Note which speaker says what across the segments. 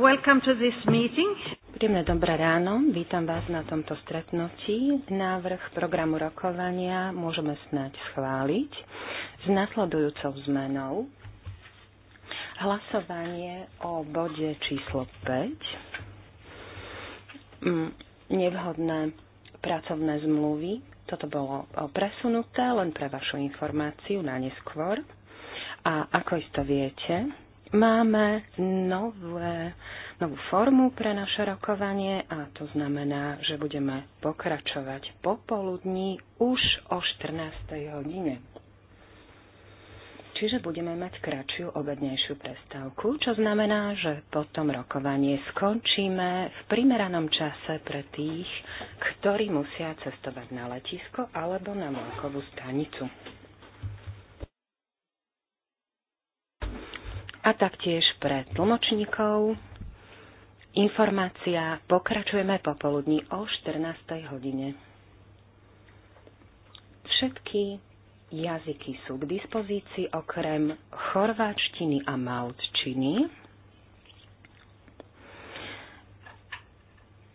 Speaker 1: Welcome to this meeting. Príjemné dobré ráno, vítam vás na tomto stretnutí. Návrh programu rokovania môžeme snáď schváliť s nasledujúcou zmenou. Hlasovanie o bode číslo 5. Mm, nevhodné pracovné zmluvy. Toto bolo eh, presunuté len pre vašu informáciu na neskôr. A ako isto viete, máme nové, novú formu pre naše rokovanie a to znamená, že budeme pokračovať popoludní už o 14. hodine. Čiže budeme mať kratšiu obednejšiu prestávku, čo znamená, že potom rokovanie skončíme v primeranom čase pre tých, ktorí musia cestovať na letisko alebo na vlakovú stanicu. a taktiež pre tlmočníkov. Informácia pokračujeme popoludní o 14. hodine. Všetky jazyky sú k dispozícii okrem chorváčtiny a maltčiny.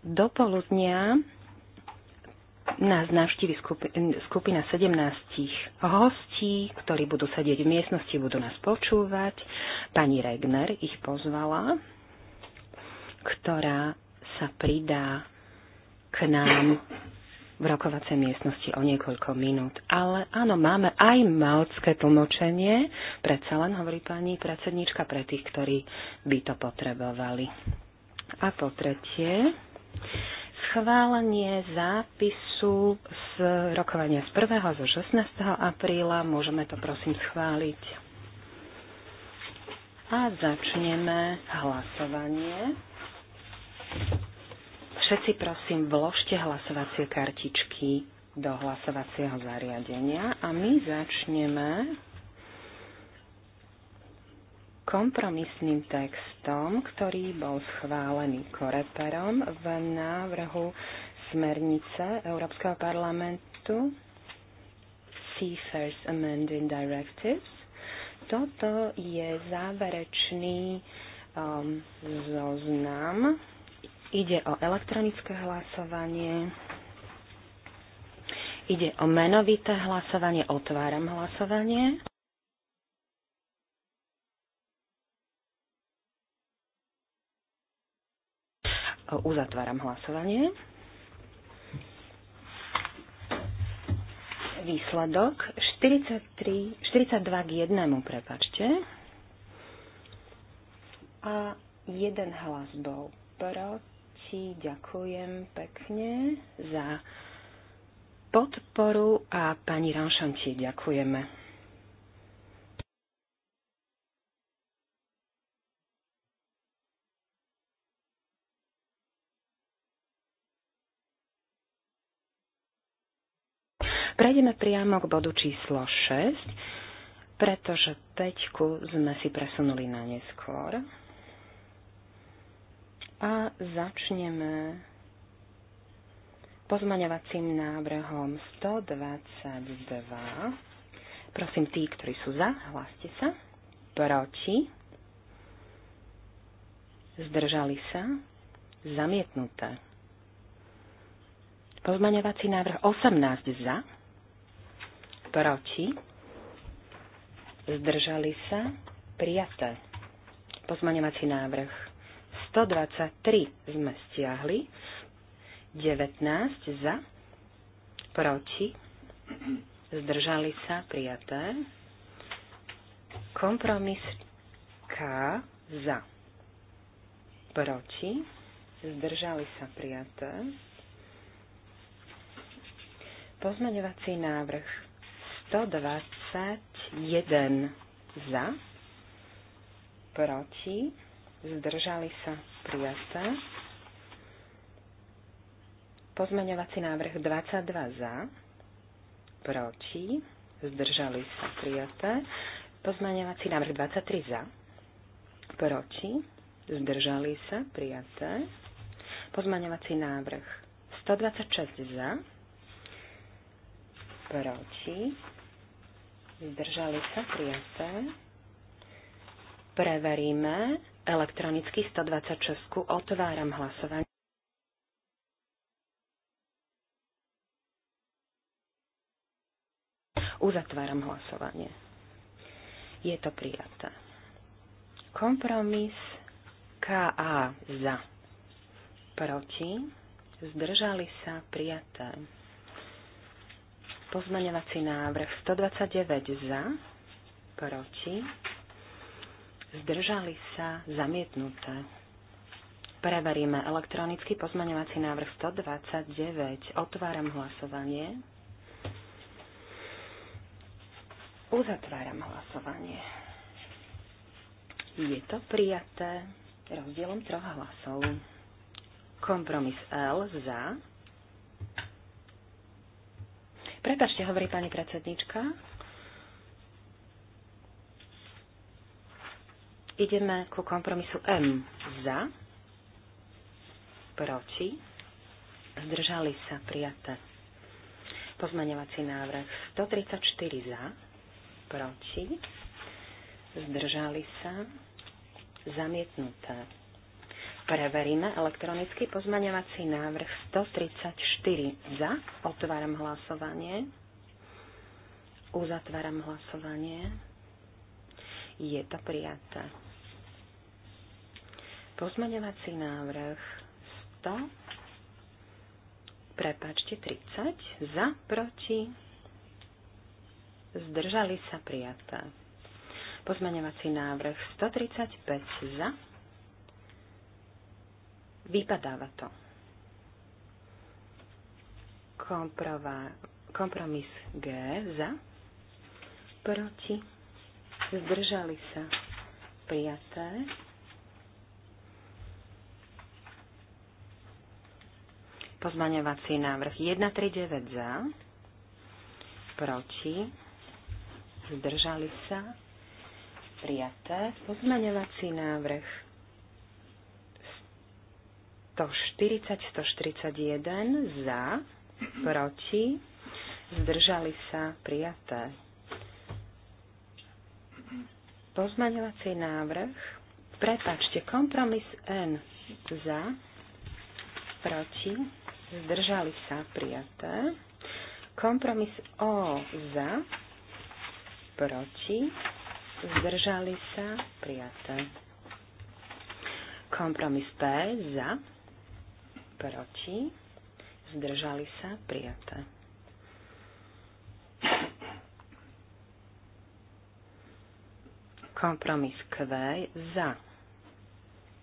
Speaker 1: Do poludnia nás navštívi skupina 17 hostí, ktorí budú sedieť v miestnosti, budú nás počúvať. Pani Regner ich pozvala, ktorá sa pridá k nám v rokovacej miestnosti o niekoľko minút. Ale áno, máme aj malcké tlmočenie, predsa len hovorí pani predsednička pre tých, ktorí by to potrebovali. A po tretie, schválenie zápisu z rokovania z 1. zo 16. apríla. Môžeme to prosím schváliť. A začneme hlasovanie. Všetci prosím vložte hlasovacie kartičky do hlasovacieho zariadenia a my začneme kompromisným textom, ktorý bol schválený koreperom v návrhu smernice Európskeho parlamentu Seafarers Amending Directives. Toto je záverečný um, zoznam. Ide o elektronické hlasovanie. Ide o menovité hlasovanie. Otváram hlasovanie. Uzatváram hlasovanie. Výsledok 43, 42 k 1, prepačte. A jeden hlas bol proti. Ďakujem pekne za podporu a pani Ranšanti ďakujeme. Prejdeme priamo k bodu číslo 6, pretože peťku sme si presunuli na neskôr. A začneme pozmaňovacím návrhom 122. Prosím, tí, ktorí sú za, hláste sa. Proti. Zdržali sa. Zamietnuté. Pozmaňovací návrh 18 za proti, zdržali sa, prijaté. Pozmaňovací návrh 123 sme stiahli, 19 za, proti, zdržali sa, prijaté. Kompromis K za, proti, zdržali sa, prijaté. Pozmaňovací návrh 121 za, proti, zdržali sa prijaté. Pozmeňovací návrh 22 za, proti, zdržali sa prijaté. Pozmeňovací návrh 23 za, proti, zdržali sa prijaté. Pozmeňovací návrh 126 za, proti, zdržali sa prijaté. Preveríme elektronicky 126. Otváram hlasovanie. Uzatváram hlasovanie. Je to prijaté. Kompromis KA za. Proti. Zdržali sa prijaté. Pozmeňovací návrh 129 za, proti, zdržali sa zamietnuté. Preveríme elektronický pozmeňovací návrh 129. Otváram hlasovanie. Uzatváram hlasovanie. Je to prijaté rozdielom troch hlasov. Kompromis L za, Prepačte, hovorí pani predsednička. Ideme ku kompromisu M. Za, proti, zdržali sa prijaté. Pozmaňovací návrh 134 za, proti, zdržali sa, zamietnuté. Preveríme elektronicky pozmaňovací návrh 134 za. Otváram hlasovanie. Uzatváram hlasovanie. Je to prijaté. Pozmaňovací návrh 100. Prepačte, 30. Za, proti. Zdržali sa prijaté. Pozmaňovací návrh 135 za Vypadáva to. Komprova, kompromis G za, proti, zdržali sa, prijaté. Pozmaňovací návrh 139 za, proti, zdržali sa, prijaté. Pozmaňovací návrh 140, 141 za, proti, zdržali sa prijaté. Pozmaňovací návrh, prepačte, kompromis N za, proti, zdržali sa prijaté. Kompromis O za, proti, zdržali sa prijaté. Kompromis P za, proti, zdržali sa, prijaté. Kompromis Q za,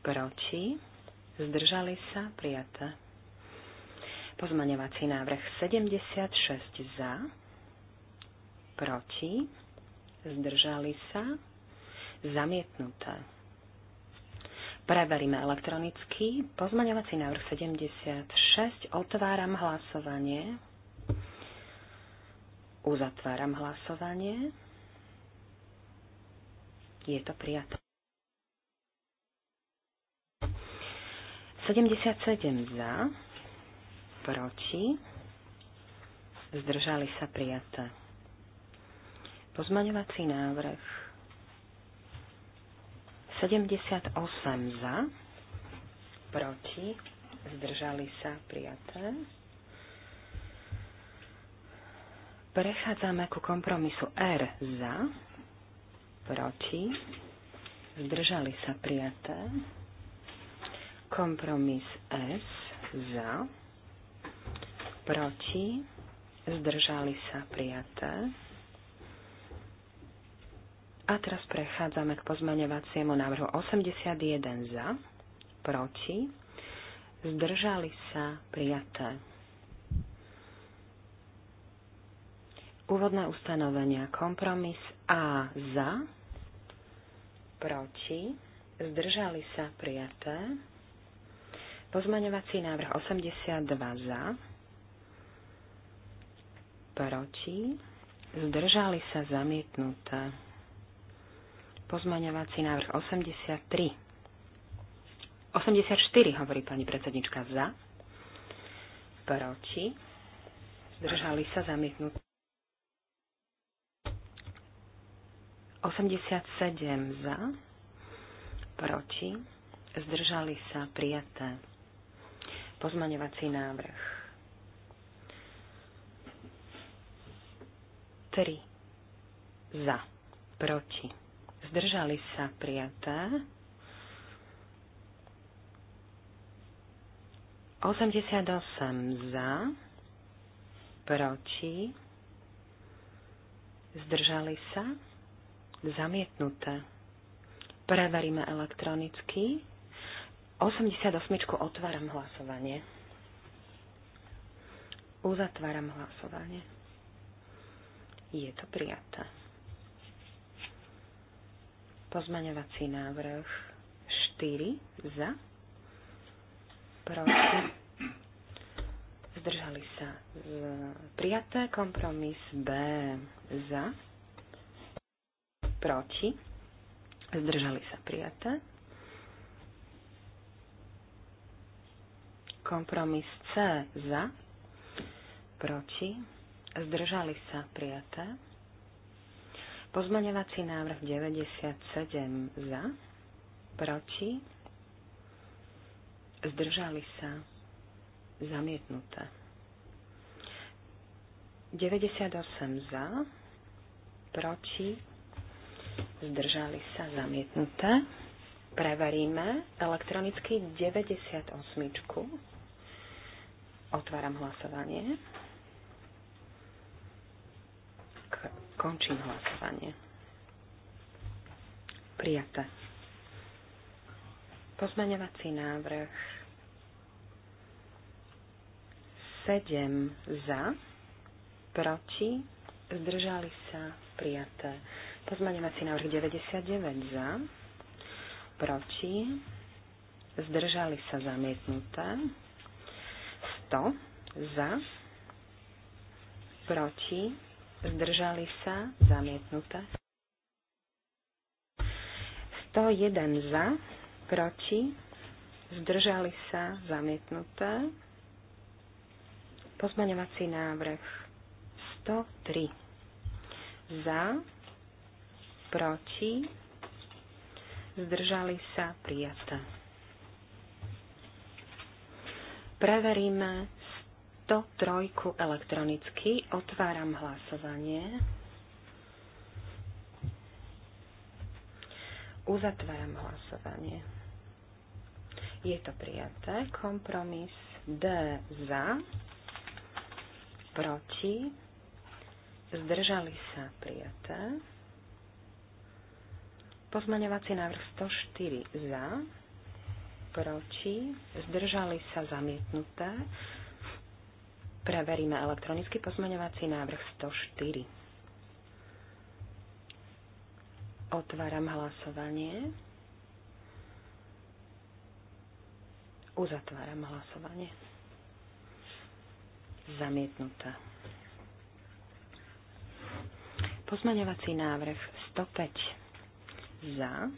Speaker 1: proti, zdržali sa, prijaté. Pozmaňovací návrh 76 za, proti, zdržali sa, zamietnuté. Preveríme elektronicky. Pozmaňovací návrh 76. Otváram hlasovanie. Uzatváram hlasovanie. Je to prijaté. 77 za, proti, zdržali sa prijaté. Pozmaňovací návrh 78 za, proti, zdržali sa prijaté. Prechádzame ku kompromisu R za, proti, zdržali sa prijaté. Kompromis S za, proti, zdržali sa prijaté a teraz prechádzame k pozmaňovaciemu návrhu 81 za, proti, zdržali sa prijaté. Úvodné ustanovenia kompromis A za, proti, zdržali sa prijaté. Pozmaňovací návrh 82 za, proti, zdržali sa zamietnuté. Pozmaňovací návrh 83. 84, hovorí pani predsednička, za. Proti. Zdržali sa zamietnutí. 87 za. Proti. Zdržali sa prijaté. Pozmaňovací návrh. 3. Za. Proti zdržali sa prijaté. 88 za, proti, zdržali sa, zamietnuté. Preveríme elektronicky. 88 otváram hlasovanie. Uzatváram hlasovanie. Je to prijaté. Pozmaňovací návrh 4 za, proti, zdržali sa e, prijaté, kompromis B za, proti, zdržali sa prijaté, kompromis C za, proti, zdržali sa prijaté, Pozmaňovací návrh 97 za, proti, zdržali sa, zamietnuté. 98 za, proti, zdržali sa, zamietnuté. Preveríme elektronicky 98. Otváram hlasovanie. Končím hlasovanie. Prijaté. Pozmeňovací návrh 7 za, proti, zdržali sa, prijaté. Pozmeňovací návrh 99 za, proti, zdržali sa zamietnuté, 100 za, proti, zdržali sa, zamietnuté. 101 za, proti, zdržali sa, zamietnuté. Pozmaňovací návrh 103 za, proti, zdržali sa, prijaté. Preveríme 103 elektronicky. Otváram hlasovanie. Uzatváram hlasovanie. Je to prijaté. Kompromis D za, proti, zdržali sa prijaté. Pozmaňovací návrh 104 za, proti, zdržali sa zamietnuté. Preveríme elektronický pozmeňovací návrh 104. Otváram hlasovanie. Uzatváram hlasovanie. Zamietnuté. Pozmeňovací návrh 105 za,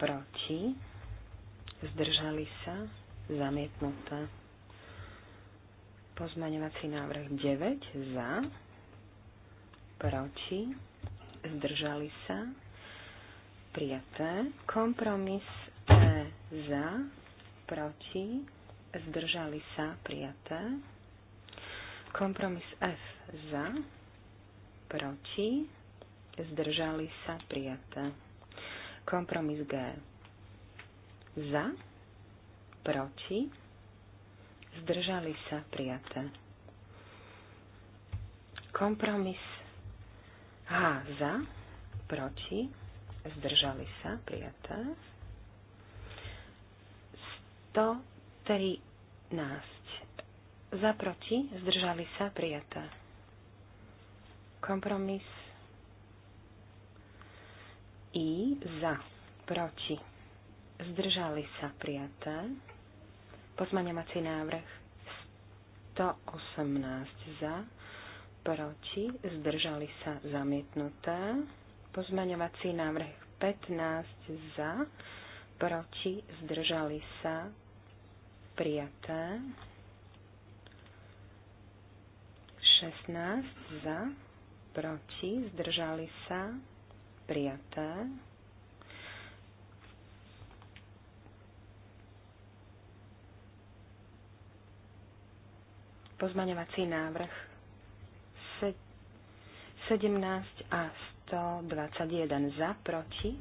Speaker 1: proti, zdržali sa, zamietnuté. Pozmaňovací návrh 9 za, proti, zdržali sa, prijaté. Kompromis E za, proti, zdržali sa, prijaté. Kompromis F za, proti, zdržali sa, prijaté. Kompromis G za, proti, zdržali sa prijaté. Kompromis H za, proti, zdržali sa prijaté. 113 za, proti, zdržali sa prijaté. Kompromis I za, proti, zdržali sa prijaté. Pozmaňovací návrh 118 za, proti, zdržali sa zamietnuté. Pozmaňovací návrh 15 za, proti, zdržali sa prijaté. 16 za, proti, zdržali sa prijaté. Pozmaňovací návrh 17 a 121 za, proti.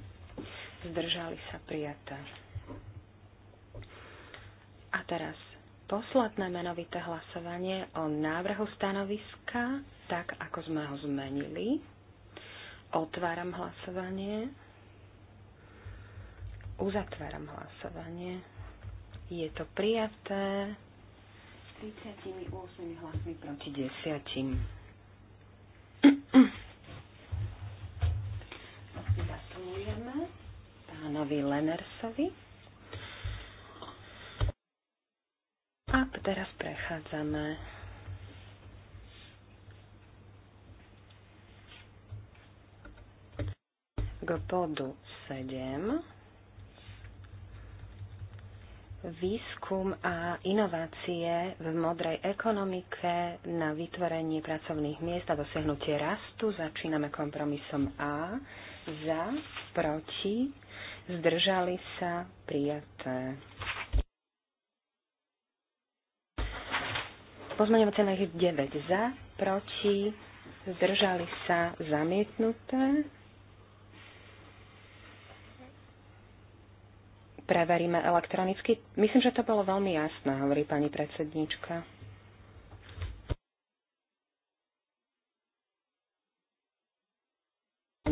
Speaker 1: Zdržali sa prijaté. A teraz posledné menovité hlasovanie o návrhu stanoviska, tak ako sme ho zmenili. Otváram hlasovanie. Uzatváram hlasovanie. Je to prijaté. 38 hlasmi proti 10. gratulujeme pánovi Lenersovi. A teraz prechádzame k bodu 7 výskum a inovácie v modrej ekonomike na vytvorenie pracovných miest a dosiahnutie rastu. Začíname kompromisom A. Za, proti, zdržali sa, prijaté. Pozmeňovací na 9 za, proti, zdržali sa, zamietnuté. preveríme elektronicky. Myslím, že to bolo veľmi jasné, hovorí pani predsedníčka.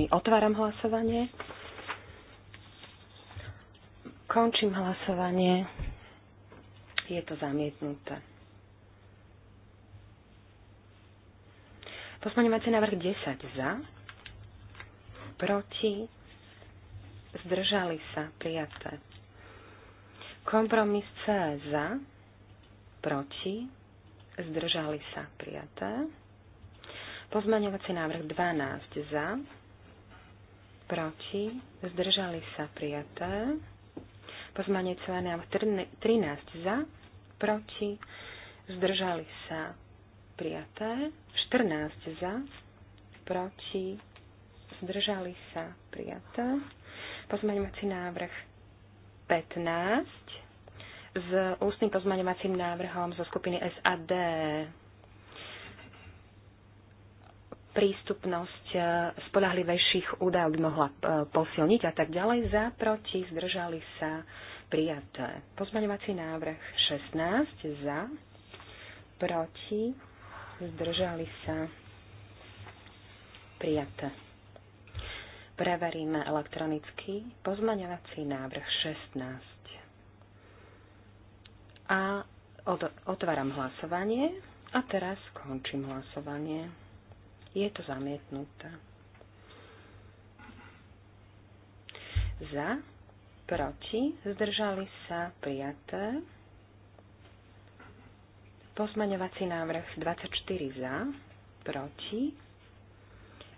Speaker 1: Otváram hlasovanie. Končím hlasovanie. Je to zamietnuté. Pozmaňovací návrh 10 za, proti, zdržali sa, prijaté. Kompromis C za, proti, zdržali sa prijaté. Pozmaňovací návrh 12 za, proti, zdržali sa prijaté. Pozmaňovací návrh 13 za, proti, zdržali sa prijaté. 14 za, proti, zdržali sa prijaté. Pozmaňovací návrh 15 s ústnym pozmaňovacím návrhom zo skupiny SAD. prístupnosť e, spolahlivejších údajov by mohla e, posilniť a tak ďalej. Za, proti, zdržali sa prijaté. Pozmaňovací návrh 16 za, proti, zdržali sa prijaté. Preveríme elektronicky pozmaňovací návrh 16. A otváram hlasovanie a teraz končím hlasovanie. Je to zamietnuté. Za, proti, zdržali sa, prijaté. Pozmaňovací návrh 24 za, proti,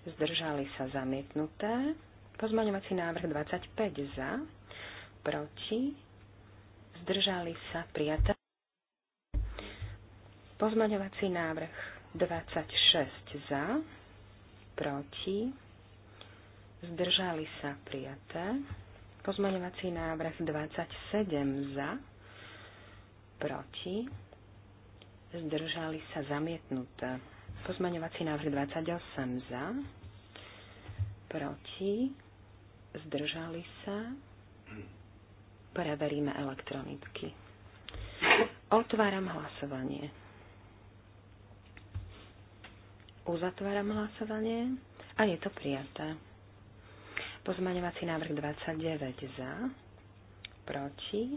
Speaker 1: zdržali sa zamietnuté. Pozmaňovací návrh 25 za, proti, zdržali sa prijaté. Pozmaňovací návrh 26 za, proti, zdržali sa prijaté. Pozmaňovací návrh 27 za, proti, zdržali sa zamietnuté. Pozmaňovací návrh 28 za, proti, zdržali sa, preveríme elektronicky. Otváram hlasovanie. Uzatváram hlasovanie a je to prijaté. Pozmaňovací návrh 29 za, proti,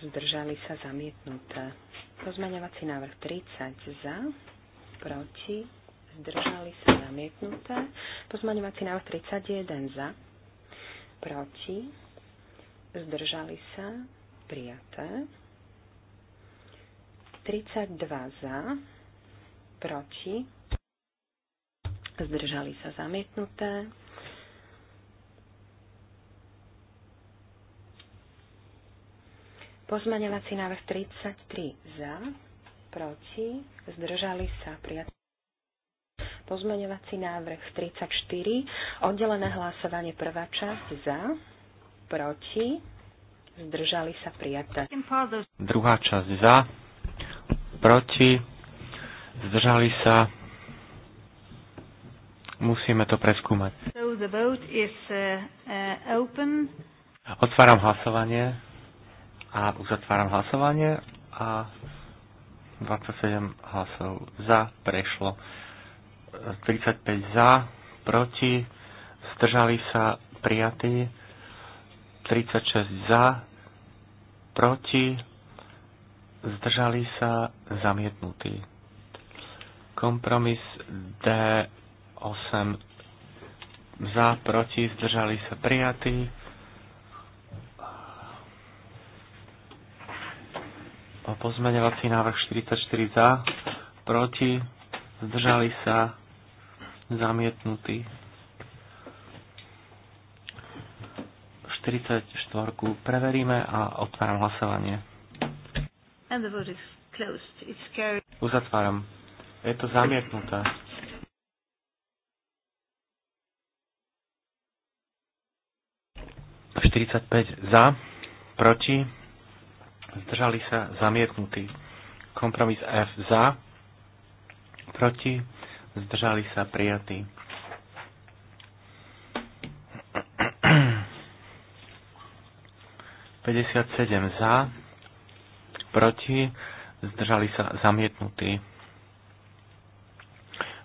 Speaker 1: zdržali sa zamietnuté. Pozmaňovací návrh 30 za, proti, zdržali sa zamietnuté. Pozmaňovací návrh 31 za, proti, zdržali sa prijaté. 32 za, proti, zdržali sa zamietnuté. návrh 33 za, proti, zdržali sa prijatí. Pozmeňovací návrh 34, oddelené hlasovanie prvá časť za, proti, zdržali sa prijaté.
Speaker 2: Druhá časť za, proti, zdržali sa, musíme to preskúmať.
Speaker 3: So the vote is, uh, uh open.
Speaker 2: Otváram hlasovanie a uzatváram hlasovanie a 27 hlasov za, prešlo. 35 za, proti, zdržali sa, prijatí. 36 za, proti, zdržali sa, zamietnutí. Kompromis D8 za, proti, zdržali sa, prijatí. Pozmeňovací návrh 44 za, proti, zdržali sa, zamietnutí. 44 preveríme a otváram hlasovanie.
Speaker 3: And the vote is closed. It's carried.
Speaker 2: Uzatváram. Je to zamietnuté. Štyridsaťpäť za, proti, zdržali sa zamietnutí. Kompromis F za, proti, zdržali sa prijatí. Päťdesiat sedem za, proti, zdržali sa zamietnutí.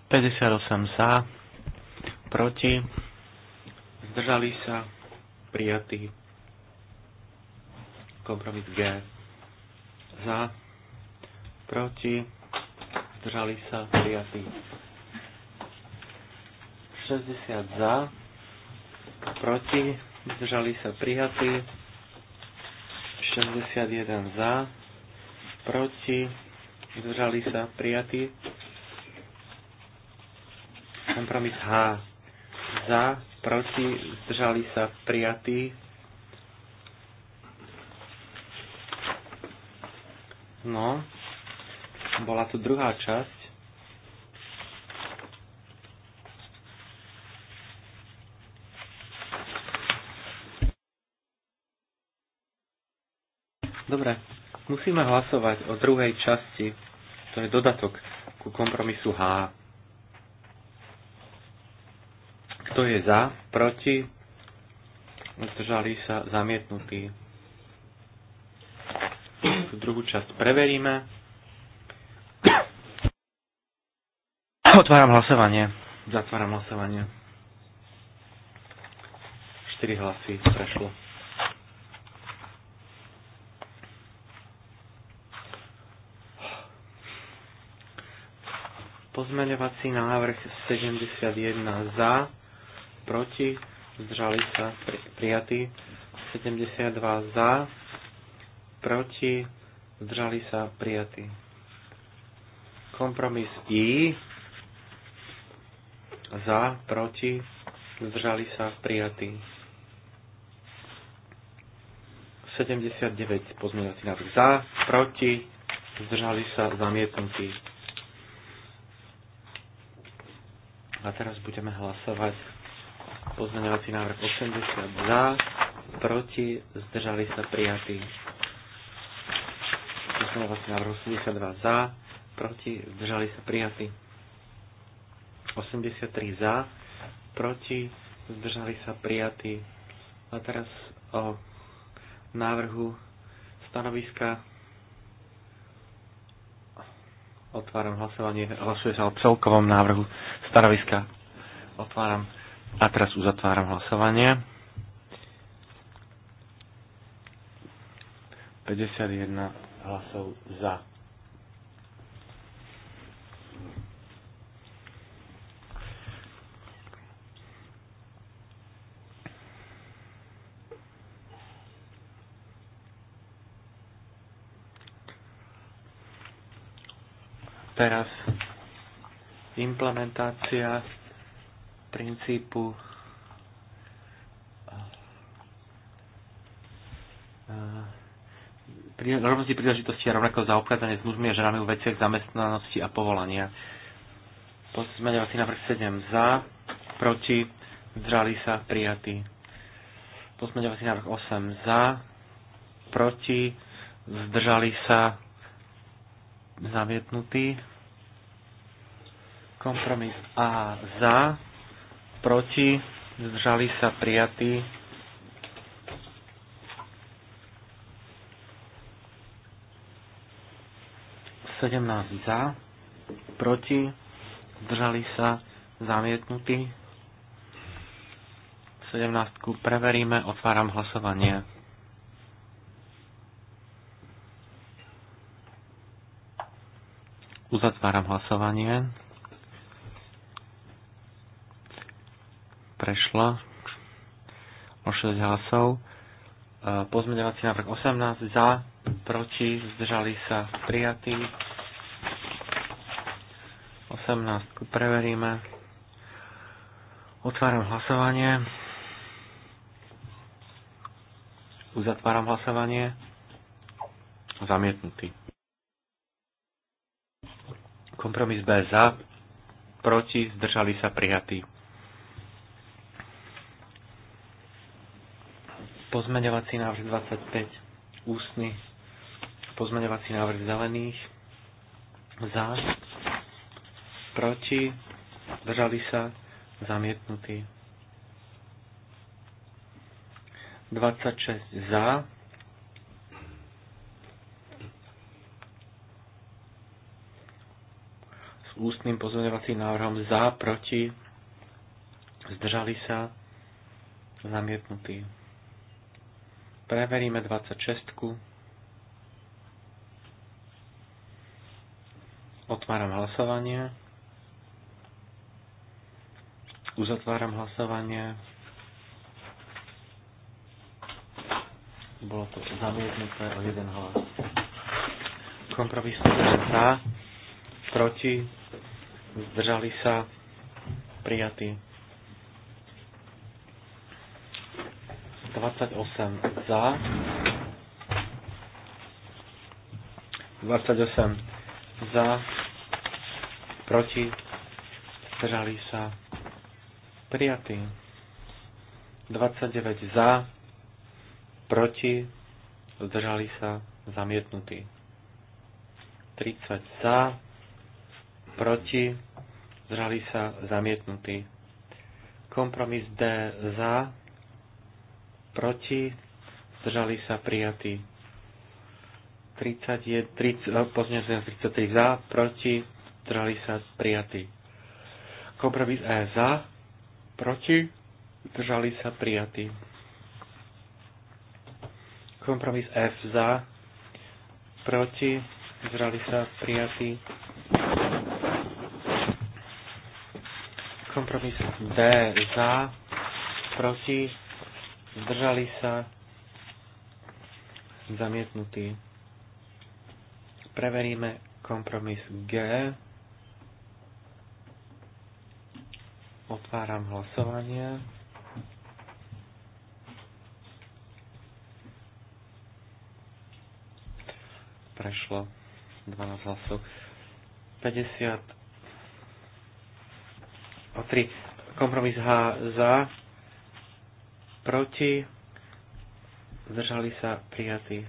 Speaker 2: 58 za, proti, zdržali sa, prijatí. Kompromis G za, proti, zdržali sa, prijatí. 60 za, proti, zdržali sa, prijatí. 61 za, proti, zdržali sa, prijatí. Kompromis H za, proti, zdržali sa, prijatí. No, bola tu druhá časť. Dobre, musíme hlasovať o druhej časti. To je dodatok ku kompromisu H. Kto je za, proti, zdržali sa zamietnutí tú druhú časť preveríme. Otváram hlasovanie. Zatváram hlasovanie. 4 hlasy prešlo. Pozmeňovací návrh 71 za, proti, zdržali sa pri, prijatí, 72 za, proti, Zdržali sa prijatí. Kompromis I. Za, proti. Zdržali sa prijatí. 79 pozmeňovací návrh za, proti, zdržali sa zamietnutí. A teraz budeme hlasovať pozmeňovací návrh 80 za, proti, zdržali sa prijatí. Pozmeňovací 82 za, proti, zdržali sa prijatí. 83 za, proti, zdržali sa prijatí. A teraz o návrhu stanoviska Otváram hlasovanie. Hlasuje sa o celkovom návrhu stanoviska. Otváram a teraz uzatváram hlasovanie. 51 hlasov za. Teraz implementácia princípu rovnosti príležitosti a rovnako zaobchádzanie s mužmi a ženami v veciach zamestnanosti a povolania. Pozmeňovací návrh 7 za, proti, zdrali sa, prijatý. Pozmeňovací návrh 8 za, proti, zdržali sa, zamietnutý. Kompromis A za, proti, zdržali sa, prijatý 17 za, proti, zdržali sa, zamietnutí. 17 preveríme, otváram hlasovanie. Uzatváram hlasovanie. Prešla o 6 hlasov. E, pozmeňovací návrh 18 za, proti, zdržali sa prijatí. 18 preveríme. Otváram hlasovanie. Uzatváram hlasovanie. Zamietnutý. Kompromis B za, proti, zdržali sa prijatí. Pozmeňovací návrh 25, ústny, pozmeňovací návrh zelených, za, proti, zdržali sa, zamietnutí. 26 za, s ústnym pozorňovacím návrhom za, proti, zdržali sa, zamietnutí. Preveríme 26. -ku. Otváram hlasovanie. Uzatváram hlasovanie. Bolo to zamietnuté o jeden hlas. Kompromisné za, proti, zdržali sa, prijatí. 28 za, 28 za, proti, zdržali sa, Prijatý. 29 za, proti, zdržali sa, zamietnutý. 30 za, proti, zdržali sa, zamietnutý. Kompromis D za, proti, zdržali sa, prijatý. 30 je, 30, 33 za, proti, zdržali sa, prijatý. Kompromis E za, proti, zdržali sa prijatí. Kompromis F za, proti, zdržali sa prijatí. Kompromis D za, proti, zdržali sa zamietnutí. Preveríme kompromis G. Otváram hlasovanie. Prešlo 12 hlasov. 50 o 3. Kompromis H za, proti, zdržali sa prijatí.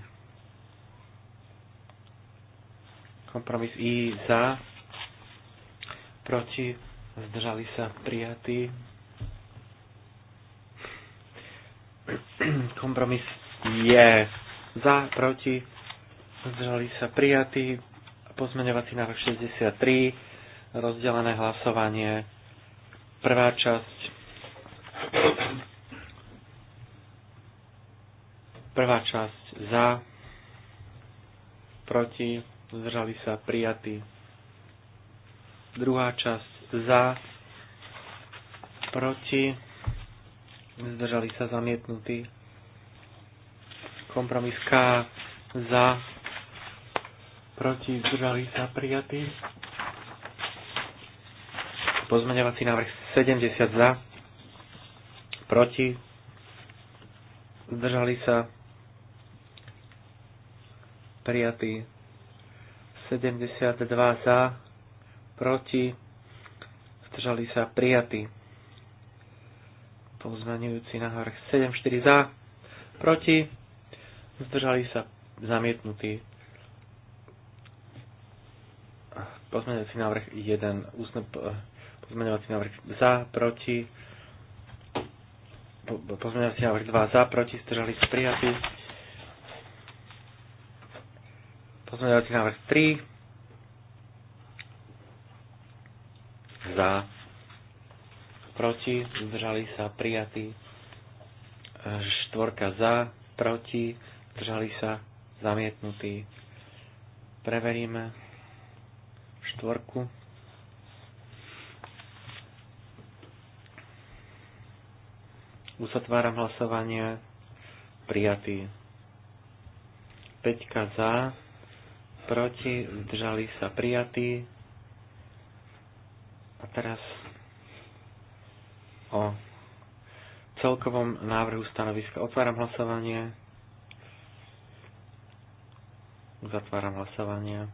Speaker 2: Kompromis I za, proti, zdržali sa prijatí. Kompromis je za, proti, zdržali sa prijatí. Pozmeňovací návrh 63, rozdelené hlasovanie, prvá časť. Prvá časť za, proti, zdržali sa prijatí. Druhá časť za, proti, zdržali sa zamietnutí. Kompromis K za, proti, zdržali sa prijatí. Pozmeňovací návrh 70 za, proti, zdržali sa prijatí. 72 za, proti, zdržali sa prijatí. hrch návrh 4 za, proti, zdržali sa zamietnutí. Pozmenujúci návrh 1, ústne eh, pozmenovací návrh za, proti, pozmenovací návrh 2 za, proti, zdržali sa prijatí. Pozmenovací návrh 3, za, proti, zdržali sa prijatí, štvorka za, proti, zdržali sa zamietnutí. Preveríme štvorku. Uzatváram hlasovanie. Prijatý. Peťka za, proti, zdržali sa prijatí teraz o celkovom návrhu stanoviska. Otváram hlasovanie. Zatváram hlasovanie.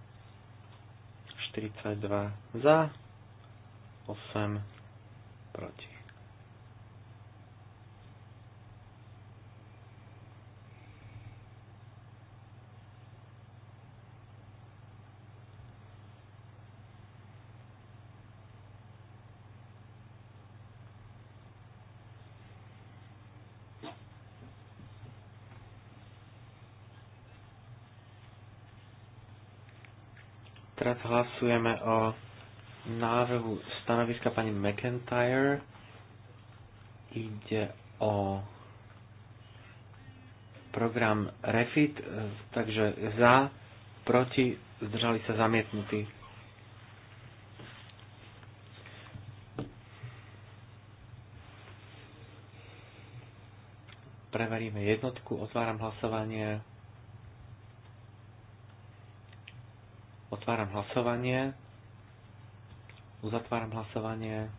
Speaker 2: 42 za, 8 proti. Hlasujeme o návrhu stanoviska pani McIntyre. Ide o program REFIT, takže za, proti, zdržali sa zamietnutí. Preveríme jednotku, otváram hlasovanie. Otváram hlasovanie. Uzatváram hlasovanie.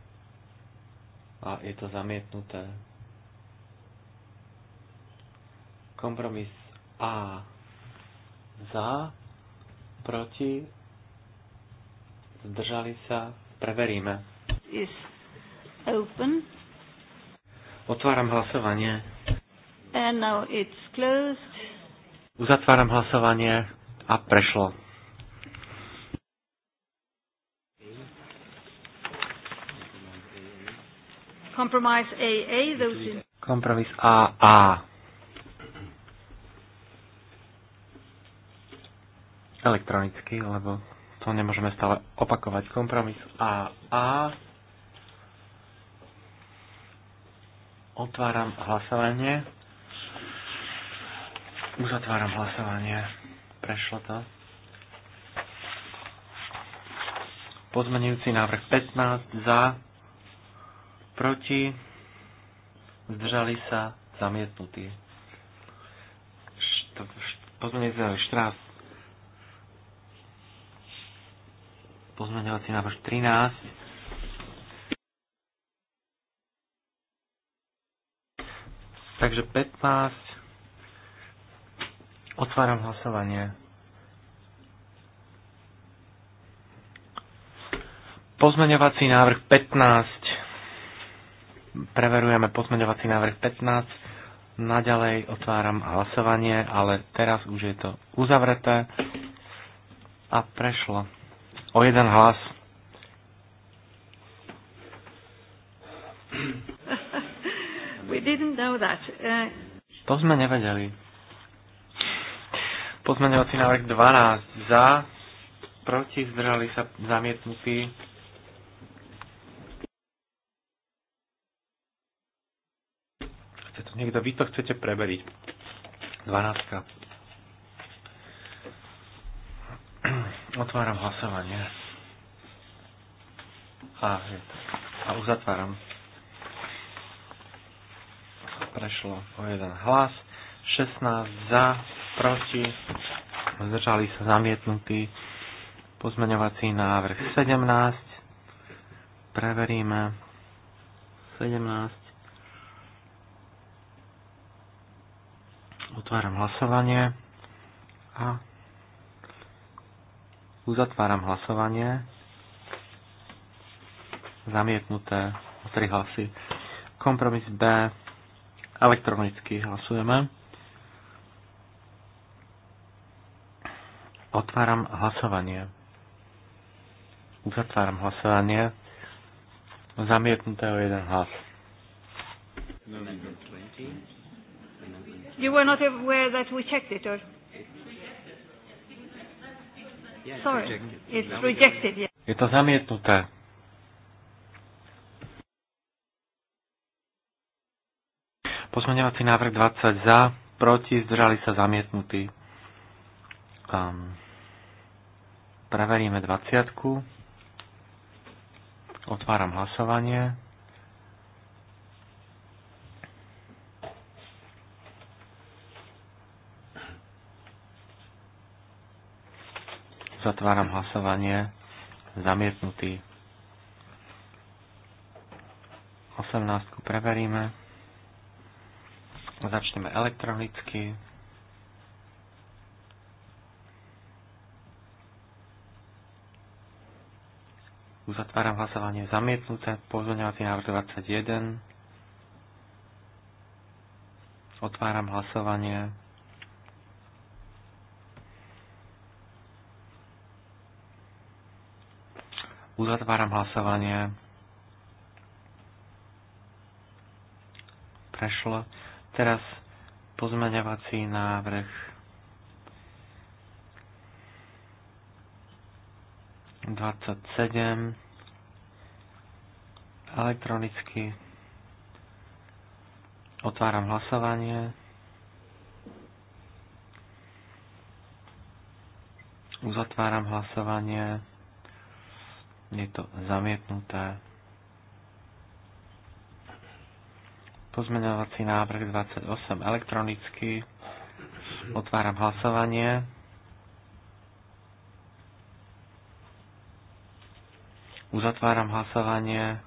Speaker 2: A je to zamietnuté. Kompromis A. Za. Proti. Zdržali sa. Preveríme.
Speaker 3: Is open.
Speaker 2: Otváram hlasovanie.
Speaker 3: And now it's closed.
Speaker 2: Uzatváram hlasovanie a prešlo.
Speaker 3: Compromise AA, those in...
Speaker 2: Kompromis AA. Elektronicky, lebo to nemôžeme stále opakovať. Kompromis AA. Otváram hlasovanie. Uzatváram hlasovanie. Prešlo to. Pozmenujúci návrh 15 za, proti, zdržali sa, zamietnutí. Pozmeňujúci návrh 14, pozmeňovací návrh 13, Takže 15. Otváram hlasovanie. Pozmeňovací návrh 15 preverujeme pozmeňovací návrh 15. Naďalej otváram hlasovanie, ale teraz už je to uzavreté a prešlo. O jeden hlas.
Speaker 3: We didn't know that. Uh...
Speaker 2: To sme nevedeli. Pozmeňovací návrh 12 za, proti zdržali sa zamietnutí Niekto, vy to chcete preveriť. 12. Otváram hlasovanie. A, a uzatváram. Prešlo o jeden hlas. 16 za, proti, zdržali sa zamietnutí. Pozmeňovací návrh 17. Preveríme. 17. Otváram hlasovanie a uzatváram hlasovanie. Zamietnuté o tri hlasy. Kompromis B. Elektronicky hlasujeme. Otváram hlasovanie. Uzatváram hlasovanie. Zamietnuté o jeden hlas.
Speaker 4: 20.
Speaker 3: You were not aware that we checked it, or?
Speaker 4: Sorry, it's rejected. Je to
Speaker 2: zamietnuté. Pozmeňovací návrh 20 za, proti, zdržali sa zamietnutí. Um, preveríme 20. Otváram hlasovanie. Uzatváram hlasovanie. Zamietnutý. 18 preveríme. Začneme elektronicky. Uzatváram hlasovanie zamietnuté. Pozvoňovací návrh 21. Otváram hlasovanie. Uzatváram hlasovanie. Prešlo. Teraz pozmeňovací návrh 27 elektronicky otváram hlasovanie uzatváram hlasovanie je to zamietnuté. Pozmeňovací návrh 28 elektronicky. Otváram hlasovanie. Uzatváram hlasovanie.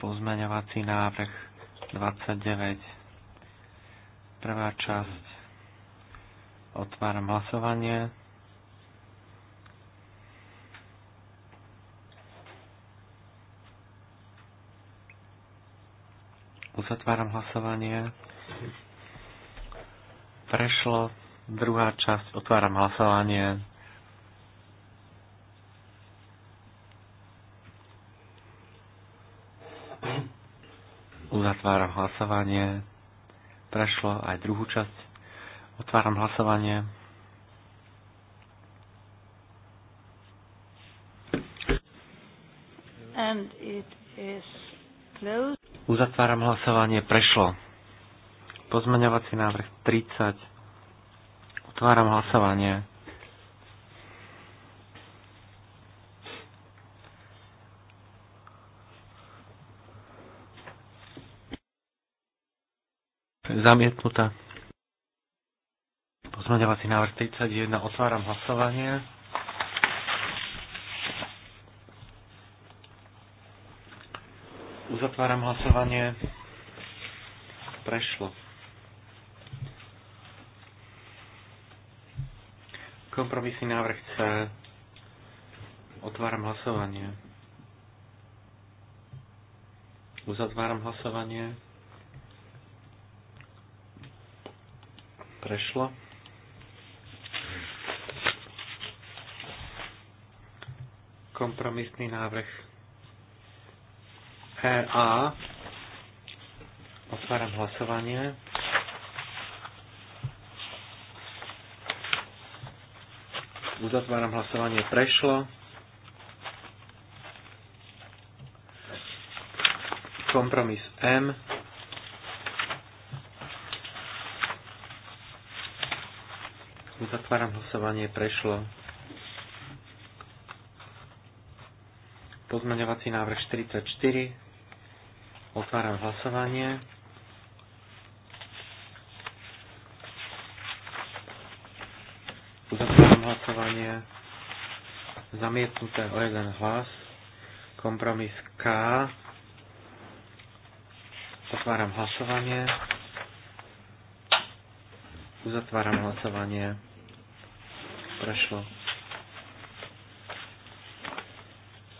Speaker 2: Pozmeňovací návrh 29. Prvá časť. Otváram hlasovanie. Uzatváram hlasovanie. Prešlo. Druhá časť. Otváram hlasovanie. Uzatváram hlasovanie. Prešlo aj druhú časť. Otváram hlasovanie.
Speaker 3: And it is closed.
Speaker 2: Uzatváram hlasovanie. Prešlo. Pozmeňovací návrh 30. Otváram hlasovanie. Zamietnutá. Pozmeňovací návrh 31. Otváram hlasovanie. Uzatváram hlasovanie. Prešlo. Kompromisný návrh C. Otváram hlasovanie. Uzatváram hlasovanie. Prešlo. Kompromisný návrh EA. Otváram hlasovanie. Uzatváram hlasovanie. Prešlo. Kompromis M. Uzatváram hlasovanie. Prešlo. Pozmeňovací návrh 44. Otváram hlasovanie. Uzatváram hlasovanie. Zamietnuté o jeden hlas. Kompromis K. Otváram hlasovanie. Uzatváram hlasovanie. Prešlo.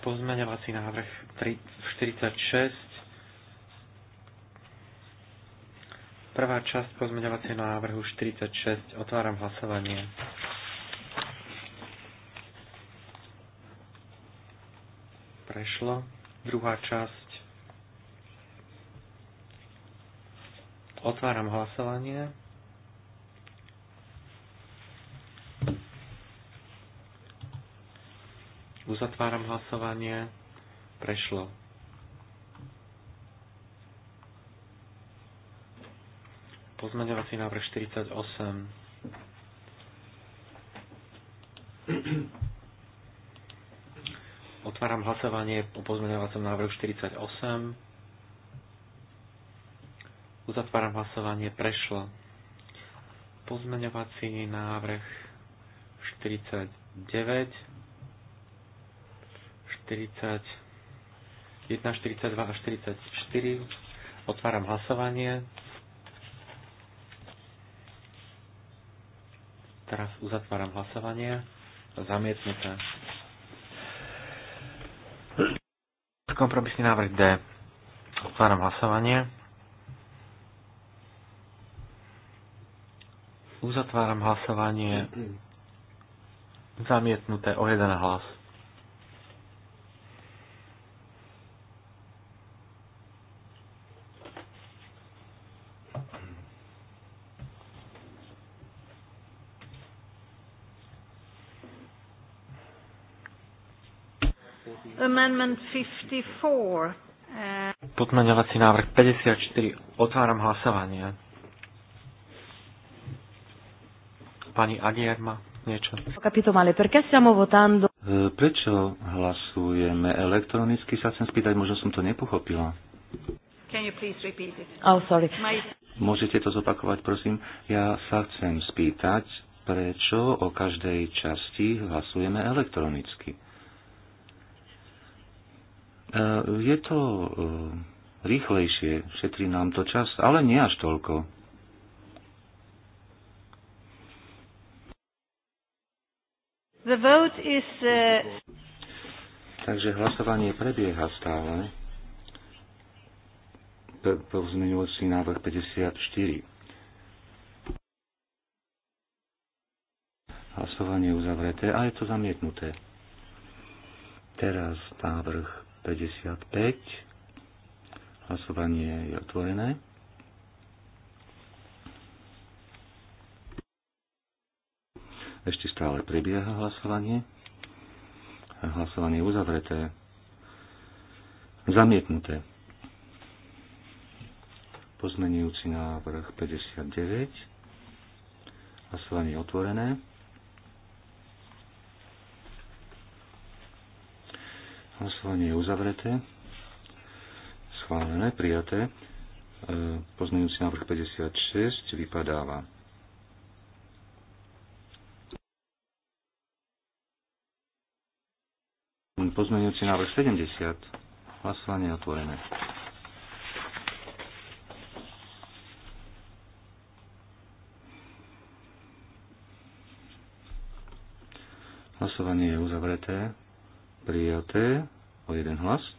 Speaker 2: Pozmeňovací návrh 46 Prvá časť pozmeňovacieho návrhu 46. Otváram hlasovanie. Prešlo. Druhá časť. Otváram hlasovanie. Uzatváram hlasovanie. Prešlo Pozmeňovací návrh 48. Otváram hlasovanie o pozmeňovacom návrhu 48. Uzatváram hlasovanie. Prešlo. Pozmeňovací návrh 49. 40. 1, 42 a 44. Otváram hlasovanie. Teraz uzatváram hlasovanie. Zamietnuté. Kompromisný návrh D. Otváram hlasovanie. Uzatváram hlasovanie. Zamietnuté o jeden hlas.
Speaker 3: Amendment uh,
Speaker 2: Podmaňovací návrh 54. Otváram hlasovanie. Pani
Speaker 5: Agier má niečo.
Speaker 1: perché stiamo votando?
Speaker 5: E, prečo hlasujeme elektronicky? Sa chcem spýtať, možno som to nepochopila.
Speaker 1: Can you please repeat it?
Speaker 5: Oh, sorry. My... Môžete to zopakovať, prosím? Ja sa chcem spýtať, prečo o každej časti hlasujeme elektronicky. Eh, je to eh, rýchlejšie, šetrí nám to čas, ale nie až toľko.
Speaker 3: The vote is, uh...
Speaker 5: Takže hlasovanie prebieha stále. Pozmeňujúci návrh 54. Hlasovanie uzavreté a je to zamietnuté. Teraz návrh 55. Hlasovanie je otvorené. Ešte stále prebieha hlasovanie. Hlasovanie je uzavreté. Zamietnuté. Pozmenujúci návrh 59. Hlasovanie je otvorené. Hlasovanie je uzavreté. Schválené, prijaté. E, poznajúci návrh 56 vypadáva. Pozmeňujúci návrh 70. Hlasovanie je otvorené. Hlasovanie je uzavreté. Prijaté o jeden hlas. E,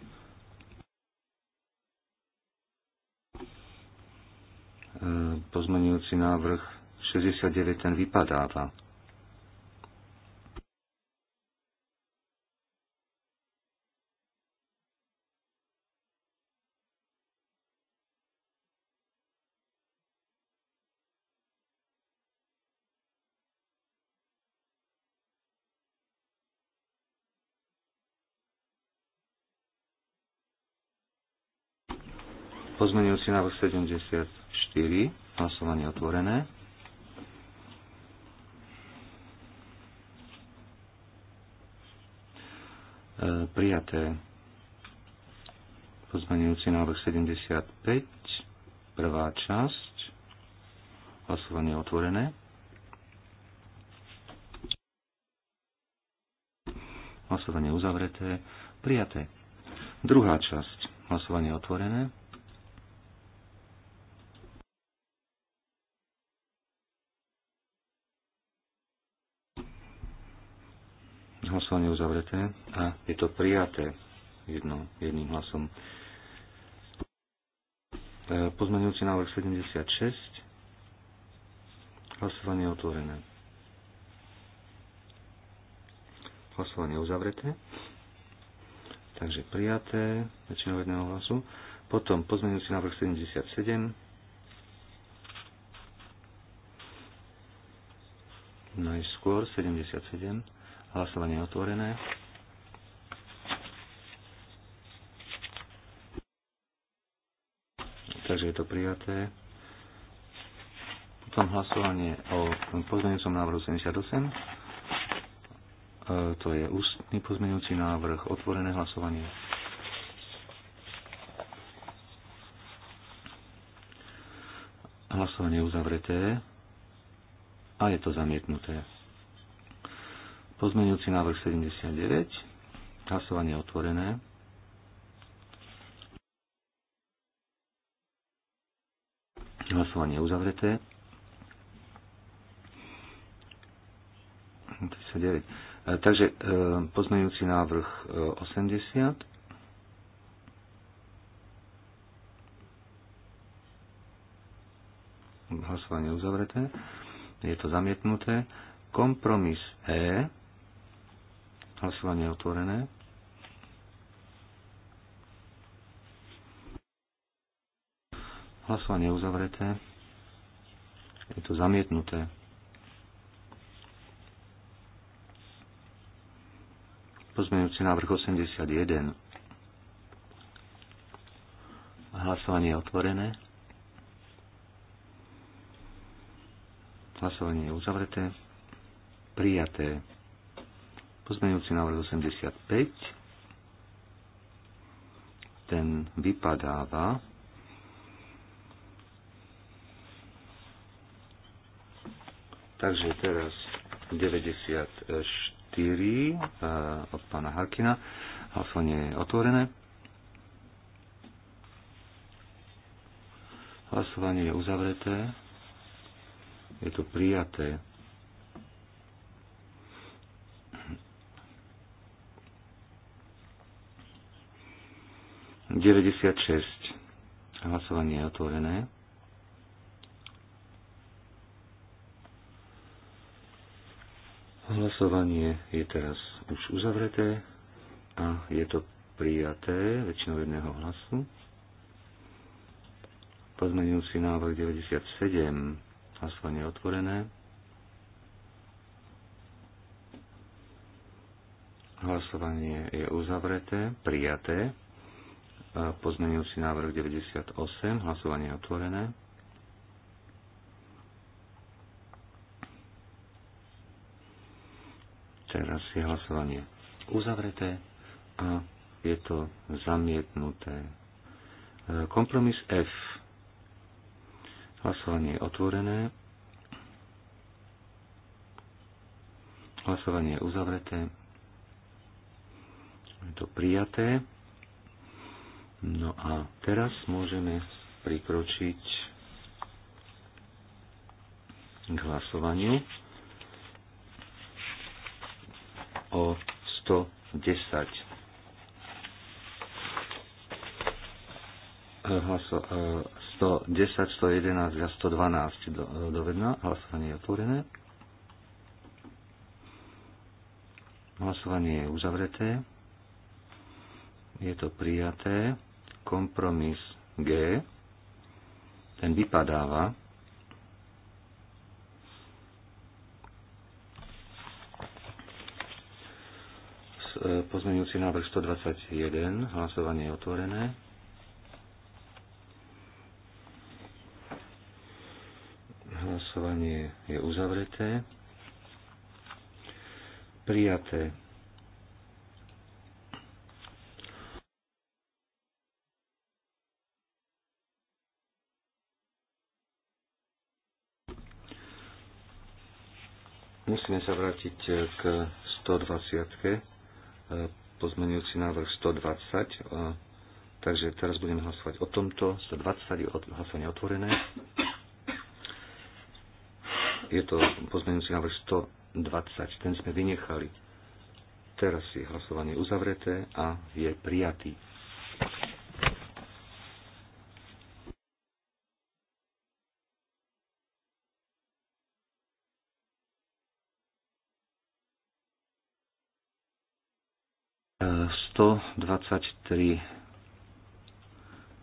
Speaker 5: pozmenujúci návrh 69 ten vypadáva.
Speaker 4: Pozmenujúci návrh
Speaker 5: 74. Hlasovanie otvorené. E, prijaté pozmenujúci návrh 75, prvá časť, hlasovanie otvorené. Hlasovanie uzavreté, prijaté. Druhá časť, hlasovanie otvorené. hlasovanie uzavreté a je to prijaté jedno, jedným hlasom. E, pozmenujúci návrh 76. Hlasovanie otvorené. Hlasovanie uzavreté. Takže prijaté väčšinou jedného hlasu. Potom pozmenujúci návrh 77. Najskôr 77. Hlasovanie je otvorené. Takže je to prijaté. Potom hlasovanie o pozmeňujúcom návrhu 78. E, to je ústny pozmeňujúci návrh, otvorené hlasovanie. Hlasovanie uzavreté a je to zamietnuté. Pozmeňujúci návrh 79. Hlasovanie otvorené. Hlasovanie uzavreté. 39. E, takže e, pozmeňujúci návrh 80. E, Hlasovanie uzavreté. Je to zamietnuté. Kompromis E. Hlasovanie je otvorené. Hlasovanie je uzavreté. Je to zamietnuté. Pozmeňujúci návrh 81. Hlasovanie je otvorené. Hlasovanie je uzavreté. Prijaté. Pozmeňujúci návrh 85. Ten vypadáva. Takže teraz 94 eh, od pána Harkina. Hlasovanie je otvorené. Hlasovanie je uzavreté. Je to prijaté. 96. Hlasovanie je otvorené. Hlasovanie je teraz už uzavreté a je to prijaté väčšinou jedného hlasu. Pozmenujúci návrh 97. Hlasovanie je otvorené. Hlasovanie je uzavreté, prijaté. Pozmenujúci návrh 98, hlasovanie je otvorené. Teraz je hlasovanie uzavreté a je to zamietnuté. Kompromis F. Hlasovanie je otvorené. Hlasovanie je uzavreté. Je to prijaté. No a teraz môžeme prikročiť k hlasovaniu o 110. Hlaso, 110, e, 111 a 112 do, e, do vedna. Hlasovanie je otvorené. Hlasovanie je uzavreté. Je to prijaté kompromis G, ten vypadáva. E, pozmeňujúci návrh 121, hlasovanie je otvorené. Hlasovanie je uzavreté. Prijaté Musíme sa vrátiť e, k 120. E, pozmenujúci návrh 120. E, takže teraz budeme hlasovať o tomto. 120 je hlasovanie otvorené. Je to pozmenujúci návrh 120. Ten sme vynechali. Teraz je hlasovanie uzavreté a je prijatý. 123.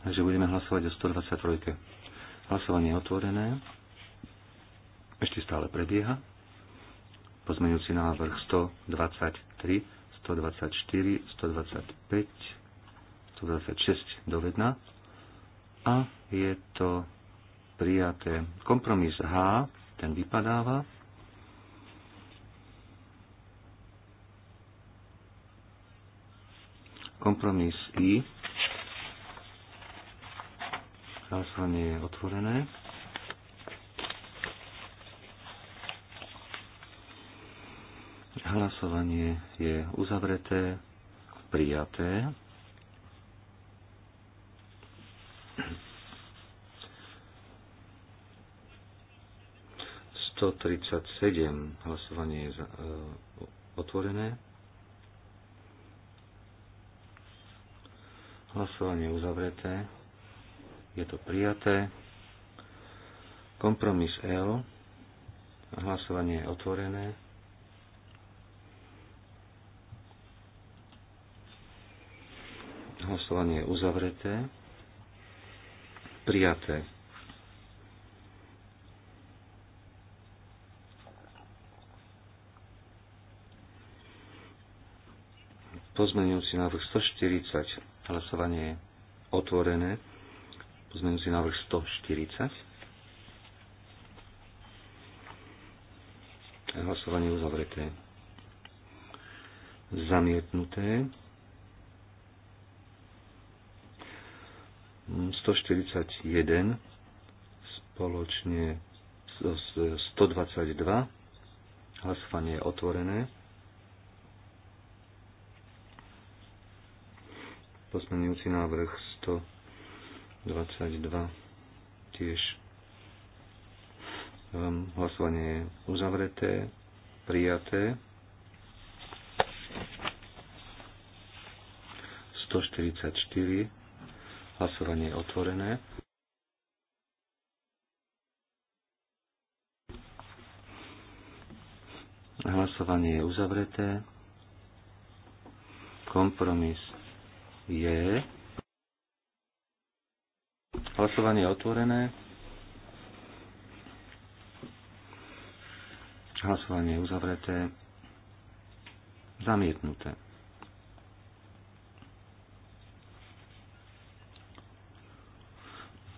Speaker 5: Takže budeme hlasovať o 123. Hlasovanie je otvorené. Ešte stále prebieha. Pozmeňujúci návrh 123, 124, 125, 126 1. A je to prijaté. Kompromis H, ten vypadáva. Kompromis I. Hlasovanie je otvorené. Hlasovanie je uzavreté, prijaté. Sto tridsaťsedem hlasovanie je e, otvorené. Hlasovanie uzavreté. Je to prijaté. Kompromis L. Hlasovanie je otvorené. Hlasovanie je uzavreté. Prijaté. Pozmenujúci návrh 140 Hlasovanie je otvorené. si návrh 140. Hlasovanie uzavreté. Zamietnuté. 141 spoločne 122. Hlasovanie je otvorené. Posmenujúci návrh 122 tiež. Ehm, hlasovanie je uzavreté, prijaté. 144. Hlasovanie je otvorené. Hlasovanie je uzavreté. Kompromis je hlasovanie otvorené. Hlasovanie je uzavreté. Zamietnuté.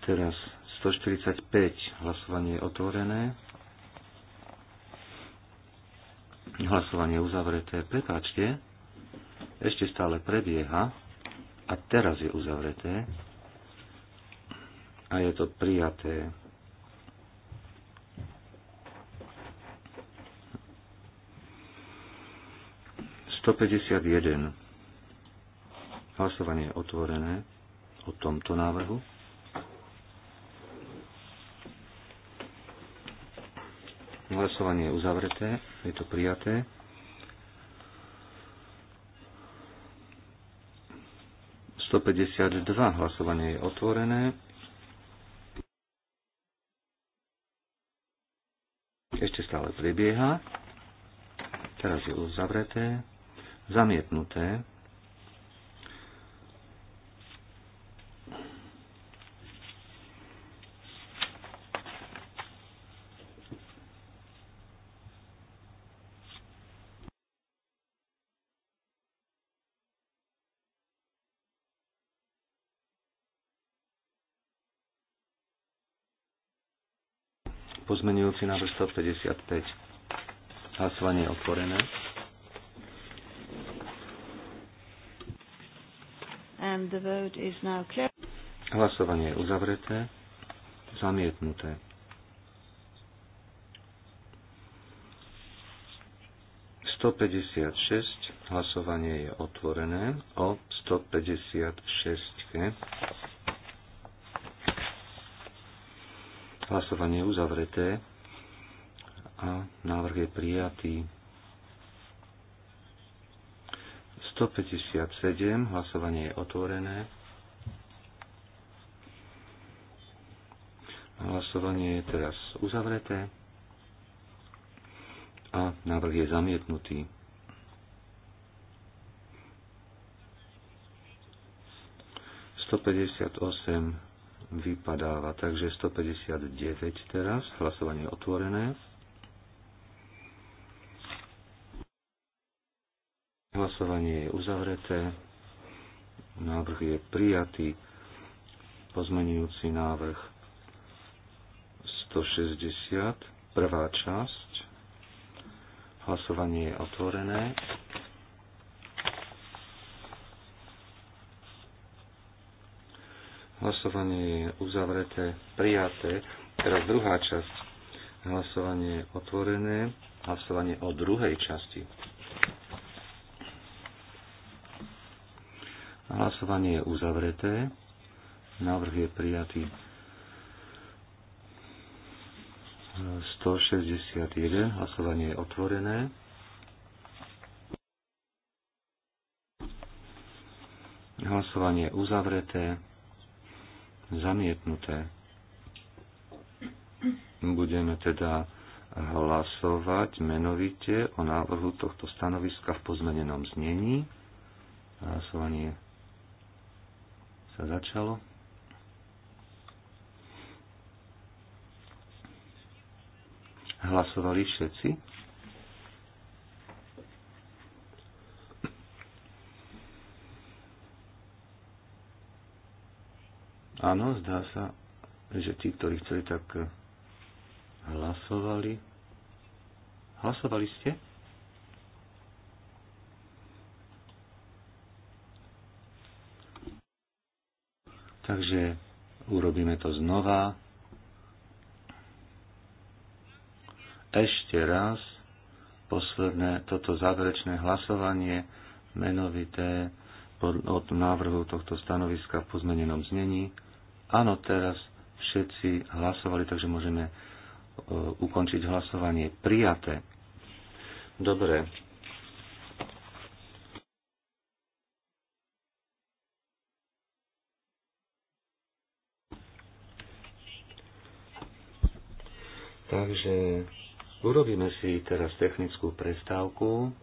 Speaker 5: Teraz 145 hlasovanie je otvorené. Hlasovanie je uzavreté. Prepáčte, ešte stále prebieha a teraz je uzavreté a je to prijaté. Sto päťdesiat jeden. Hlasovanie je otvorené o tomto návrhu. Hlasovanie je uzavreté, je to prijaté. 152. Hlasovanie je otvorené. Ešte stále prebieha. Teraz je uzavreté. Zamietnuté. Pozmenujúci návrh 155. Hlasovanie je otvorené.
Speaker 3: And the vote is now
Speaker 5: Hlasovanie je uzavreté. Zamietnuté. Sto šesť. Hlasovanie je otvorené o 156. Hlasovanie je uzavreté a návrh je prijatý. 157, hlasovanie je otvorené. Hlasovanie je teraz uzavreté a návrh je zamietnutý. 158 vypadáva. Takže 159 teraz, hlasovanie otvorené. Hlasovanie je uzavreté. Návrh je prijatý. Pozmenujúci návrh 160, prvá časť. Hlasovanie je otvorené. Hlasovanie je uzavreté, prijaté. Teraz druhá časť. Hlasovanie je otvorené. Hlasovanie o druhej časti. Hlasovanie je uzavreté. Návrh je prijatý 161. Hlasovanie je otvorené. Hlasovanie je uzavreté zamietnuté. Budeme teda hlasovať menovite o návrhu tohto stanoviska v pozmenenom znení. Hlasovanie sa začalo. Hlasovali všetci? Áno, zdá sa, že tí, ktorí chceli, tak eh, hlasovali. Hlasovali ste? Takže urobíme to znova. Ešte raz posledné toto záverečné hlasovanie menovité od návrhu tohto stanoviska v pozmenenom znení. Áno, teraz všetci hlasovali, takže môžeme e, ukončiť hlasovanie. Prijaté. Dobre. Takže urobíme si teraz technickú prestávku.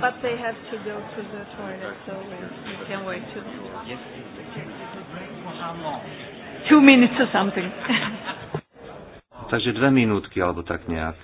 Speaker 4: But they have to
Speaker 3: go to the toilet, so we, we can wait two minutes. Yes, Two minutes or something.
Speaker 5: Takže dve minútky, alebo tak
Speaker 4: nejak.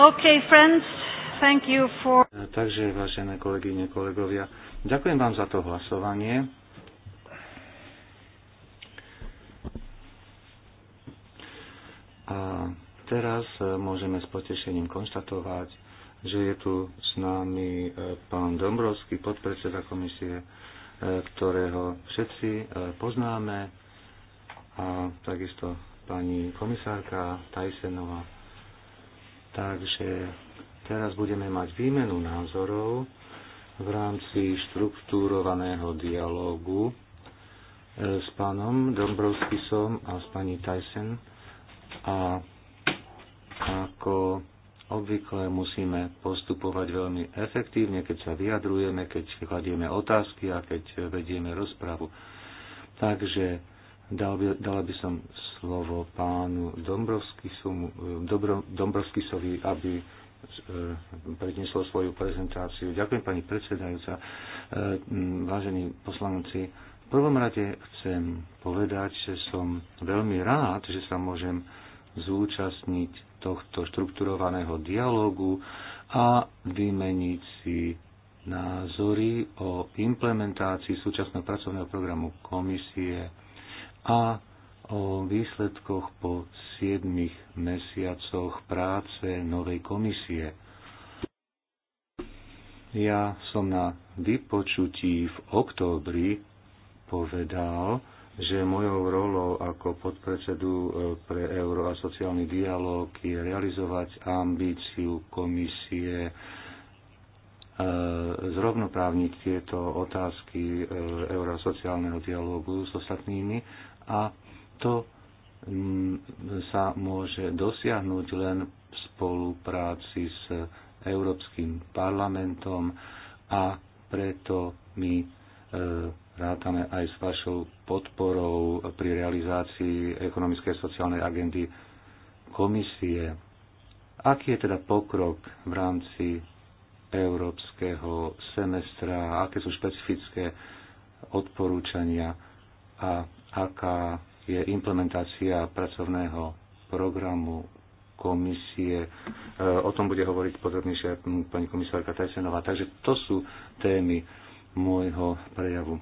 Speaker 3: Okay, friends, thank you for...
Speaker 5: Takže, vážené kolegyne, kolegovia, ďakujem vám za to hlasovanie. A teraz e, môžeme s potešením konštatovať, že je tu s nami e, pán Dombrovský, podpredseda komisie, e, ktorého všetci poznáme, a takisto pani komisárka Tajsenová Takže teraz budeme mať výmenu názorov v rámci štruktúrovaného dialógu e, s pánom Dombrovskisom a s pani Tyson a ako obvykle musíme postupovať veľmi efektívne, keď sa vyjadrujeme, keď kladieme otázky a keď vedieme rozpravu. Takže Dal by, dala by som slovo pánu eh, Dombrovskisovi, aby eh, predniesol svoju prezentáciu. Ďakujem pani predsedajúca. Eh, vážení poslanci, v prvom rade chcem povedať, že som veľmi rád, že sa môžem zúčastniť tohto štrukturovaného dialogu a vymeniť si názory o implementácii súčasného pracovného programu komisie a o výsledkoch po 7 mesiacoch práce novej komisie. Ja som na vypočutí v októbri povedal, že mojou rolou ako podpredsedu e, pre euro a sociálny dialog je realizovať ambíciu komisie e, zrovnoprávniť tieto otázky e, eurosociálneho dialógu s ostatnými a to mm, sa môže dosiahnuť len v spolupráci s Európskym parlamentom a preto my e, rátame aj s vašou podporou pri realizácii ekonomickej a sociálnej agendy komisie. Aký je teda pokrok v rámci európskeho semestra, aké sú špecifické odporúčania a aká je implementácia pracovného programu komisie. E, o tom bude hovoriť podrobnejšie pani komisárka Tajsenová. Takže to sú témy môjho prejavu.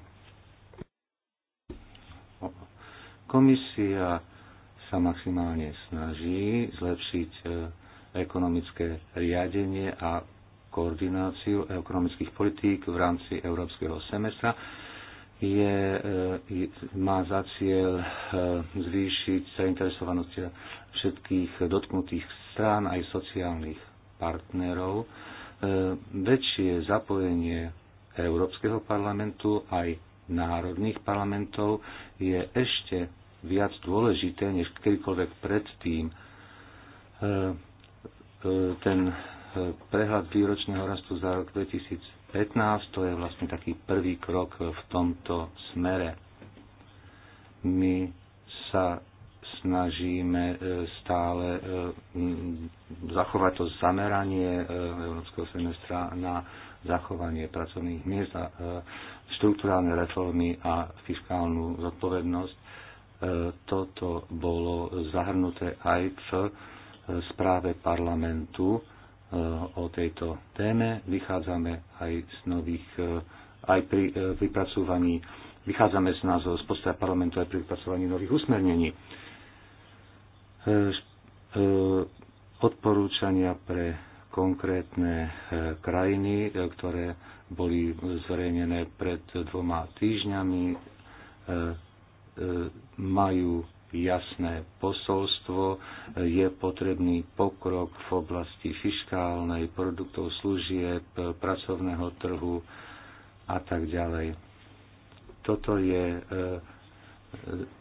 Speaker 5: Komisia sa maximálne snaží zlepšiť e, ekonomické riadenie a koordináciu ekonomických politík v rámci európskeho semestra je, e, má za cieľ e, zvýšiť zainteresovanosť všetkých dotknutých strán aj sociálnych partnerov, e, väčšie zapojenie Európskeho parlamentu aj národných parlamentov je ešte viac dôležité než kedykoľvek predtým. Ten prehľad výročného rastu za rok 2000 15, to je vlastne taký prvý krok v tomto smere. My sa snažíme e, stále e, zachovať to zameranie e, Európskeho semestra na zachovanie pracovných miest a štruktúrálne reformy a fiskálnu zodpovednosť. Toto bolo zahrnuté aj v správe parlamentu o tejto téme. Vychádzame aj z nových, e, aj pri vypracovaní, e, vychádzame z názov z postoja parlamentu aj pri vypracovaní nových usmernení. E, odporúčania pre konkrétne krajiny, ktoré boli zverejnené pred dvoma týždňami, majú jasné posolstvo. Je potrebný pokrok v oblasti fiskálnej, produktov služieb, pracovného trhu a tak ďalej. Toto je e, e,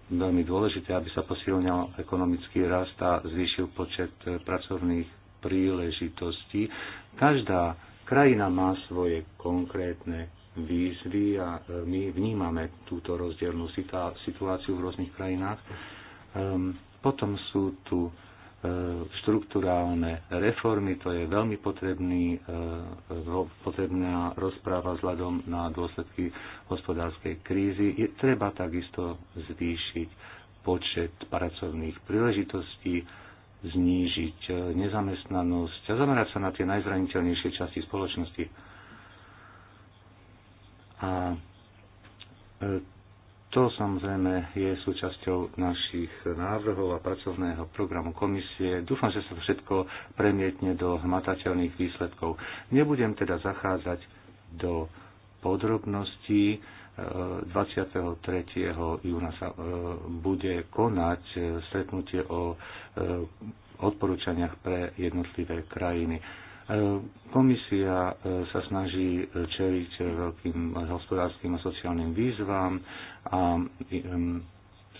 Speaker 5: veľmi dôležité, aby sa posilňal ekonomický rast a zvýšil počet e, pracovných príležitostí. Každá krajina má svoje konkrétne výzvy a my vnímame túto rozdielnú situáciu v rôznych krajinách Ehm, potom sú tu e, štruktúrálne reformy, to je veľmi potrebný, e, potrebná rozpráva vzhľadom na dôsledky hospodárskej krízy. Je, treba takisto zvýšiť počet pracovných príležitostí, znížiť e, nezamestnanosť a zamerať sa na tie najzraniteľnejšie časti spoločnosti. A to samozrejme je súčasťou našich návrhov a pracovného programu komisie. Dúfam, že sa všetko premietne do hmatateľných výsledkov. Nebudem teda zachádzať do podrobností. 23. E, júna sa e, bude konať e, stretnutie o odporúčaniach pre jednotlivé krajiny. Komisia sa snaží čeliť veľkým hospodárskym a sociálnym výzvam, a um,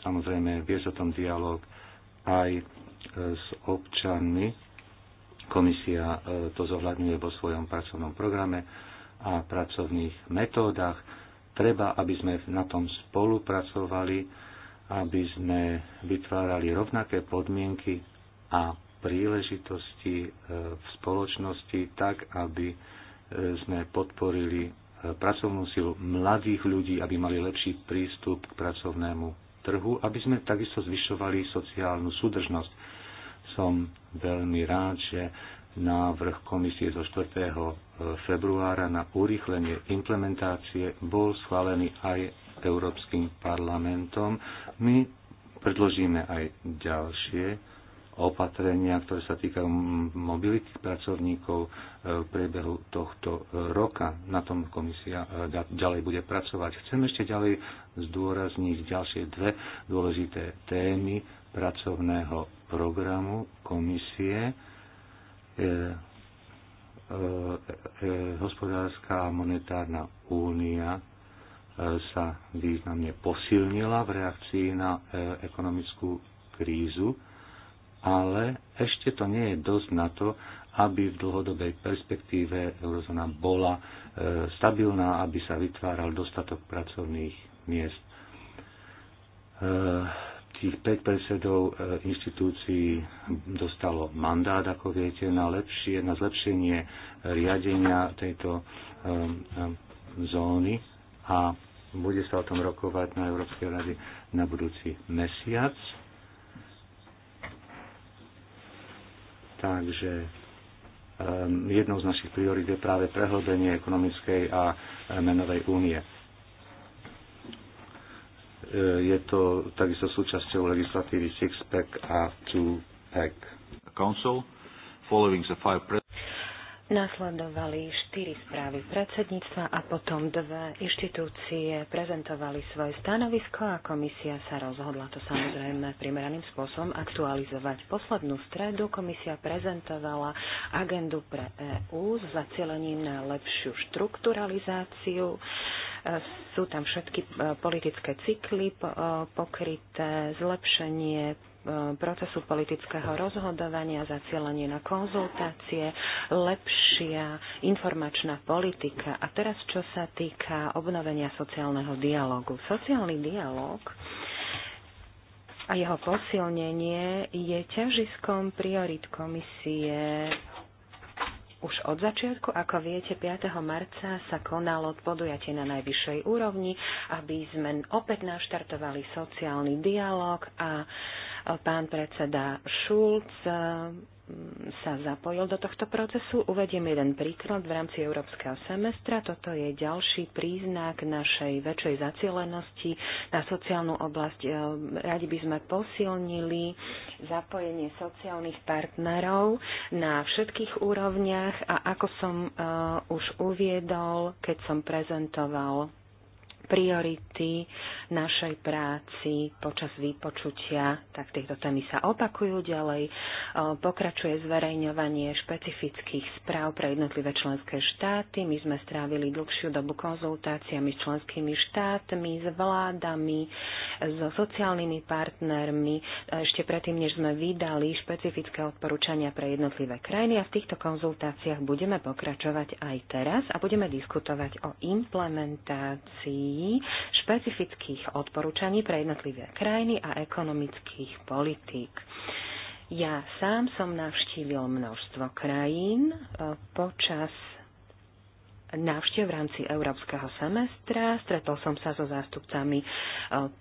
Speaker 5: samozrejme viesť o tom dialog aj e, s občanmi. Komisia e, to zohľadňuje vo svojom pracovnom programe a pracovných metódach. Treba, aby sme na tom spolupracovali, aby sme vytvárali rovnaké podmienky a príležitosti e, v spoločnosti tak, aby sme podporili pracovnú silu mladých ľudí, aby mali lepší prístup k pracovnému trhu, aby sme takisto zvyšovali sociálnu súdržnosť. Som veľmi rád, že návrh komisie zo 4. E, februára na urýchlenie implementácie bol schválený aj Európskym parlamentom. My predložíme aj ďalšie opatrenia, ktoré sa týkajú mobility pracovníkov e, v priebehu tohto e, roka. Na tom komisia e, ďalej bude pracovať. Chcem ešte ďalej zdôrazniť ďalšie dve dôležité témy pracovného programu komisie. Hospodárska a monetárna únia sa významne posilnila v reakcii na ekonomickú krízu ale ešte to nie je dosť na to, aby v dlhodobej perspektíve eurozóna bola e, stabilná, aby sa vytváral dostatok pracovných miest. E, tých 5 predsedov e, inštitúcií dostalo mandát, ako viete, na, lepšie, na zlepšenie riadenia tejto zóny a bude sa o tom rokovať na Európskej rade na budúci mesiac Takže ehm, jednou z našich priorít je práve prehlbenie ekonomickej a eh, menovej únie. Eh, je to takisto súčasťou legislatívy Six-Pack a Pack Council, following the five
Speaker 1: Nasledovali štyri správy predsedníctva a potom dve inštitúcie prezentovali svoje stanovisko a komisia sa rozhodla to samozrejme primeraným spôsobom aktualizovať. Poslednú stredu komisia prezentovala agendu pre EÚ s zacielením na lepšiu štrukturalizáciu. E, sú tam všetky e, politické cykly e, pokryté, zlepšenie procesu politického rozhodovania, zacielenie na konzultácie, lepšia informačná politika. A teraz, čo sa týka obnovenia sociálneho dialogu. Sociálny dialog a jeho posilnenie je ťažiskom priorit komisie už od začiatku, ako viete, 5. marca sa konalo podujatie na najvyššej úrovni, aby sme opäť naštartovali sociálny dialog a pán predseda Šulc sa zapojil do tohto procesu. Uvediem jeden príklad v rámci európskeho semestra. Toto je ďalší príznak našej väčšej zacielenosti na sociálnu oblasť. E, radi by sme posilnili zapojenie sociálnych partnerov na všetkých úrovniach a ako som e, už uviedol, keď som prezentoval priority našej práci počas vypočutia, tak tieto témy sa opakujú ďalej. Pokračuje zverejňovanie špecifických správ pre jednotlivé členské štáty. My sme strávili dlhšiu dobu konzultáciami s členskými štátmi, s vládami, so sociálnymi partnermi, ešte predtým, než sme vydali špecifické odporúčania pre jednotlivé krajiny a v týchto konzultáciách budeme pokračovať aj teraz a budeme diskutovať o implementácii špecifických odporúčaní pre jednotlivé krajiny a ekonomických politík. Ja sám som navštívil množstvo krajín eh, počas návštev v rámci európskeho semestra. Stretol som sa so zástupcami e,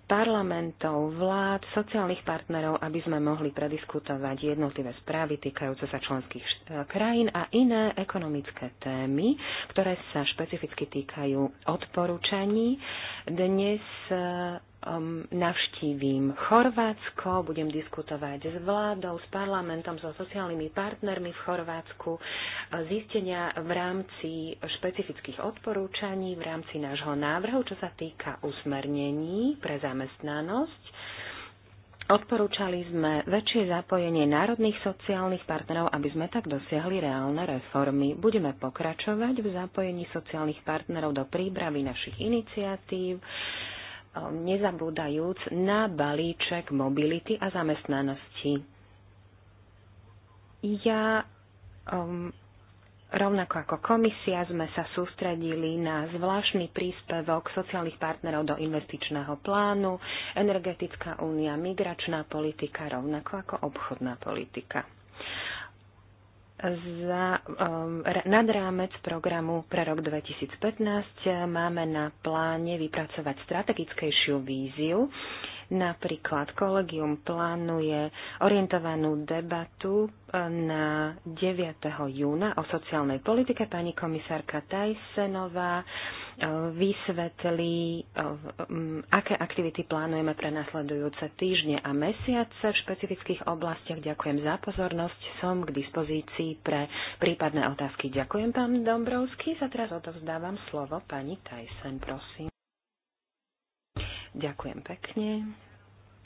Speaker 1: parlamentov, vlád, sociálnych partnerov, aby sme mohli prediskutovať jednotlivé správy týkajúce sa členských e, krajín a iné ekonomické témy, ktoré sa špecificky týkajú odporúčaní. Dnes e, um, navštívim Chorvátsko, budem diskutovať s vládou, s parlamentom, so sociálnymi partnermi v Chorvátsku, e, zistenia v rámci špecifických odporúčaní, v rámci nášho návrhu, čo sa týka usmernení pre zamestnanosť. Odporúčali sme väčšie zapojenie národných sociálnych partnerov, aby sme tak dosiahli reálne reformy. Budeme pokračovať v zapojení sociálnych partnerov do prípravy našich iniciatív Um, nezabúdajúc na balíček mobility a zamestnanosti. Ja um, Rovnako ako komisia sme sa sústredili na zvláštny príspevok sociálnych partnerov do investičného plánu, energetická únia, migračná politika, rovnako ako obchodná politika za, um, nad rámec programu pre rok 2015 máme na pláne vypracovať strategickejšiu víziu Napríklad kolegium plánuje orientovanú debatu e, na 9. júna o sociálnej politike. Pani komisárka Tajsenová e, vysvetlí, e, aké aktivity plánujeme pre nasledujúce týždne a mesiace v špecifických oblastiach. Ďakujem za pozornosť. Som k dispozícii pre prípadné otázky. Ďakujem, pán Dombrovský. Za teraz odovzdávam slovo pani Tajsen, prosím. Ďakujem pekne.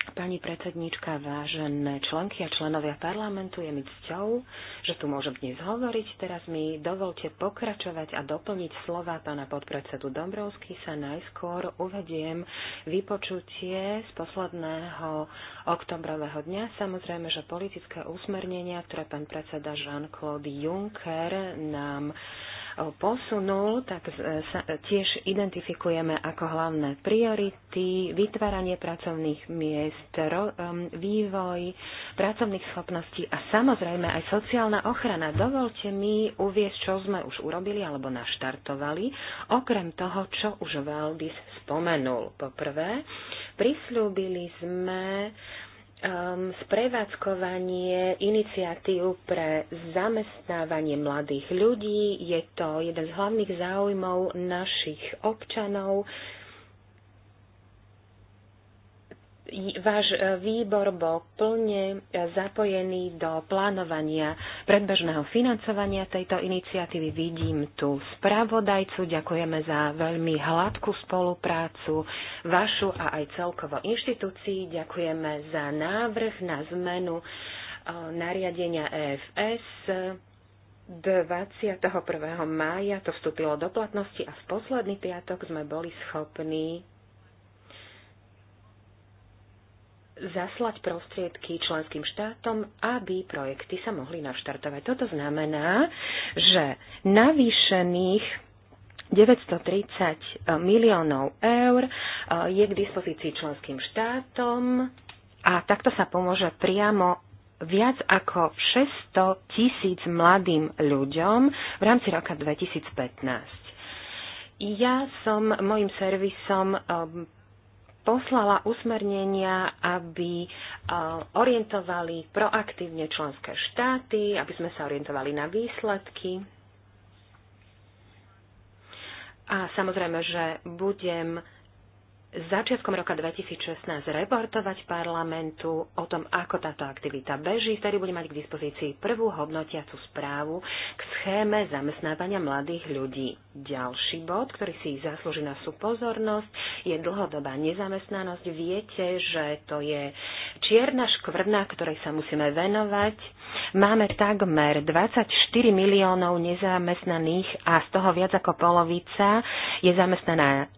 Speaker 1: Pani predsedníčka, vážené členky a členovia parlamentu, je mi cťou, že tu môžem dnes hovoriť. Teraz mi dovolte pokračovať a doplniť slova pána podpredsedu Dombrovsky. Sa najskôr uvediem vypočutie z posledného oktobrového dňa. Samozrejme, že politické usmernenia, ktoré pán predseda Jean-Claude Juncker nám uh, posunul, tak sa tiež identifikujeme ako hlavné priority vytváranie pracovných miest, um, vývoj pracovných schopností a samozrejme aj sociálna ochrana. Dovolte mi uvieť, čo sme už urobili alebo naštartovali, okrem toho, čo už Valdis spomenul. Poprvé, prislúbili sme um, sprevádzkovanie iniciatív pre zamestnávanie mladých ľudí. Je to jeden z hlavných záujmov našich občanov. váš e, výbor bol plne e, zapojený do plánovania predbežného financovania tejto iniciatívy. Vidím tu spravodajcu, ďakujeme za veľmi hladkú spoluprácu vašu a aj celkovo inštitúcii, Ďakujeme za návrh na zmenu e, nariadenia EFS 21. mája to vstúpilo do platnosti a v posledný piatok sme boli schopní zaslať prostriedky členským štátom, aby projekty sa mohli naštartovať. Toto znamená, že navýšených 930 miliónov eur eh, je k dispozícii členským štátom a takto sa pomôže priamo viac ako 600 tisíc mladým ľuďom v rámci roka 2015. Ja som mojim servisom eh, poslala usmernenia, aby e, orientovali proaktívne členské štáty, aby sme sa orientovali na výsledky. A samozrejme, že budem začiatkom roka 2016 reportovať parlamentu o tom, ako táto aktivita beží, ktorý bude mať k dispozícii prvú hodnotiacu správu k schéme zamestnávania mladých ľudí. Ďalší bod, ktorý si zaslúži sú pozornosť, je dlhodobá nezamestnanosť. Viete, že to je čierna škvrna, ktorej sa musíme venovať. Máme takmer 24 miliónov nezamestnaných a z toho viac ako polovica je zamestnaná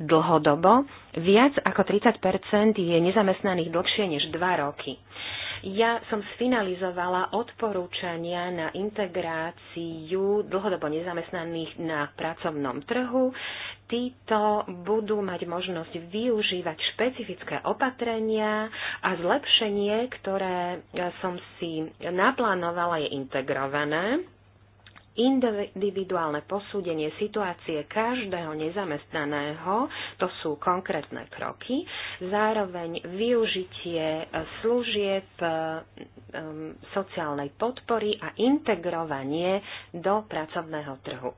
Speaker 1: dlhodobo. Viac ako 30 je nezamestnaných dlhšie než 2 roky. Ja som sfinalizovala odporúčania na integráciu dlhodobo nezamestnaných na pracovnom trhu. Títo budú mať možnosť využívať špecifické opatrenia a zlepšenie, ktoré som si naplánovala, je integrované individuálne posúdenie situácie každého nezamestnaného, to sú konkrétne kroky, zároveň využitie e, služieb e, e, sociálnej podpory a integrovanie do pracovného trhu.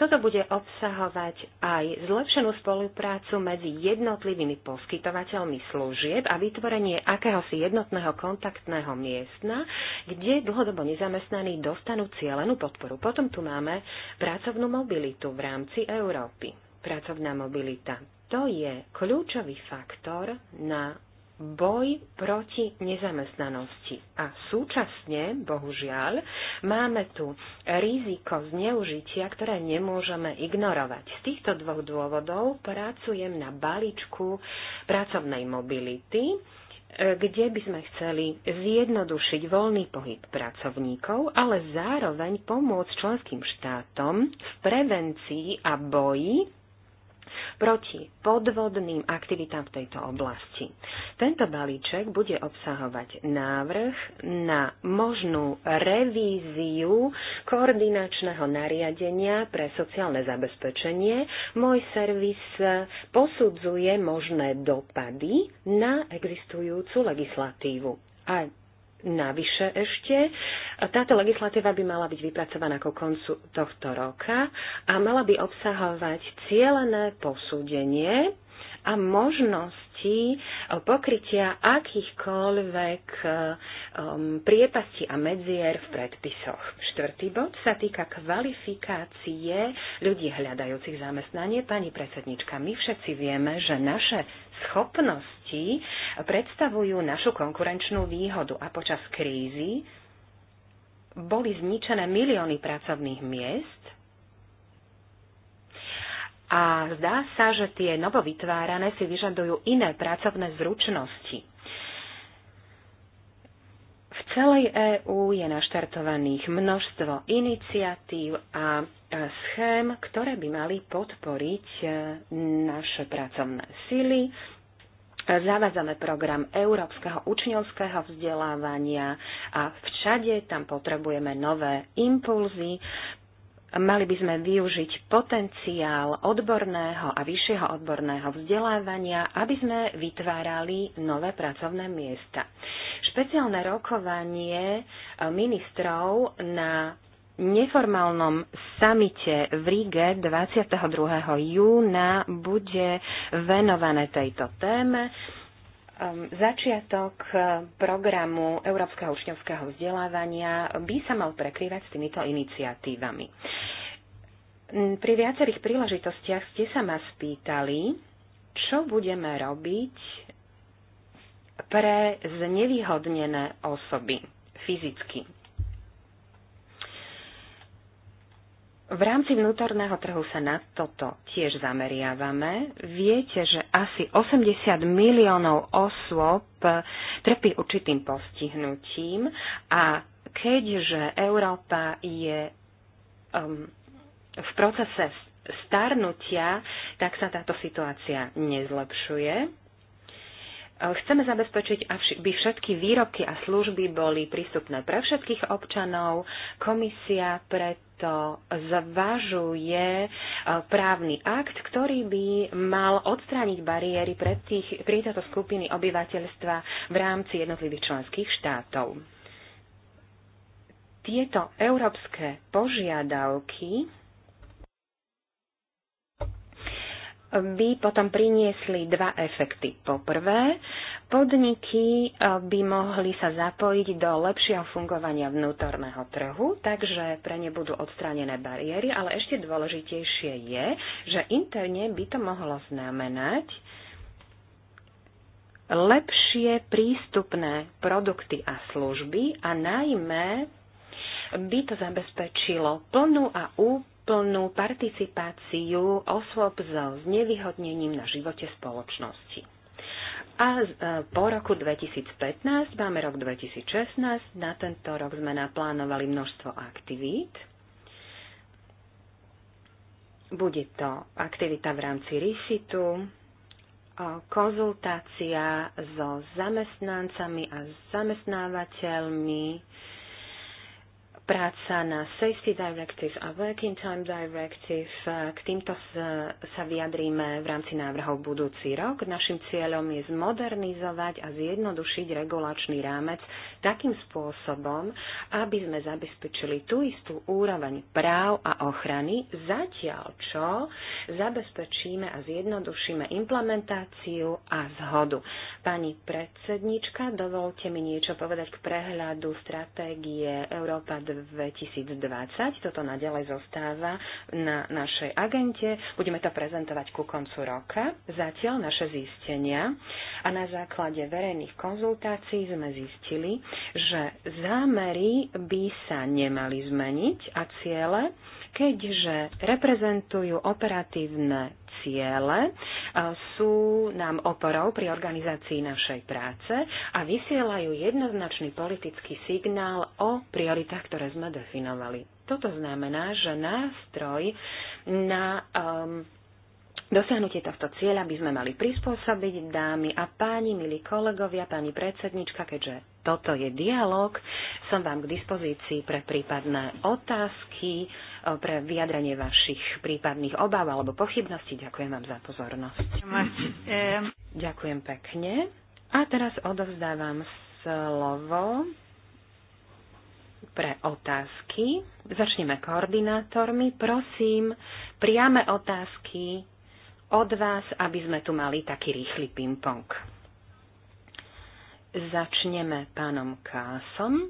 Speaker 1: Toto bude obsahovať aj zlepšenú spoluprácu medzi jednotlivými poskytovateľmi služieb a vytvorenie akéhosi jednotného kontaktného miesta, kde dlhodobo nezamestnaní dostanú cielenú podporu. Potom tu máme pracovnú mobilitu v rámci Európy. Pracovná mobilita. To je kľúčový faktor na boj proti nezamestnanosti. A súčasne, bohužiaľ, máme tu riziko zneužitia, ktoré nemôžeme ignorovať. Z týchto dvoch dôvodov pracujem na balíčku pracovnej mobility, e, kde by sme chceli zjednodušiť voľný pohyb pracovníkov, ale zároveň pomôcť členským štátom v prevencii a boji proti podvodným aktivitám v tejto oblasti. Tento balíček bude obsahovať návrh na možnú revíziu koordinačného nariadenia pre sociálne zabezpečenie. Môj servis posudzuje možné dopady na existujúcu legislatívu. A navyše ešte. Táto legislatíva by mala byť vypracovaná ku koncu tohto roka a mala by obsahovať cielené posúdenie a možnosti eh, pokrytia akýchkoľvek eh, priepasti a medzier v predpisoch. Štvrtý bod sa týka kvalifikácie ľudí hľadajúcich zamestnanie. Pani predsednička, my všetci vieme, že naše schopnosti predstavujú našu konkurenčnú výhodu a počas krízy boli zničené milióny pracovných miest a zdá sa, že tie novovytvárané si vyžadujú iné pracovné zručnosti. V celej EÚ je naštartovaných množstvo iniciatív a e, schém, ktoré by mali podporiť e, naše pracovné sily. Zavádzame program európskeho učňovského vzdelávania a všade tam potrebujeme nové impulzy, Mali by sme využiť potenciál odborného a vyššieho odborného vzdelávania, aby sme vytvárali nové pracovné miesta. Špeciálne rokovanie e, ministrov na neformálnom samite v Ríge 22. júna bude venované tejto téme Ehm, začiatok eh, programu Európskeho učňovského vzdelávania by sa mal prekrývať s týmito iniciatívami. Mm, pri viacerých príležitostiach ste sa ma spýtali, čo budeme robiť pre znevýhodnené osoby fyzicky. V rámci vnútorného trhu sa na toto tiež zameriavame. Viete, že asi 80 miliónov osôb trpí určitým postihnutím a keďže Európa je um, v procese starnutia, tak sa táto situácia nezlepšuje. Eh, chceme zabezpečiť, aby všetky výrobky a služby boli prístupné pre všetkých občanov. Komisia preto zvažuje eh, právny akt, ktorý by mal odstrániť bariéry pre, tých, pre táto skupiny obyvateľstva v rámci jednotlivých členských štátov. Tieto európske požiadavky by potom priniesli dva efekty. Po prvé, podniky e, by mohli sa zapojiť do lepšieho fungovania vnútorného trhu, takže pre ne budú odstránené bariéry, ale ešte dôležitejšie je, že interne by to mohlo znamenať lepšie prístupné produkty a služby a najmä by to zabezpečilo plnú a úplnú plnú participáciu osôb so znevýhodnením na živote spoločnosti. A e, po roku 2015, máme rok 2016, na tento rok sme naplánovali množstvo aktivít. Bude to aktivita v rámci RISITU, e, konzultácia so zamestnancami a zamestnávateľmi, práca na Safety Directive a Working Time Directive. K týmto sa vyjadríme v rámci návrhov budúci rok. Našim cieľom je zmodernizovať a zjednodušiť regulačný rámec takým spôsobom, aby sme zabezpečili tú istú úroveň práv a ochrany, zatiaľ čo zabezpečíme a zjednodušíme implementáciu a zhodu. Pani predsednička, dovolte mi niečo povedať k prehľadu stratégie Európa 2 2020. Toto naďalej zostáva na našej agente. Budeme to prezentovať ku koncu roka. Zatiaľ naše zistenia a na základe verejných konzultácií sme zistili, že zámery by sa nemali zmeniť a ciele keďže reprezentujú operatívne ciele, e, sú nám oporou pri organizácii našej práce a vysielajú jednoznačný politický signál o prioritách, ktoré sme definovali. Toto znamená, že nástroj na um, Dosiahnutie tohto cieľa by sme mali prispôsobiť dámy a páni, milí kolegovia, pani predsednička, keďže toto je dialog, som vám k dispozícii pre prípadné otázky, E, pre vyjadrenie vašich prípadných obáv alebo pochybností. Ďakujem vám za pozornosť. Ďakujem pekne. A teraz odovzdávam slovo pre otázky. Začneme koordinátormi. Prosím, priame otázky od vás, aby sme tu mali taký rýchly ping-pong. Začneme pánom Kásom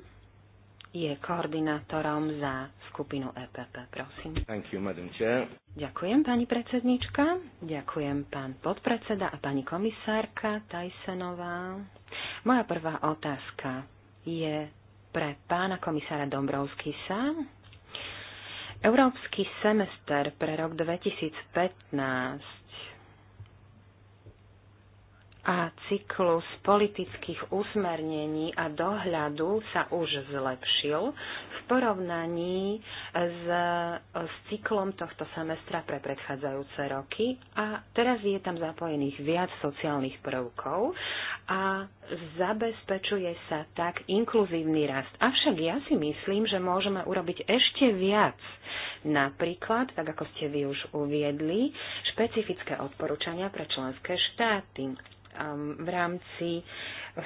Speaker 1: je koordinátorom za skupinu EPP. Prosím.
Speaker 5: Thank you, Madam Chair.
Speaker 1: Ďakujem, pani predsednička. Ďakujem, pán podpredseda a pani komisárka Tajsenová. Moja prvá otázka je pre pána komisára Dombrovskisa. Európsky semester pre rok 2015 a cyklus politických usmernení a dohľadu sa už zlepšil v porovnaní s, s cyklom tohto semestra pre predchádzajúce roky a teraz je tam zapojených viac sociálnych prvkov a zabezpečuje sa tak inkluzívny rast. Avšak ja si myslím, že môžeme urobiť ešte viac. Napríklad, tak ako ste vy už uviedli, špecifické odporúčania pre členské štáty Um, v rámci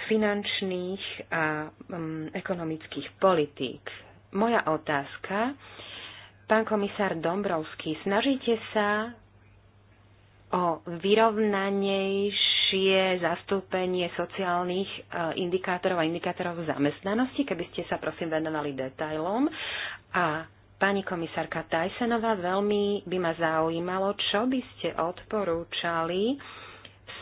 Speaker 1: finančných a um, ekonomických politík. Moja otázka, pán komisár Dombrovský, snažíte sa o vyrovnanejšie zastúpenie sociálnych e, indikátorov a indikátorov zamestnanosti, keby ste sa prosím venovali detailom. A pani komisárka Tajsenová, veľmi by ma zaujímalo, čo by ste odporúčali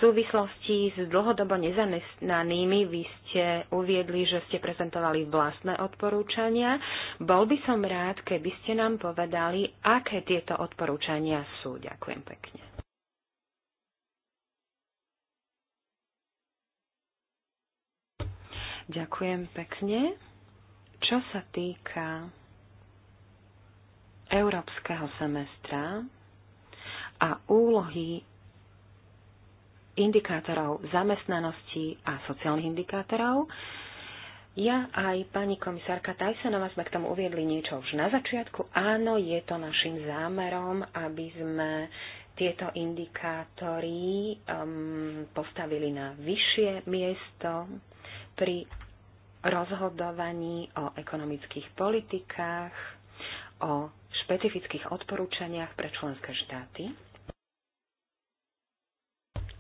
Speaker 1: súvislosti s dlhodobo nezamestnanými vy ste uviedli, že ste prezentovali vlastné odporúčania. Bol by som rád, keby ste nám povedali, aké tieto odporúčania sú. Ďakujem pekne. Ďakujem pekne. Čo sa týka európskeho semestra a úlohy indikátorov zamestnanosti a sociálnych indikátorov. Ja aj pani komisárka Tysonová sme k tomu uviedli niečo už na začiatku. Áno, je to našim zámerom, aby sme tieto indikátory um, postavili na vyššie miesto pri rozhodovaní o ekonomických politikách, o špecifických odporúčaniach pre členské štáty.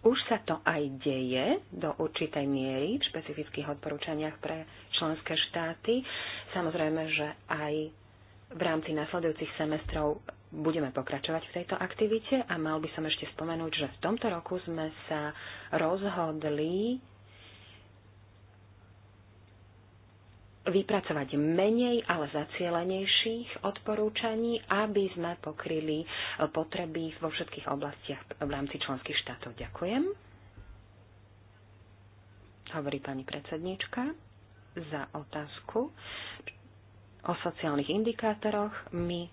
Speaker 1: Už sa to aj deje do určitej miery v špecifických odporúčaniach pre členské štáty. Samozrejme, že aj v rámci nasledujúcich semestrov budeme pokračovať v tejto aktivite a mal by som ešte spomenúť, že v tomto roku sme sa rozhodli vypracovať menej, ale zacielenejších odporúčaní, aby sme pokryli e, potreby vo všetkých oblastiach v rámci členských štátov. Ďakujem. Hovorí pani predsedníčka za otázku o sociálnych indikátoroch. My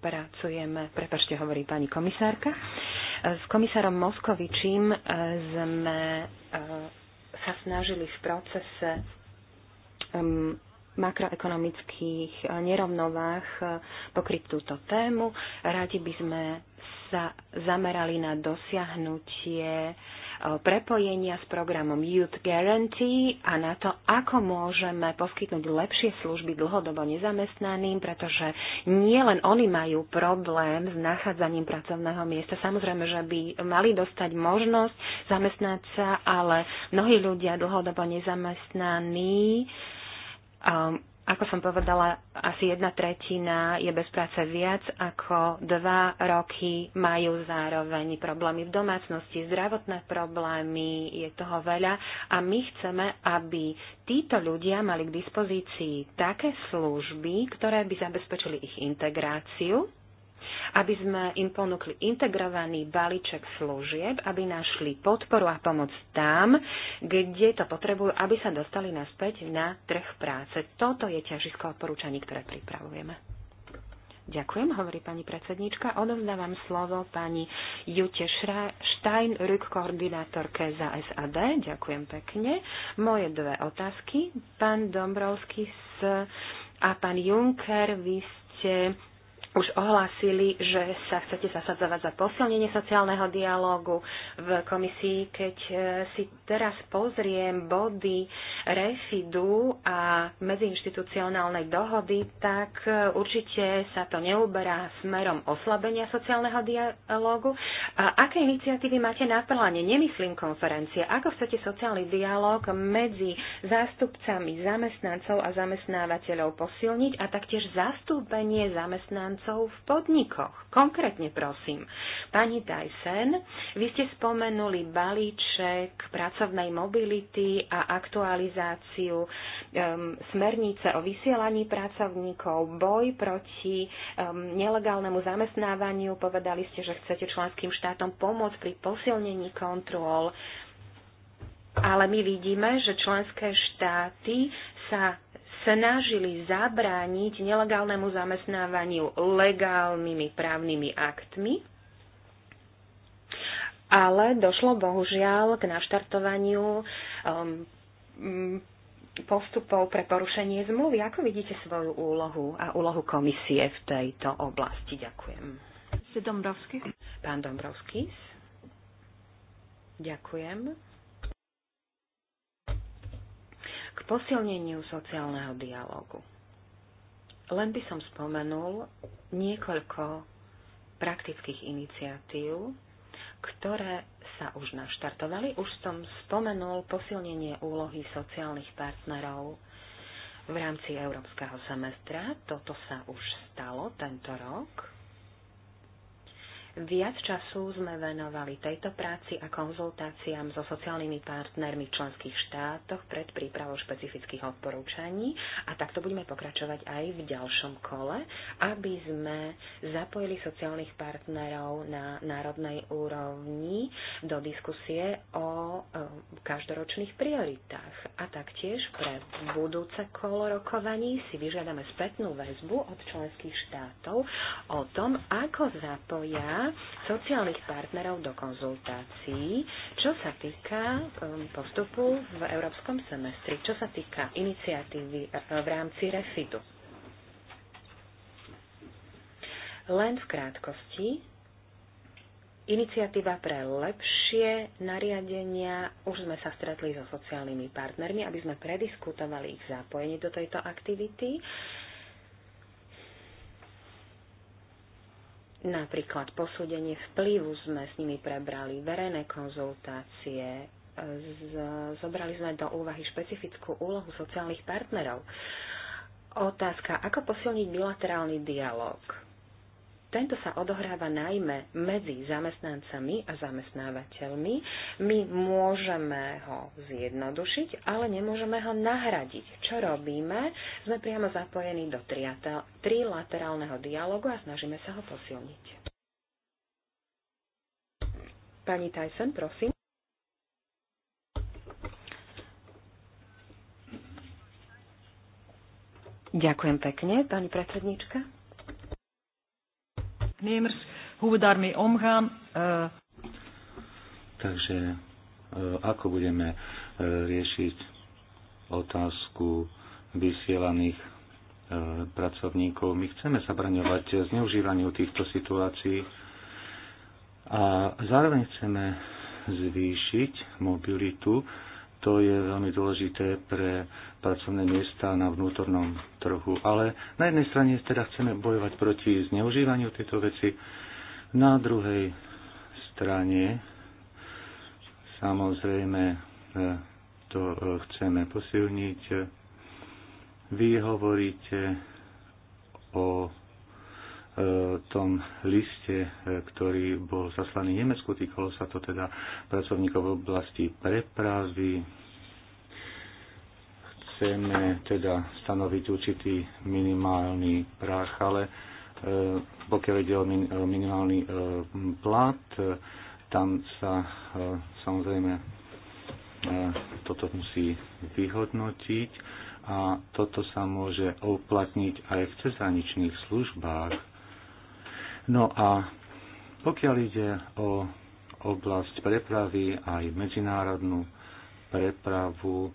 Speaker 1: pracujeme, prepačte, hovorí pani komisárka. E, s komisárom Moskovičím e, sme sa snažili v procese makroekonomických eh, nerovnovách eh, pokryť túto tému. Radi by sme sa zamerali na dosiahnutie eh, prepojenia s programom Youth Guarantee a na to, ako môžeme poskytnúť lepšie služby dlhodobo nezamestnaným, pretože nie len oni majú problém s nachádzaním pracovného miesta. Samozrejme, že by mali dostať možnosť zamestnať sa, ale mnohí ľudia dlhodobo nezamestnaní Um, ako som povedala, asi jedna tretina je bez práce viac ako dva roky, majú zároveň problémy v domácnosti, zdravotné problémy, je toho veľa a my chceme, aby títo ľudia mali k dispozícii také služby, ktoré by zabezpečili ich integráciu aby sme im ponúkli integrovaný balíček služieb, aby našli podporu a pomoc tam, kde to potrebujú, aby sa dostali naspäť na trh práce. Toto je ťažisko odporúčaní, ktoré pripravujeme. Ďakujem, hovorí pani predsednička. Odovzdávam slovo pani Jute Stein, RUK koordinátorke za SAD. Ďakujem pekne. Moje dve otázky. Pán Dombrovský a pán Juncker, vy ste už ohlásili, že sa chcete zasadzovať za posilnenie sociálneho dialógu v komisii. Keď e, si teraz pozriem body refidu a medziinstitucionálnej dohody, tak e, určite sa to neuberá smerom oslabenia sociálneho dialógu. A aké iniciatívy máte na pláne? Nemyslím konferencie. Ako chcete sociálny dialóg medzi zástupcami zamestnancov a zamestnávateľov posilniť a taktiež zastúpenie zamestnancov zamestnancov v podnikoch. Konkrétne prosím, pani Tyson, vy ste spomenuli balíček pracovnej mobility a aktualizáciu um, smernice o vysielaní pracovníkov, boj proti um, nelegálnemu zamestnávaniu. Povedali ste, že chcete členským štátom pomôcť pri posilnení kontrol. Ale my vidíme, že členské štáty sa snažili zabrániť nelegálnemu zamestnávaniu legálnymi právnymi aktmi, ale došlo bohužiaľ k naštartovaniu um, postupov pre porušenie zmluvy. Ako vidíte svoju úlohu a úlohu komisie v tejto oblasti? Ďakujem. Pán Dombrovský. Ďakujem. posilneniu sociálneho dialogu. Len by som spomenul niekoľko praktických iniciatív, ktoré sa už naštartovali. Už som spomenul posilnenie úlohy sociálnych partnerov v rámci európskeho semestra. Toto sa už stalo tento rok. Viac času sme venovali tejto práci a konzultáciám so sociálnymi partnermi v členských štátoch pred prípravou špecifických odporúčaní a takto budeme pokračovať aj v ďalšom kole, aby sme zapojili sociálnych partnerov na národnej úrovni do diskusie o e, každoročných prioritách. A taktiež pre budúce kolo rokovaní si vyžiadame spätnú väzbu od členských štátov o tom, ako zapoja sociálnych partnerov do konzultácií, čo sa týka um, postupu v európskom semestri, čo sa týka iniciatívy e, v rámci refitu. Len v krátkosti, iniciatíva pre lepšie nariadenia, už sme sa stretli so sociálnymi partnermi, aby sme prediskutovali ich zapojenie do tejto aktivity. Napríklad posúdenie vplyvu sme s nimi prebrali, verejné konzultácie, e, zobrali sme do úvahy špecifickú úlohu sociálnych partnerov. Otázka, ako posilniť bilaterálny dialog tento sa odohráva najmä medzi zamestnancami a zamestnávateľmi. My môžeme ho zjednodušiť, ale nemôžeme ho nahradiť. Čo robíme? Sme priamo zapojení do trilaterálneho dialogu a snažíme sa ho posilniť. Pani Tyson, prosím. Ďakujem pekne, pani predsednička
Speaker 6: werknemers, hoe we daarmee omgaan. Eh,
Speaker 5: Takže eh, ako budeme eh, riešiť otázku vysielaných pracovníkov. My chceme zabraňovať zneužívaniu týchto situácií a zároveň chceme zvýšiť mobilitu. To je veľmi dôležité pre pracovné miesta na vnútornom trhu. Ale na jednej strane teda chceme bojovať proti zneužívaniu tejto veci, na druhej strane samozrejme e, to e, chceme posilniť. Vy hovoríte o e, tom liste, ktorý bol zaslaný Nemecku, týkalo sa to teda pracovníkov v oblasti prepravy, chceme teda stanoviť určitý minimálny prach, ale e, pokiaľ ide o e, minimálny e, plat, tam sa samozrejme toto musí vyhodnotiť a toto sa môže uplatniť aj v cezhraničných službách. No a pokiaľ ide o oblasť prepravy aj medzinárodnú prepravu,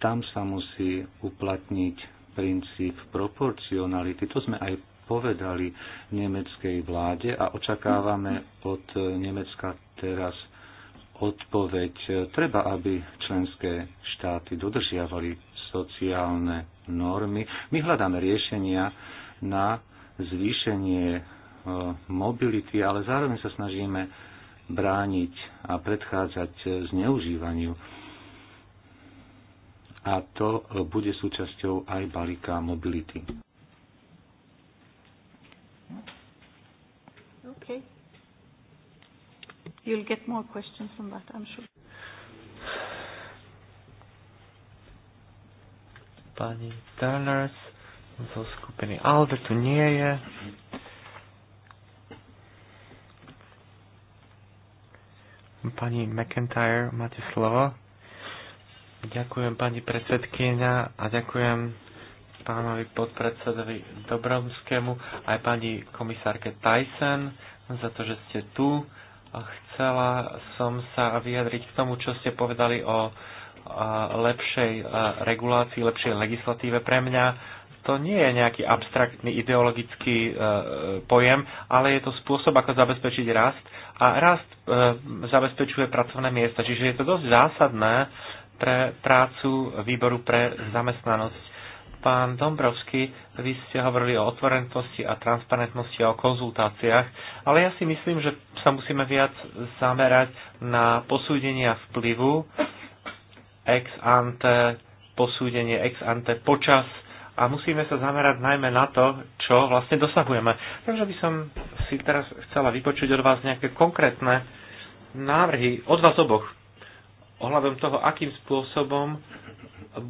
Speaker 5: tam sa musí uplatniť princíp proporcionality. To sme aj povedali nemeckej vláde a očakávame od Nemecka teraz odpoveď. Treba, aby členské štáty dodržiavali sociálne normy. My hľadáme riešenia na zvýšenie e, mobility, ale zároveň sa snažíme brániť a predchádzať zneužívaniu a to e, bude súčasťou aj balíka mobility.
Speaker 3: Okay. You'll get more questions on that, I'm sure.
Speaker 2: Pani Turners zo skupiny Alde tu nie je. Pani McIntyre, máte slovo. Ďakujem pani predsedkynia a ďakujem pánovi podpredsedovi Dobromskému aj pani komisárke Tyson za to, že ste tu. Chcela som sa vyjadriť k tomu, čo ste povedali o lepšej regulácii, lepšej legislatíve. Pre mňa to nie je nejaký abstraktný ideologický e, pojem, ale je to spôsob, ako zabezpečiť rast. A rast e, zabezpečuje pracovné miesta. Čiže je to dosť zásadné, pre prácu výboru pre zamestnanosť. Pán Dombrovský, vy ste hovorili o otvorenosti a transparentnosti a o konzultáciách, ale ja si myslím, že sa musíme viac zamerať na posúdenia vplyvu ex ante, posúdenie ex ante počas a musíme sa zamerať najmä na to, čo vlastne dosahujeme. Takže by som si teraz chcela vypočuť od vás nejaké konkrétne návrhy, od vás oboch, ohľadom toho, akým spôsobom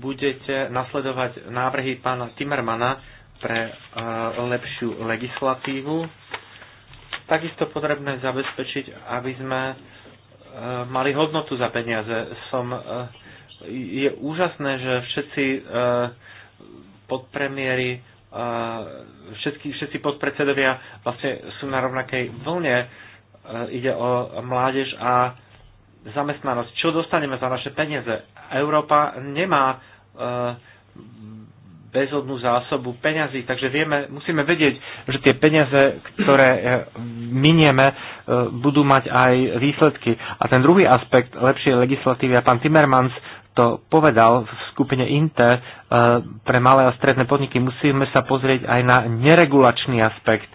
Speaker 2: budete nasledovať návrhy pána Timmermana pre e, lepšiu legislatívu. Takisto potrebné zabezpečiť, aby sme e, mali hodnotu za peniaze. Som, e, je úžasné, že všetci podpremiéry, všetky, všetci podpredsedovia vlastne sú na rovnakej vlne. Ide o mládež a zamestnanosť, čo dostaneme za naše peniaze. Európa nemá e, bezodnú zásobu peňazí, takže vieme, musíme vedieť, že tie peniaze, ktoré e, minieme, e, budú mať aj výsledky. A ten druhý aspekt lepšej legislatívy, a pán Timmermans to povedal v skupine INTE e, pre malé a stredné podniky, musíme sa pozrieť aj na neregulačný aspekt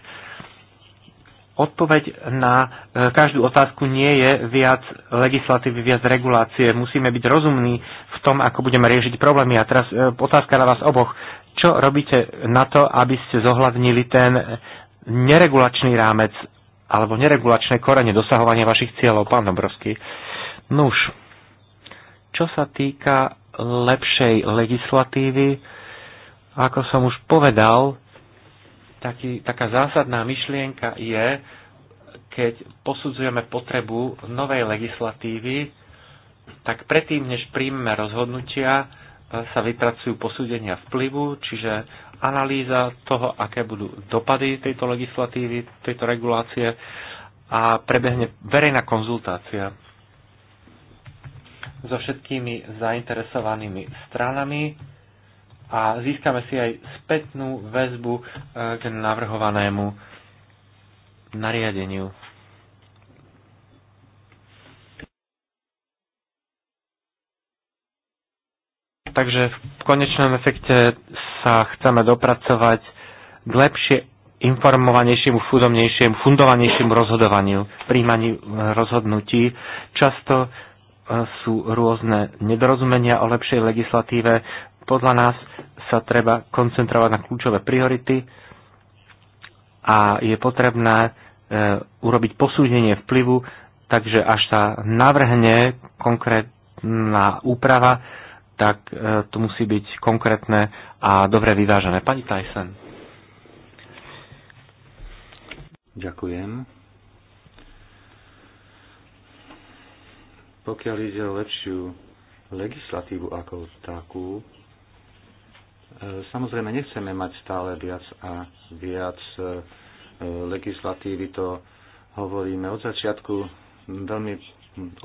Speaker 2: Odpoveď na e, každú otázku nie je viac legislatívy, viac regulácie. Musíme byť rozumní v tom, ako budeme riešiť problémy. A teraz e, otázka na vás oboch. Čo robíte na to, aby ste zohľadnili ten neregulačný rámec alebo neregulačné korene dosahovania vašich cieľov, pán Dobrovský? Nuž, čo sa týka lepšej legislatívy, ako som už povedal, taký, taká zásadná myšlienka je, keď posudzujeme potrebu novej legislatívy, tak predtým, než príjmeme rozhodnutia, sa vypracujú posúdenia vplyvu, čiže analýza toho, aké budú dopady tejto legislatívy, tejto regulácie a prebehne verejná konzultácia so všetkými zainteresovanými stranami a získame si aj spätnú väzbu e, k navrhovanému nariadeniu. Takže v konečnom efekte sa chceme dopracovať k lepšie informovanejšiemu, fundovanejšiemu, fundovanejšiemu rozhodovaniu, príjmaní e, rozhodnutí. Často e, sú rôzne nedorozumenia o lepšej legislatíve, podľa nás sa treba koncentrovať na kľúčové priority a je potrebné e, urobiť posúdenie vplyvu, takže až sa navrhne konkrétna úprava, tak e, to musí byť konkrétne a dobre vyvážené. Pani Tyson.
Speaker 5: Ďakujem. Pokiaľ ide o lepšiu legislatívu ako takú, Samozrejme, nechceme mať stále viac a viac e, legislatívy, to hovoríme od začiatku. Veľmi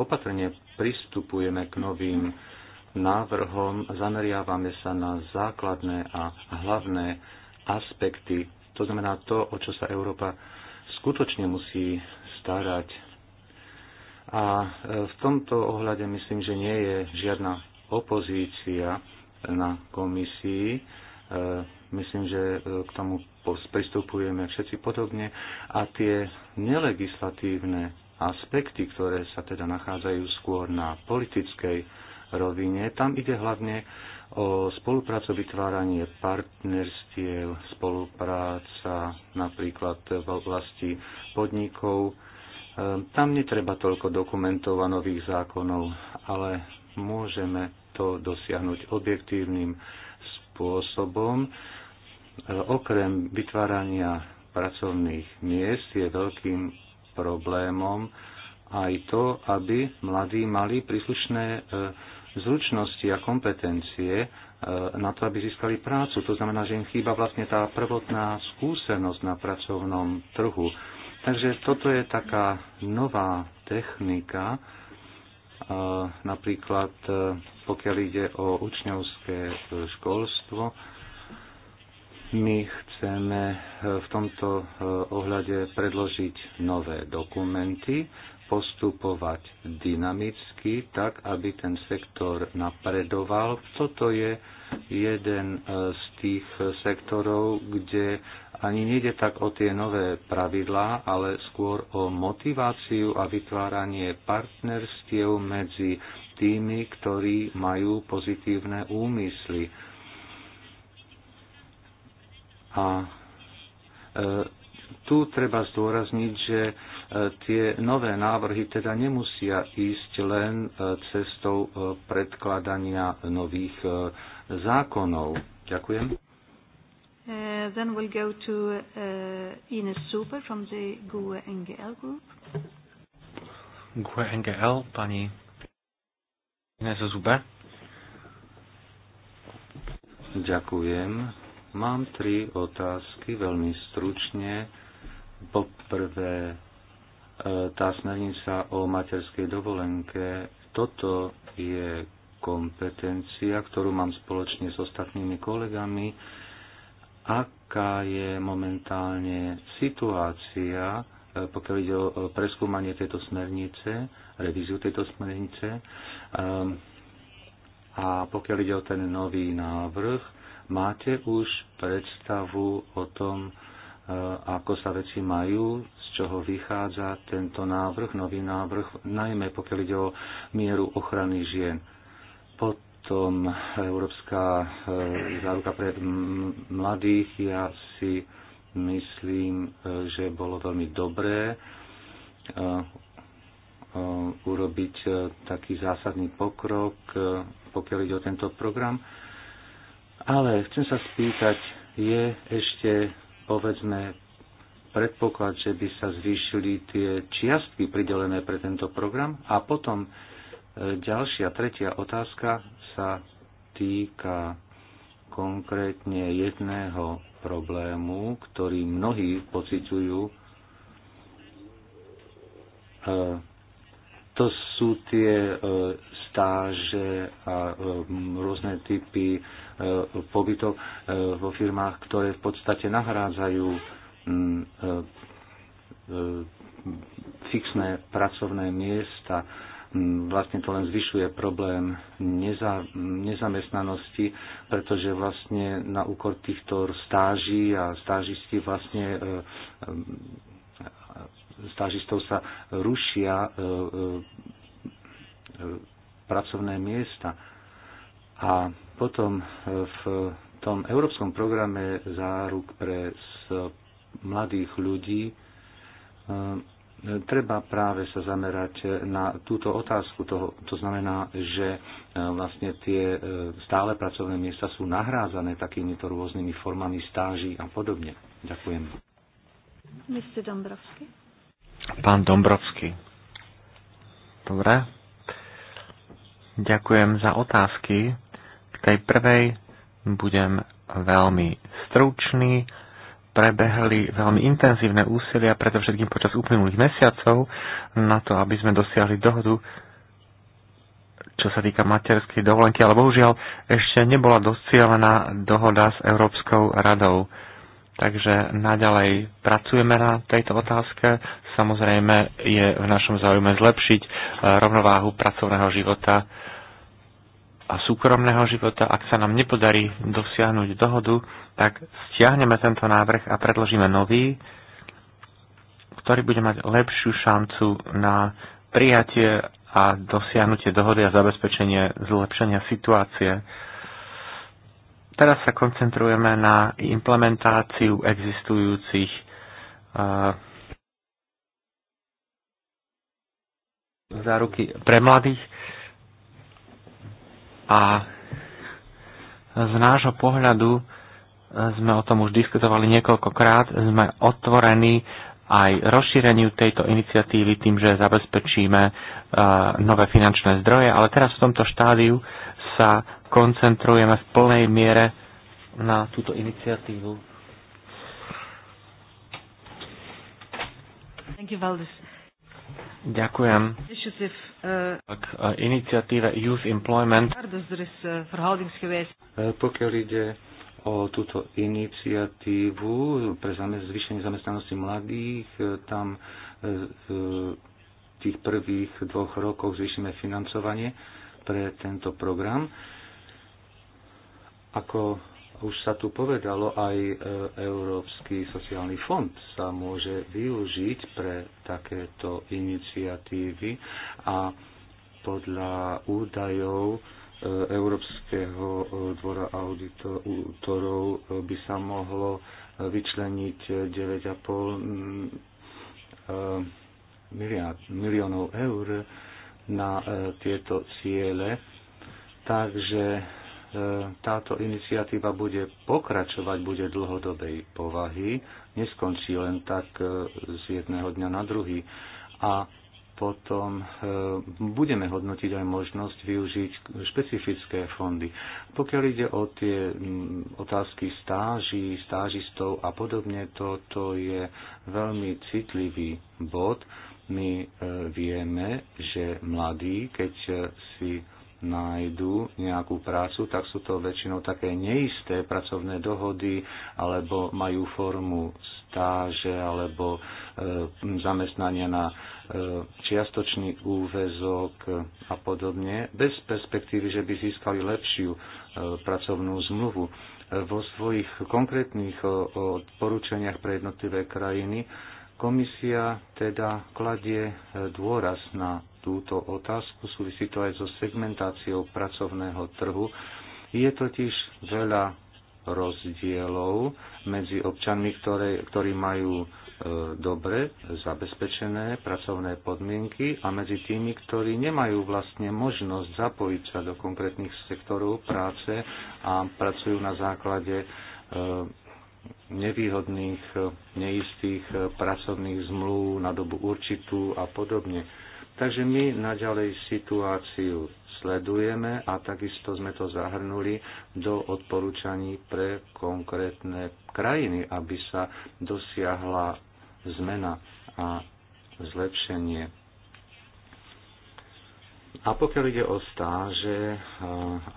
Speaker 5: opatrne pristupujeme k novým návrhom, zameriavame sa na základné a hlavné aspekty. To znamená to, o čo sa Európa skutočne musí starať. A e, v tomto ohľade myslím, že nie je žiadna opozícia na komisii. E, myslím, že e, k tomu pristupujeme všetci podobne a tie nelegislatívne aspekty, ktoré sa teda nachádzajú skôr na politickej rovine, tam ide hlavne o spoluprácu, vytváranie partnerstiev, spolupráca napríklad v oblasti podnikov. E, tam netreba toľko dokumentov a nových zákonov, ale môžeme to dosiahnuť objektívnym spôsobom. Okrem vytvárania pracovných miest je veľkým problémom aj to, aby mladí mali príslušné e, zručnosti a kompetencie e, na to, aby získali prácu. To znamená, že im chýba vlastne tá prvotná skúsenosť na pracovnom trhu. Takže toto je taká nová technika, napríklad e, pokiaľ ide o učňovské e, školstvo, my chceme e, v tomto ohľade predložiť nové dokumenty, postupovať dynamicky, tak aby ten sektor napredoval. Toto je jeden e, z tých sektorov, kde ani nejde tak o tie nové pravidlá, ale skôr o motiváciu a vytváranie partnerstiev medzi tými, ktorí majú pozitívne úmysly. A e, tu treba zdôrazniť, že e, tie nové návrhy teda nemusia ísť len e, cestou e, predkladania nových e, zákonov. Ďakujem.
Speaker 3: Uh, then we'll go to uh, Ines Super from the GUE NGL group.
Speaker 5: GUE NGL, pani Ines Super. Ďakujem. Mám tri otázky veľmi stručne. Poprvé, tá smernica o materskej dovolenke, toto je kompetencia, ktorú mám spoločne s ostatnými kolegami, aká je momentálne situácia, e, pokiaľ ide o preskúmanie tejto smernice, revíziu tejto smernice. Ehm, a pokiaľ ide o ten nový návrh, máte už predstavu o tom, ako sa veci majú, z čoho vychádza tento návrh, nový návrh, najmä pokiaľ ide o mieru ochrany žien. Potom Európska e, záruka pre mladých, ja si myslím, e, že bolo veľmi dobré e, urobiť taký zásadný pokrok, pokiaľ ide o tento program. Ale chcem sa spýtať, je ešte povedzme predpoklad, že by sa zvýšili tie čiastky pridelené pre tento program. A potom e, ďalšia, tretia otázka sa týka konkrétne jedného problému, ktorý mnohí pociťujú. E, to sú tie e, stáže a rôzne typy E, pobytov e, vo firmách, ktoré v podstate nahrádzajú mm, e, fixné pracovné miesta. Mm, vlastne to len zvyšuje problém neza, nezamestnanosti, pretože vlastne na úkor týchto stáží a stážisti vlastne stážistov sa rušia pracovné miesta a potom e, v tom európskom programe záruk pre mladých ľudí e, treba práve sa zamerať na túto otázku. To, to znamená, že e, vlastne tie stále pracovné miesta sú nahrázané takýmito rôznymi formami stáží a podobne. Ďakujem.
Speaker 3: Mr. Dombrovský.
Speaker 2: Pán Dombrovský. Dobre. Ďakujem za otázky tej prvej budem veľmi stručný. Prebehli veľmi intenzívne úsilia, predovšetkým počas uplynulých mesiacov, na to, aby sme dosiahli dohodu, čo sa týka materskej dovolenky, ale bohužiaľ ešte nebola dosielená dohoda s Európskou radou. Takže naďalej pracujeme na tejto otázke. Samozrejme je v našom záujme zlepšiť eh, rovnováhu pracovného života a súkromného života, ak sa nám nepodarí dosiahnuť dohodu, tak stiahneme tento návrh a predložíme nový, ktorý bude mať lepšiu šancu na prijatie a dosiahnutie dohody a zabezpečenie zlepšenia situácie. Teraz sa koncentrujeme na implementáciu existujúcich uh, záruky pre mladých a z nášho pohľadu e, sme o tom už diskutovali niekoľkokrát, sme otvorení aj rozšíreniu tejto iniciatívy tým, že zabezpečíme e, nové finančné zdroje, ale teraz v tomto štádiu sa koncentrujeme v plnej miere na túto iniciatívu. Thank you, Ďakujem.
Speaker 6: Eh,
Speaker 5: tak, iniciatíva Youth Employment.
Speaker 6: Eh, eh,
Speaker 5: pokiaľ ide o túto iniciatívu pre zvýšenie zamestnanosti mladých, tam v tých prvých dvoch rokoch zvýšime financovanie pre tento program. Ako už sa tu povedalo, aj e, Európsky sociálny fond sa môže využiť pre takéto iniciatívy a podľa údajov e, Európskeho e, dvora auditorov by sa mohlo vyčleniť 9,5 mm, miliónov eur na tieto ciele. Takže táto iniciatíva bude pokračovať, bude dlhodobej povahy, neskončí len tak e, z jedného dňa na druhý. A potom e, budeme hodnotiť aj možnosť využiť špecifické fondy. Pokiaľ ide o tie otázky stáží, stážistov a podobne, toto je veľmi citlivý bod. My e, vieme, že mladí, keď si nájdu nejakú prácu, tak sú to väčšinou také neisté pracovné dohody, alebo majú formu stáže, alebo e, zamestnania na e, čiastočný úvezok a podobne, bez perspektívy, že by získali lepšiu e, pracovnú zmluvu. E, vo svojich konkrétnych poručeniach pre jednotlivé krajiny komisia teda kladie e, dôraz na túto otázku, súvisí to aj so segmentáciou pracovného trhu. Je totiž veľa rozdielov medzi občanmi, ktoré, ktorí majú e, dobre zabezpečené pracovné podmienky a medzi tými, ktorí nemajú vlastne možnosť zapojiť sa do konkrétnych sektorov práce a pracujú na základe e, nevýhodných, neistých pracovných zmluv na dobu určitú a podobne. Takže my naďalej situáciu sledujeme a takisto sme to zahrnuli do odporúčaní pre konkrétne krajiny, aby sa dosiahla zmena a zlepšenie. A pokiaľ ide o stáže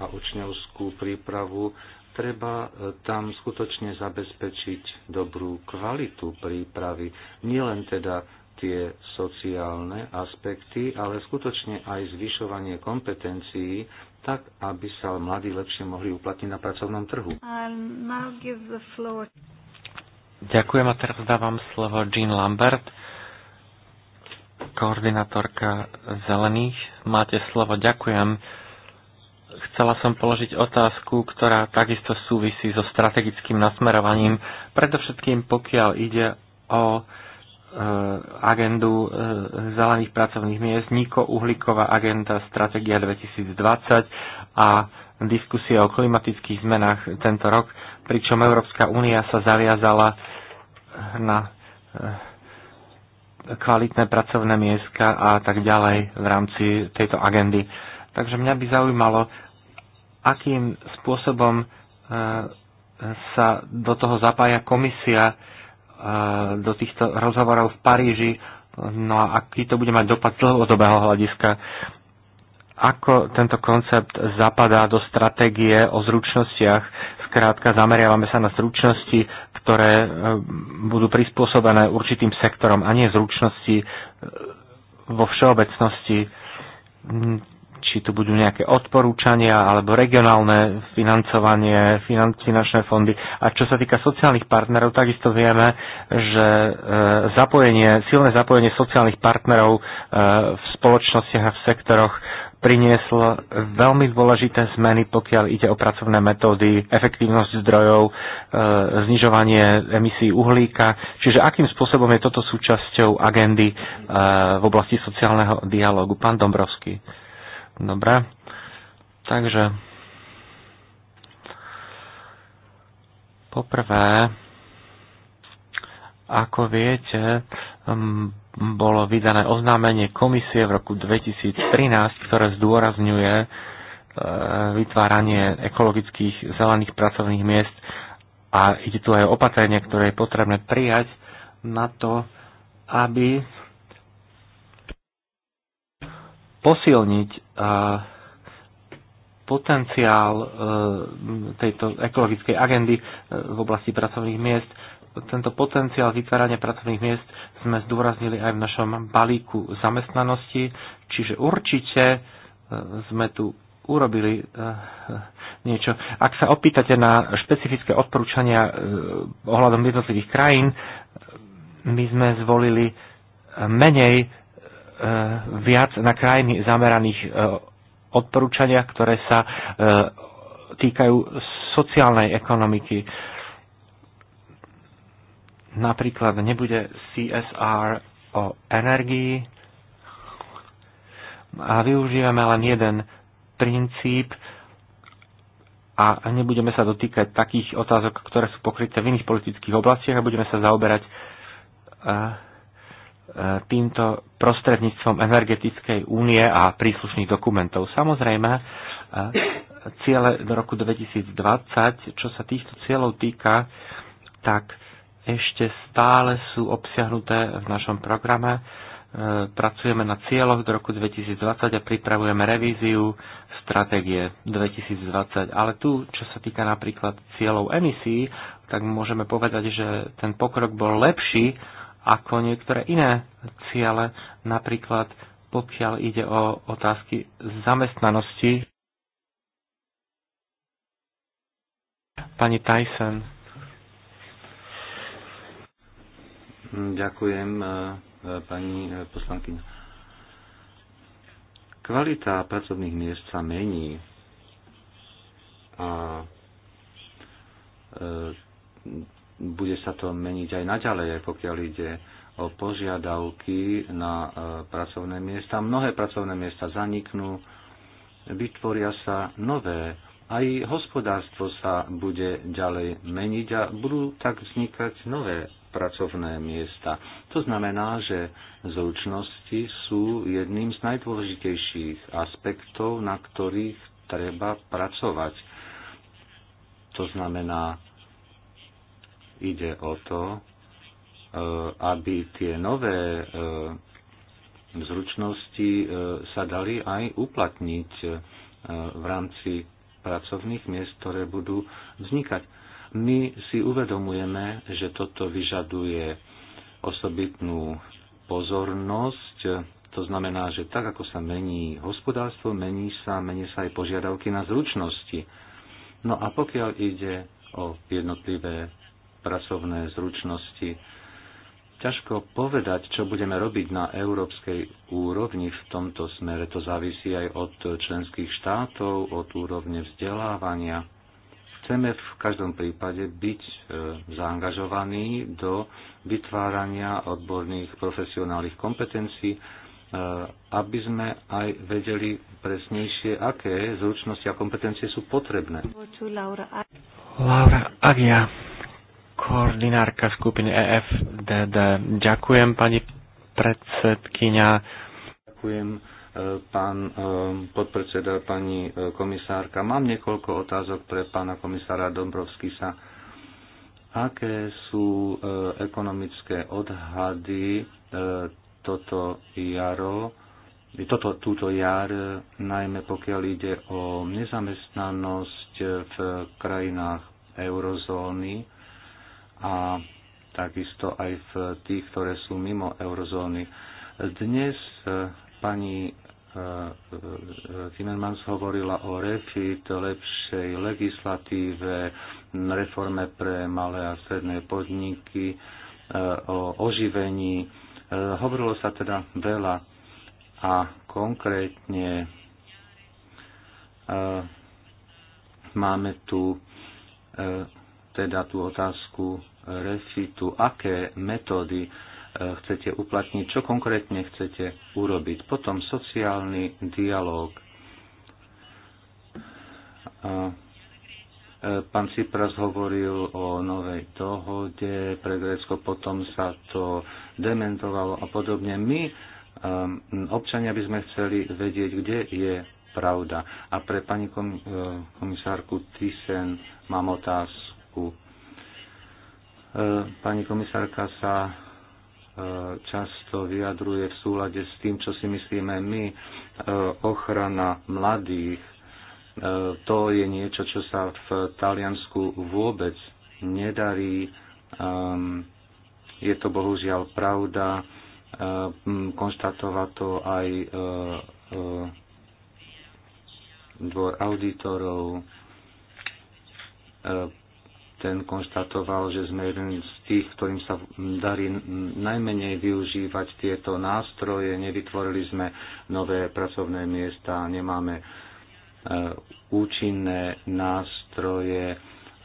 Speaker 5: a učňovskú prípravu, treba e, tam skutočne zabezpečiť dobrú kvalitu prípravy, nielen teda tie sociálne aspekty, ale skutočne aj zvyšovanie kompetencií, tak aby sa mladí lepšie mohli uplatniť na pracovnom trhu.
Speaker 2: Ďakujem a teraz dávam slovo Jean Lambert, koordinátorka Zelených. Máte slovo, ďakujem. Chcela som položiť otázku, ktorá takisto súvisí so strategickým nasmerovaním, predovšetkým pokiaľ ide o Eh, agendu eh, zelených pracovných miest, Niko Uhlíková agenda Stratégia 2020 a diskusia o klimatických zmenách tento rok, pričom Európska únia sa zaviazala na eh, kvalitné pracovné miestka a tak ďalej v rámci tejto agendy. Takže mňa by zaujímalo, akým spôsobom sa do toho zapája komisia do týchto rozhovorov v Paríži. No a aký to bude mať dopad dlhodobého hľadiska? Ako tento koncept zapadá do stratégie o zručnostiach? zkrátka zameriavame sa na zručnosti, ktoré e, budú prispôsobené určitým sektorom a nie zručnosti e, vo všeobecnosti či tu budú nejaké odporúčania alebo regionálne financovanie, finančné fondy. A čo sa týka sociálnych partnerov, takisto vieme, že e, zapojenie, silné zapojenie sociálnych partnerov e, v spoločnostiach a v sektoroch prinieslo veľmi dôležité zmeny, pokiaľ ide o pracovné metódy, efektívnosť zdrojov, e, znižovanie emisí uhlíka. Čiže akým spôsobom je toto súčasťou agendy v oblasti sociálneho dialógu? Pán Dombrovský. Dobre. Takže poprvé, ako viete, bolo vydané oznámenie komisie v roku 2013, ktoré zdôrazňuje e, vytváranie ekologických zelených pracovných miest a ide tu aj opatrenie, ktoré je potrebné prijať na to, aby posilniť potenciál e, tejto ekologickej agendy e, v oblasti pracovných miest. Tento potenciál vytvárania pracovných miest sme zdôraznili aj v našom balíku zamestnanosti, čiže určite e, sme tu urobili niečo. Ak sa opýtate na špecifické odporúčania ohľadom jednotlivých krajín, my sme zvolili menej E, viac na krajiny zameraných e, odporúčania, ktoré sa e, týkajú sociálnej ekonomiky. Napríklad nebude CSR o energii a využívame len jeden princíp a nebudeme sa dotýkať takých otázok, ktoré sú pokryté v iných politických oblastiach a budeme sa zaoberať uh, týmto prostredníctvom energetickej únie a príslušných dokumentov. Samozrejme, ciele do roku 2020, čo sa týchto cieľov týka, tak ešte stále sú obsiahnuté v našom programe. E, pracujeme na cieľoch do roku 2020 a pripravujeme revíziu stratégie 2020. Ale tu, čo sa týka napríklad cieľov emisí, tak môžeme povedať, že ten pokrok bol lepší ako niektoré iné ciele, napríklad pokiaľ ide o otázky zamestnanosti. Pani Tyson.
Speaker 5: Ďakujem, e, pani poslankyňa. Kvalita pracovných miest sa mení a e, bude sa to meniť aj naďalej, pokiaľ ide o požiadavky na e, pracovné miesta. Mnohé pracovné miesta zaniknú, vytvoria sa nové. Aj hospodárstvo sa bude ďalej meniť a budú tak vznikať nové pracovné miesta. To znamená, že zručnosti sú jedným z najdôležitejších aspektov, na ktorých treba pracovať. To znamená, ide o to, e, aby tie nové e, zručnosti e, sa dali aj uplatniť v rámci pracovných miest, ktoré budú vznikať. My si uvedomujeme, že toto vyžaduje osobitnú pozornosť. To znamená, že tak, ako sa mení hospodárstvo, mení sa, mení sa aj požiadavky na zručnosti. No a pokiaľ ide o jednotlivé pracovné zručnosti. Ťažko povedať, čo budeme robiť na európskej úrovni v tomto smere. To závisí aj od členských štátov, od úrovne vzdelávania. Chceme v každom prípade byť e, zaangažovaní do vytvárania odborných profesionálnych kompetencií, e, aby sme aj vedeli presnejšie, aké zručnosti a kompetencie sú potrebné. Laura Agia.
Speaker 2: Koordinárka skupiny EFDD. Ďakujem, pani predsedkyňa.
Speaker 5: Ďakujem, e, pán e, podpredseda, pani e, komisárka. Mám niekoľko otázok pre pána komisára Dombrovskisa. Aké sú ekonomické odhady toto jaro, toto, túto jar, najmä pokiaľ ide o nezamestnanosť v krajinách eurozóny a takisto aj v tých, ktoré sú mimo eurozóny. Dnes e, pani e, e, Timmermans hovorila o refit, lepšej legislatíve, reforme pre malé a stredné podniky, o oživení. Hovorilo sa teda veľa a konkrétne máme tu teda tú otázku refitu, aké metódy e, chcete uplatniť, čo konkrétne chcete urobiť. Potom sociálny dialog. E, e, pán Cipras hovoril o novej dohode pre Grécko, potom sa to dementovalo a podobne. My, občania, by sme chceli vedieť, kde je pravda. A pre pani komisárku Thyssen mám otázku Slovensku. E, pani komisárka sa e, často vyjadruje v súlade s tým, čo si myslíme my. E, ochrana mladých, to je niečo, čo sa v Taliansku vôbec nedarí. Je to bohužiaľ pravda. Konštatova to aj dvor auditorov ten konštatoval, že sme jeden z tých, ktorým sa darí najmenej využívať tieto nástroje, nevytvorili sme nové pracovné miesta, nemáme e, účinné nástroje. E,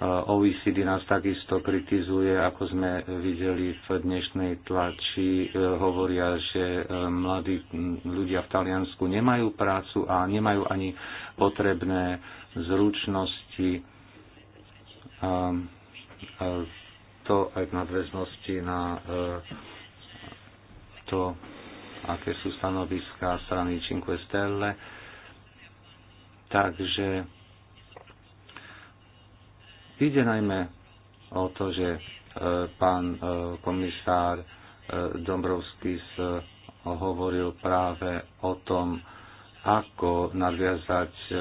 Speaker 5: OECD nás takisto kritizuje, ako sme videli v dnešnej tlači, e, hovoria, že mladí ľudia v Taliansku nemajú prácu a nemajú ani potrebné zručnosti a to aj v nadväznosti na e, to, aké sú stanoviská strany Cinque Stelle. Takže ide najmä o to, že e, pán e, komisár Dombrovskis hovoril práve o tom, ako nadviazať, e,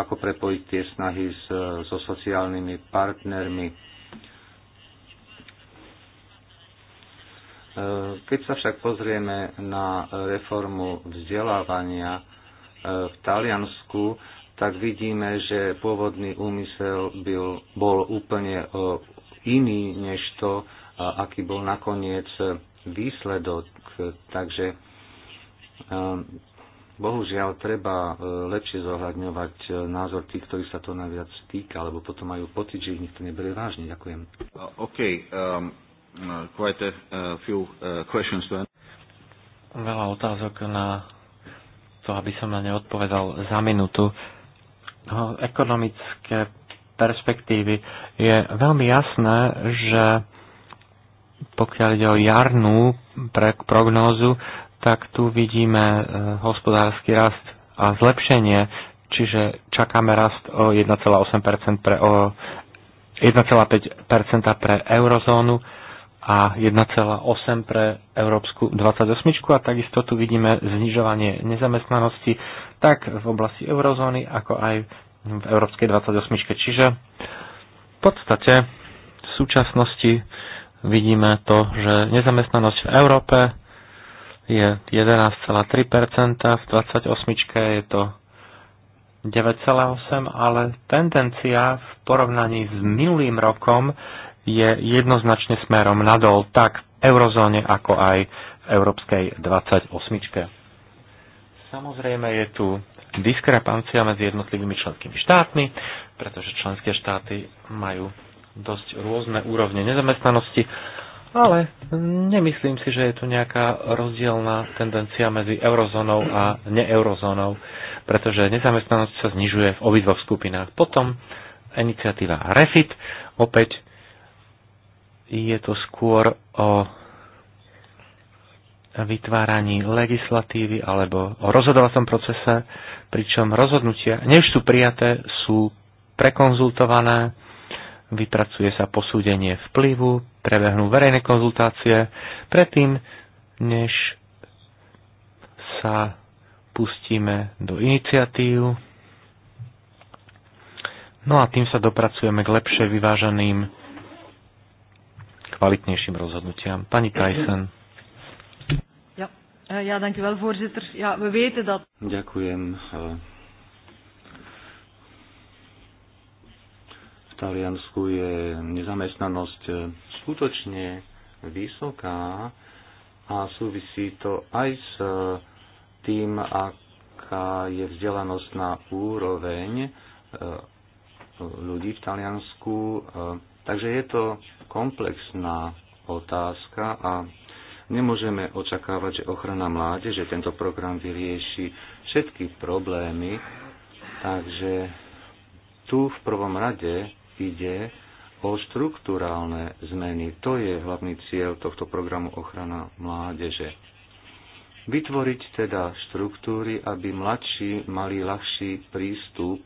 Speaker 5: ako prepojiť tie snahy s, so sociálnymi partnermi. E, keď sa však pozrieme na reformu vzdelávania e, v Taliansku, tak vidíme, že pôvodný úmysel byl, bol úplne iný než to, aký bol nakoniec výsledok. Takže bohužiaľ treba e, lepšie zohľadňovať e, názor tých, ktorí sa to najviac týka, lebo potom majú pocit, že ich nikto neberie vážne. Ďakujem. OK. Um, uh, quite a few uh, questions then.
Speaker 2: Veľa otázok na to, aby som na ne odpovedal za minútu. No, ekonomické perspektívy je veľmi jasné, že pokiaľ ide o jarnú pre prognózu, tak tu vidíme e, hospodársky rast a zlepšenie, čiže čakáme rast o 1,8% pre o 1,5% pre eurozónu a 1,8 pre Európsku 28 a takisto tu vidíme znižovanie nezamestnanosti tak v oblasti eurozóny, ako aj v Európskej 28. Čiže v podstate v súčasnosti vidíme to, že nezamestnanosť v Európe je 11,3%, v 28 je to 9,8, ale tendencia v porovnaní s minulým rokom je jednoznačne smerom nadol, tak v eurozóne, ako aj v európskej 28. Samozrejme je tu diskrepancia medzi jednotlivými členskými štátmi, pretože členské štáty majú dosť rôzne úrovne nezamestnanosti ale nemyslím si, že je tu nejaká rozdielna tendencia medzi eurozónou a neeurozónou, pretože nezamestnanosť sa znižuje v obidvoch skupinách. Potom iniciatíva REFIT, opäť je to skôr o vytváraní legislatívy alebo o rozhodovacom procese, pričom rozhodnutia, než sú prijaté, sú prekonzultované, vypracuje sa posúdenie vplyvu, prebehnú verejné konzultácie predtým, než sa pustíme do iniciatív. No a tým sa dopracujeme k lepšie vyváženým kvalitnejším rozhodnutiam. Pani Tyson.
Speaker 6: Ja, ja, ďakujem, voorzitter. Ja, we weten dat...
Speaker 5: Ďakujem, eh, Taliansku je nezamestnanosť e, skutočne vysoká a súvisí to aj s e, tým, aká je na úroveň e, ľudí v Taliansku. Takže je to komplexná otázka a nemôžeme očakávať, že ochrana mládeže tento program vyrieši všetky problémy. Takže tu v prvom rade ide o štruktúrálne zmeny. To je hlavný cieľ tohto programu ochrana mládeže. Vytvoriť teda štruktúry, aby mladší mali ľahší prístup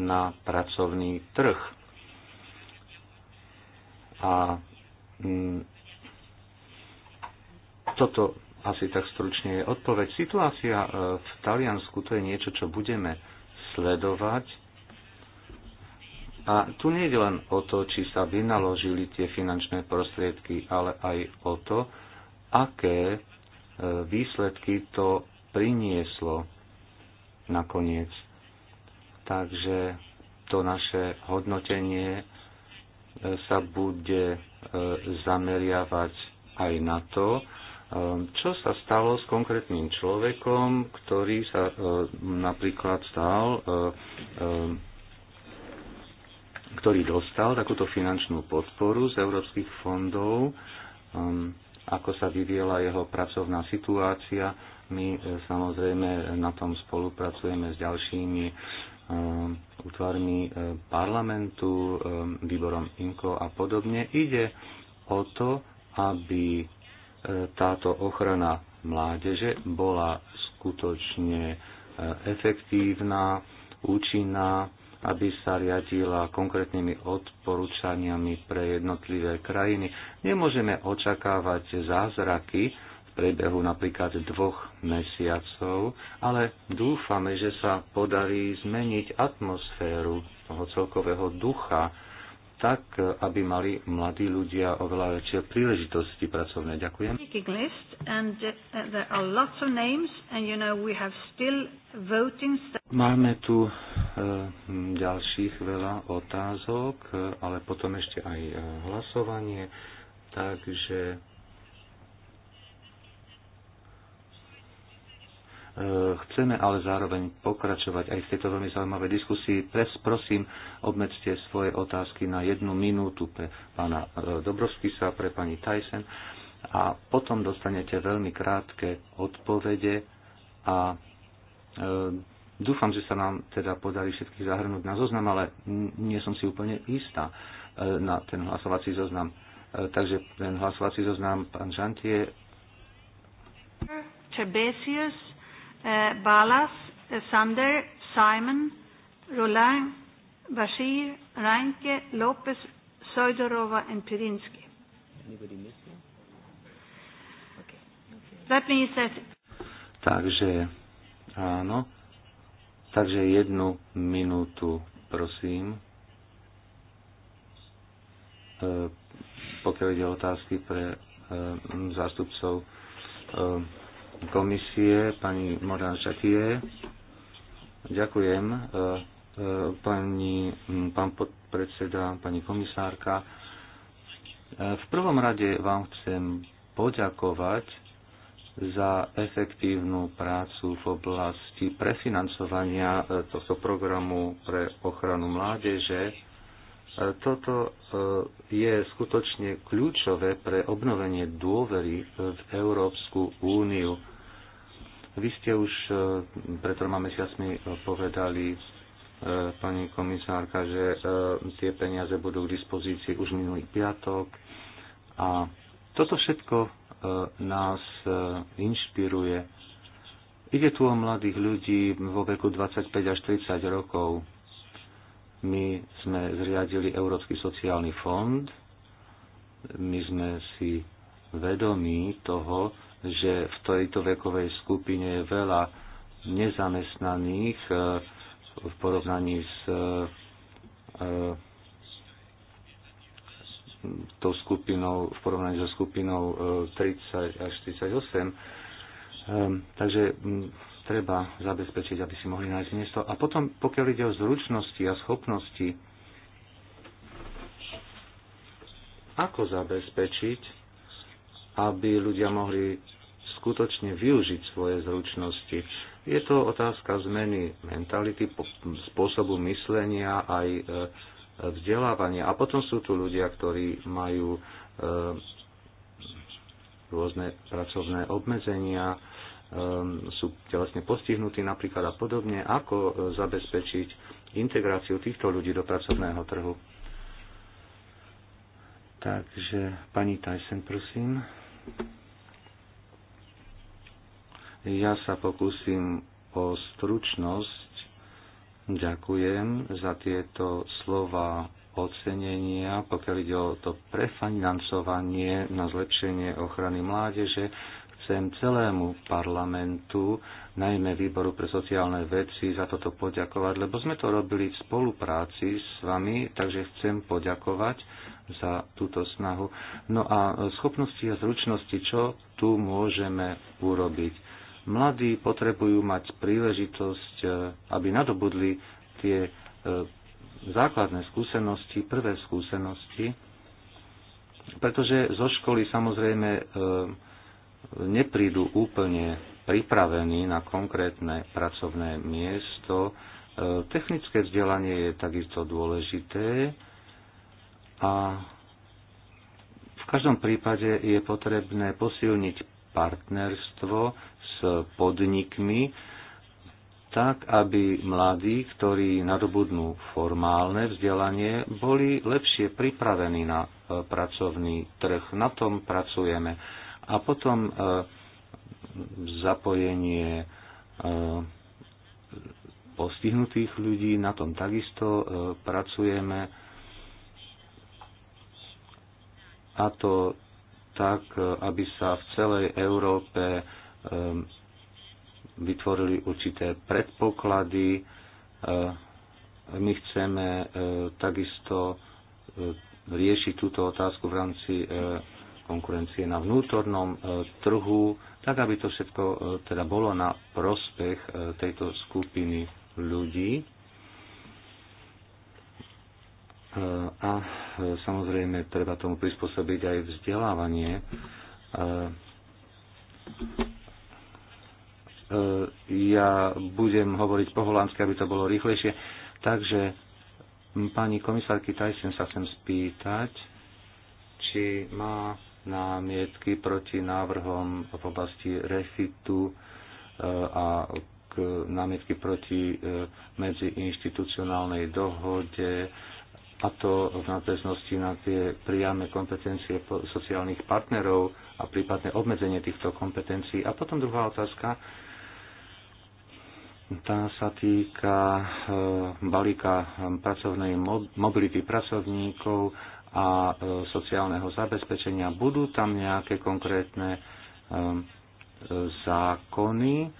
Speaker 5: na pracovný trh. A mm, toto asi tak stručne je odpoveď. Situácia e, v Taliansku to je niečo, čo budeme sledovať a tu nie je len o to, či sa vynaložili tie finančné prostriedky, ale aj o to, aké e, výsledky to prinieslo nakoniec. Takže to naše hodnotenie e, sa bude e, zameriavať aj na to, čo sa stalo s konkrétnym človekom, ktorý sa napríklad stal ktorý dostal takúto finančnú podporu z európskych fondov, um, ako sa vyviela jeho pracovná situácia. My e, samozrejme na tom spolupracujeme s ďalšími e, útvarmi e, parlamentu, výborom INKO a podobne. Ide o to, aby táto ochrana mládeže bola skutočne efektívna, účinná aby sa riadila konkrétnymi odporúčaniami pre jednotlivé krajiny. Nemôžeme očakávať zázraky v priebehu napríklad dvoch mesiacov, ale dúfame, že sa podarí zmeniť atmosféru toho celkového ducha tak, aby mali mladí ľudia oveľa väčšie príležitosti pracovné. Ďakujem. Uh, Máme tu uh, ďalších veľa otázok, uh, ale potom ešte aj hlasovanie, takže Chceme ale zároveň pokračovať aj v tejto veľmi zaujímavej diskusii. Pres, prosím, obmedzte svoje otázky na jednu minútu pre pána e, Dobrovskisa, pre pani Tyson a potom dostanete veľmi krátke odpovede a e, dúfam, že sa nám teda podarí všetkých zahrnúť na zoznam, ale nie som si úplne istá e, na ten hlasovací zoznam. E, takže ten hlasovací zoznam pán Žantie.
Speaker 3: Trebesius, Eh, Balas, eh, Sander, Simon, Roulin, Bashir, Reinke, Lopez, Sojdorova, and Pirinsky.
Speaker 4: Anybody miss them? Okay.
Speaker 3: That means that...
Speaker 5: Takže, áno. Takže jednu minútu, prosím. E, pokiaľ ide otázky pre e, zástupcov e, komisie, pani Moran Šatie. Ďakujem, e, e, pani, pán podpredseda, pani komisárka. E, v prvom rade vám chcem poďakovať za efektívnu prácu v oblasti prefinancovania tohto programu pre ochranu mládeže toto e, je skutočne kľúčové pre obnovenie dôvery v Európsku úniu. Vy ste už e, pred troma mesiacmi povedali, e, pani komisárka, že tie peniaze budú k dispozícii už minulý piatok. A toto všetko nás inšpiruje. Ide tu o mladých ľudí vo veku 25 až 30 rokov my sme zriadili Európsky sociálny fond. My sme si vedomí toho, že v tejto vekovej skupine je veľa nezamestnaných e, v porovnaní s e, e, tou skupinou, v porovnaní so skupinou 30 až 38. Ehm, takže treba zabezpečiť, aby si mohli nájsť miesto. A potom, pokiaľ ide o zručnosti a schopnosti, ako zabezpečiť, aby ľudia mohli skutočne využiť svoje zručnosti. Je to otázka zmeny mentality, spôsobu myslenia aj e, vzdelávania. A potom sú tu ľudia, ktorí majú e, rôzne pracovné obmedzenia, Um, sú telesne postihnutí napríklad a podobne, ako uh, zabezpečiť integráciu týchto ľudí do pracovného trhu. Takže pani Tyson, prosím. Ja sa pokúsim o stručnosť. Ďakujem za tieto slova ocenenia, pokiaľ ide o to prefinancovanie na zlepšenie ochrany mládeže chcem celému parlamentu, najmä výboru pre sociálne veci, za toto poďakovať, lebo sme to robili v spolupráci s vami, takže chcem poďakovať za túto snahu. No a schopnosti a zručnosti, čo tu môžeme urobiť. Mladí potrebujú mať príležitosť, e, aby nadobudli tie e, základné skúsenosti, prvé skúsenosti, pretože zo školy samozrejme e, neprídu úplne pripravení na konkrétne pracovné miesto. E, technické vzdelanie je takisto dôležité a v každom prípade je potrebné posilniť partnerstvo s podnikmi, tak, aby mladí, ktorí nadobudnú formálne vzdelanie, boli lepšie pripravení na e, pracovný trh. Na tom pracujeme. A potom e, zapojenie e, postihnutých ľudí, na tom takisto e, pracujeme. A to tak, aby sa v celej Európe vytvorili určité predpoklady. My chceme takisto riešiť túto otázku v rámci konkurencie na vnútornom e, trhu, tak aby to všetko e, teda bolo na prospech e, tejto skupiny ľudí. A samozrejme treba tomu prispôsobiť aj vzdelávanie. Ja budem hovoriť po holandsky, aby to bolo rýchlejšie. Takže pani komisárky Tyson sa chcem spýtať, či má námietky proti návrhom v oblasti refitu e, a k námietky proti e, medziinstitucionálnej dohode a to v nadväznosti na tie priame kompetencie sociálnych partnerov a prípadne obmedzenie týchto kompetencií. A potom druhá otázka, tá sa týka e, balíka pracovnej mobility pracovníkov a e, sociálneho zabezpečenia. Budú tam nejaké konkrétne e, e, zákony,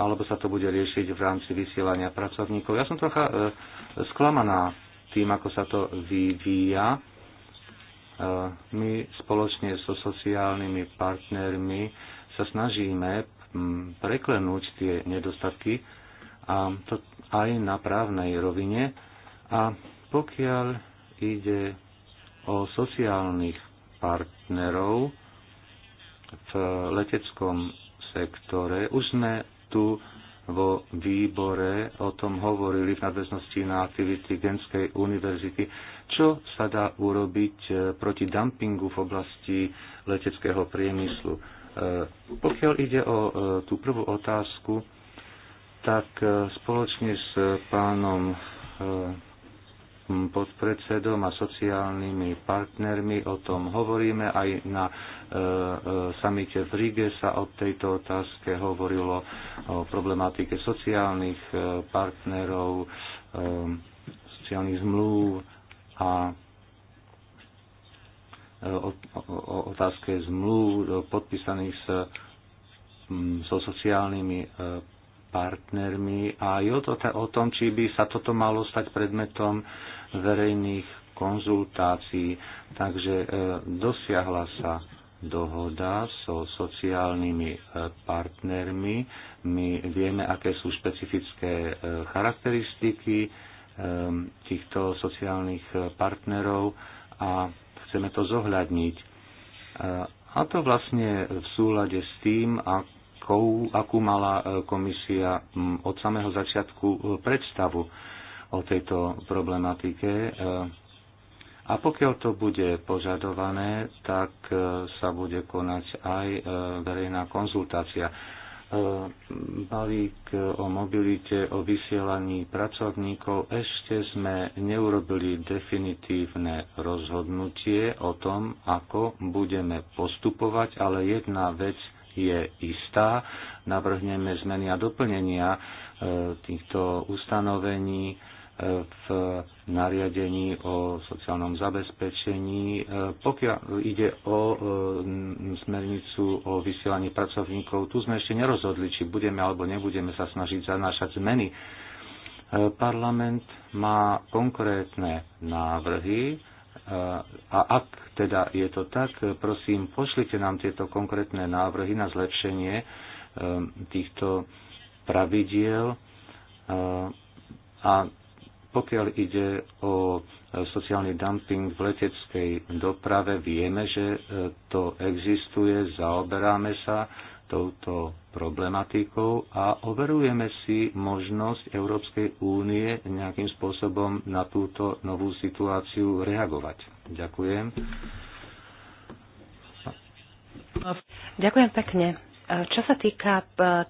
Speaker 5: alebo sa to bude riešiť v rámci vysielania pracovníkov. Ja som trocha sklamaná tým, ako sa to vyvíja. My spoločne so sociálnymi partnermi sa snažíme preklenúť tie nedostatky a to aj na právnej rovine. A pokiaľ ide o sociálnych partnerov v leteckom sektore. Už sme tu vo výbore o tom hovorili v nadväznosti na aktivity Genskej univerzity, čo sa dá urobiť e, proti dumpingu v oblasti leteckého priemyslu. E, pokiaľ ide o e, tú prvú otázku, tak spoločne s pánom podpredsedom a sociálnymi partnermi o tom hovoríme. Aj na e, e samite v Ríge sa o tejto otázke hovorilo o problematike sociálnych e, partnerov, e, sociálnych zmluv a e, o, o otázke zmluv podpísaných s, so sociálnymi partnermi a aj o, to, o tom, či by sa toto malo stať predmetom verejných konzultácií, takže e, dosiahla sa dohoda so sociálnymi e, partnermi. My vieme, aké sú špecifické e, charakteristiky týchto sociálnych partnerov a chceme to zohľadniť. A to vlastne v súlade s tým, akú mala komisia od samého začiatku predstavu o tejto problematike. A pokiaľ to bude požadované, tak e, sa bude konať aj e, verejná konzultácia. E, balík o mobilite, o vysielaní pracovníkov, ešte sme neurobili definitívne rozhodnutie o tom, ako budeme postupovať, ale jedna vec je istá. Navrhneme zmeny a doplnenia týchto ustanovení v nariadení o sociálnom zabezpečení. Pokiaľ ide o mm, smernicu o vysielaní pracovníkov, tu sme ešte nerozhodli, či budeme alebo nebudeme sa snažiť zanášať zmeny. Parlament má konkrétne návrhy a ak teda je to tak, prosím, pošlite nám tieto konkrétne návrhy na zlepšenie e, týchto pravidiel e, a pokiaľ ide o e, sociálny dumping v leteckej doprave, vieme, že e, to existuje, zaoberáme sa touto problematikou a overujeme si možnosť Európskej únie nejakým spôsobom na túto novú situáciu reagovať. Ďakujem.
Speaker 1: Ďakujem pekne. Čo sa týka e,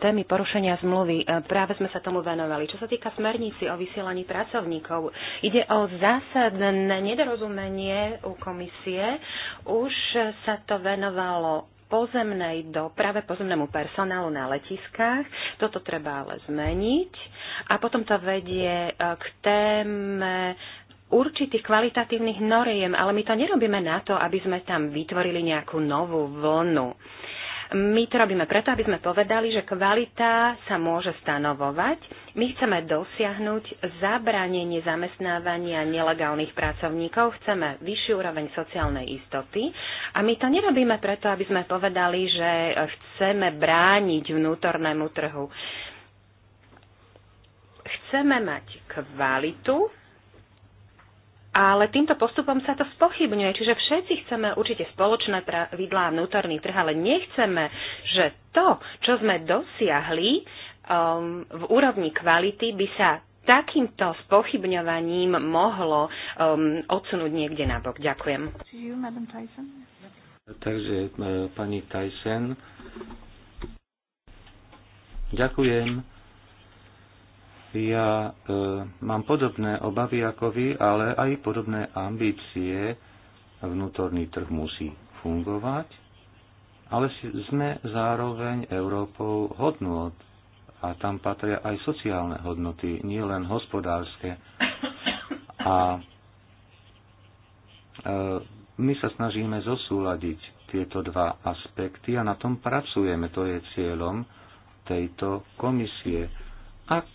Speaker 1: témy porušenia zmluvy, e, práve sme sa tomu venovali. Čo sa týka smernici o vysielaní pracovníkov, ide o zásadné nedorozumenie u komisie. Už sa to venovalo pozemnej doprave, pozemnému personálu na letiskách. Toto treba ale zmeniť. A potom to vedie e, k téme určitých kvalitatívnych noriem, ale my to nerobíme na to, aby sme tam vytvorili nejakú novú vlnu my to robíme preto, aby sme povedali, že kvalita sa môže stanovovať. My chceme dosiahnuť zabránenie zamestnávania nelegálnych pracovníkov, chceme vyšší úroveň sociálnej istoty a my to nerobíme preto, aby sme povedali, že chceme brániť vnútornému trhu. Chceme mať kvalitu ale týmto postupom sa to spochybňuje, čiže všetci chceme určite spoločné pravidlá a vnútorný trh, ale nechceme, že to, čo sme dosiahli um, v úrovni kvality, by sa takýmto spochybňovaním mohlo um, odsunúť niekde nabok. Ďakujem.
Speaker 5: Takže e, pani Tyson. Ďakujem. Ja e, mám podobné obavy ako vy, ale aj podobné ambície. Vnútorný trh musí fungovať, ale sme zároveň Európou hodnot a tam patria aj sociálne hodnoty, len hospodárske. A e, my sa snažíme zosúľadiť tieto dva aspekty a na tom pracujeme. To je cieľom tejto komisie. Ak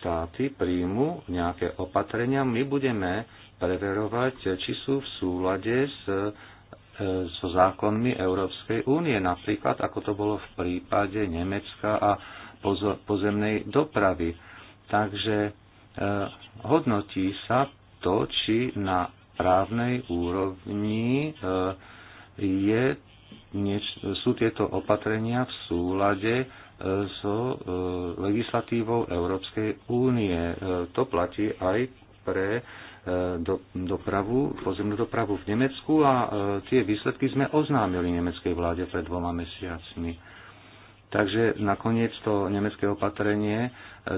Speaker 5: štáty príjmu nejaké opatrenia, my budeme preverovať, či sú v súlade s e, so zákonmi Európskej únie, napríklad ako to bolo v prípade Nemecka a pozemnej dopravy. Takže e, hodnotí sa to, či na právnej úrovni e, je, sú tieto opatrenia v súlade s e, legislatívou Európskej únie. E, to platí aj pre e, do, dopravu, pozemnú dopravu v Nemecku a tie výsledky sme oznámili nemeckej vláde pred dvoma mesiacmi. Takže nakoniec to nemecké opatrenie e,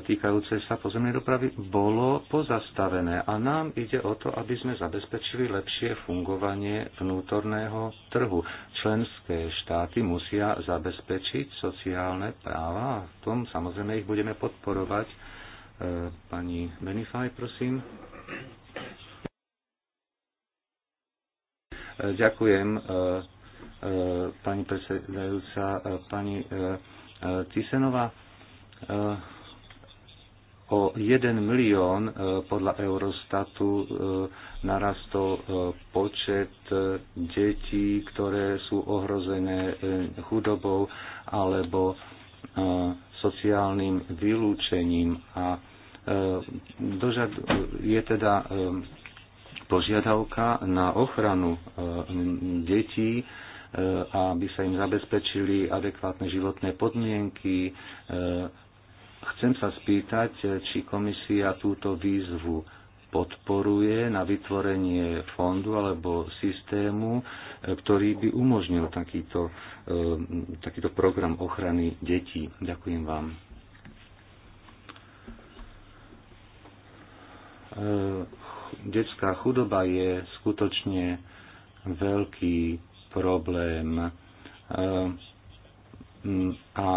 Speaker 5: týkajúce sa pozemnej dopravy bolo pozastavené a nám ide o to, aby sme zabezpečili lepšie fungovanie vnútorného trhu. Členské štáty musia zabezpečiť sociálne práva a v tom samozrejme ich budeme podporovať. E, pani Benifaj, prosím. E, ďakujem pani predsedajúca, pani Cisenová. E, e, e, o 1 milión podľa Eurostatu narastol počet detí, ktoré sú ohrozené chudobou alebo sociálnym vylúčením a je teda požiadavka na ochranu detí aby sa im zabezpečili adekvátne životné podmienky. E, chcem sa spýtať, či komisia túto výzvu podporuje na vytvorenie fondu alebo systému, e, ktorý by umožnil takýto, e, takýto program ochrany detí. Ďakujem vám. Detská chudoba je skutočne veľký problém. E, a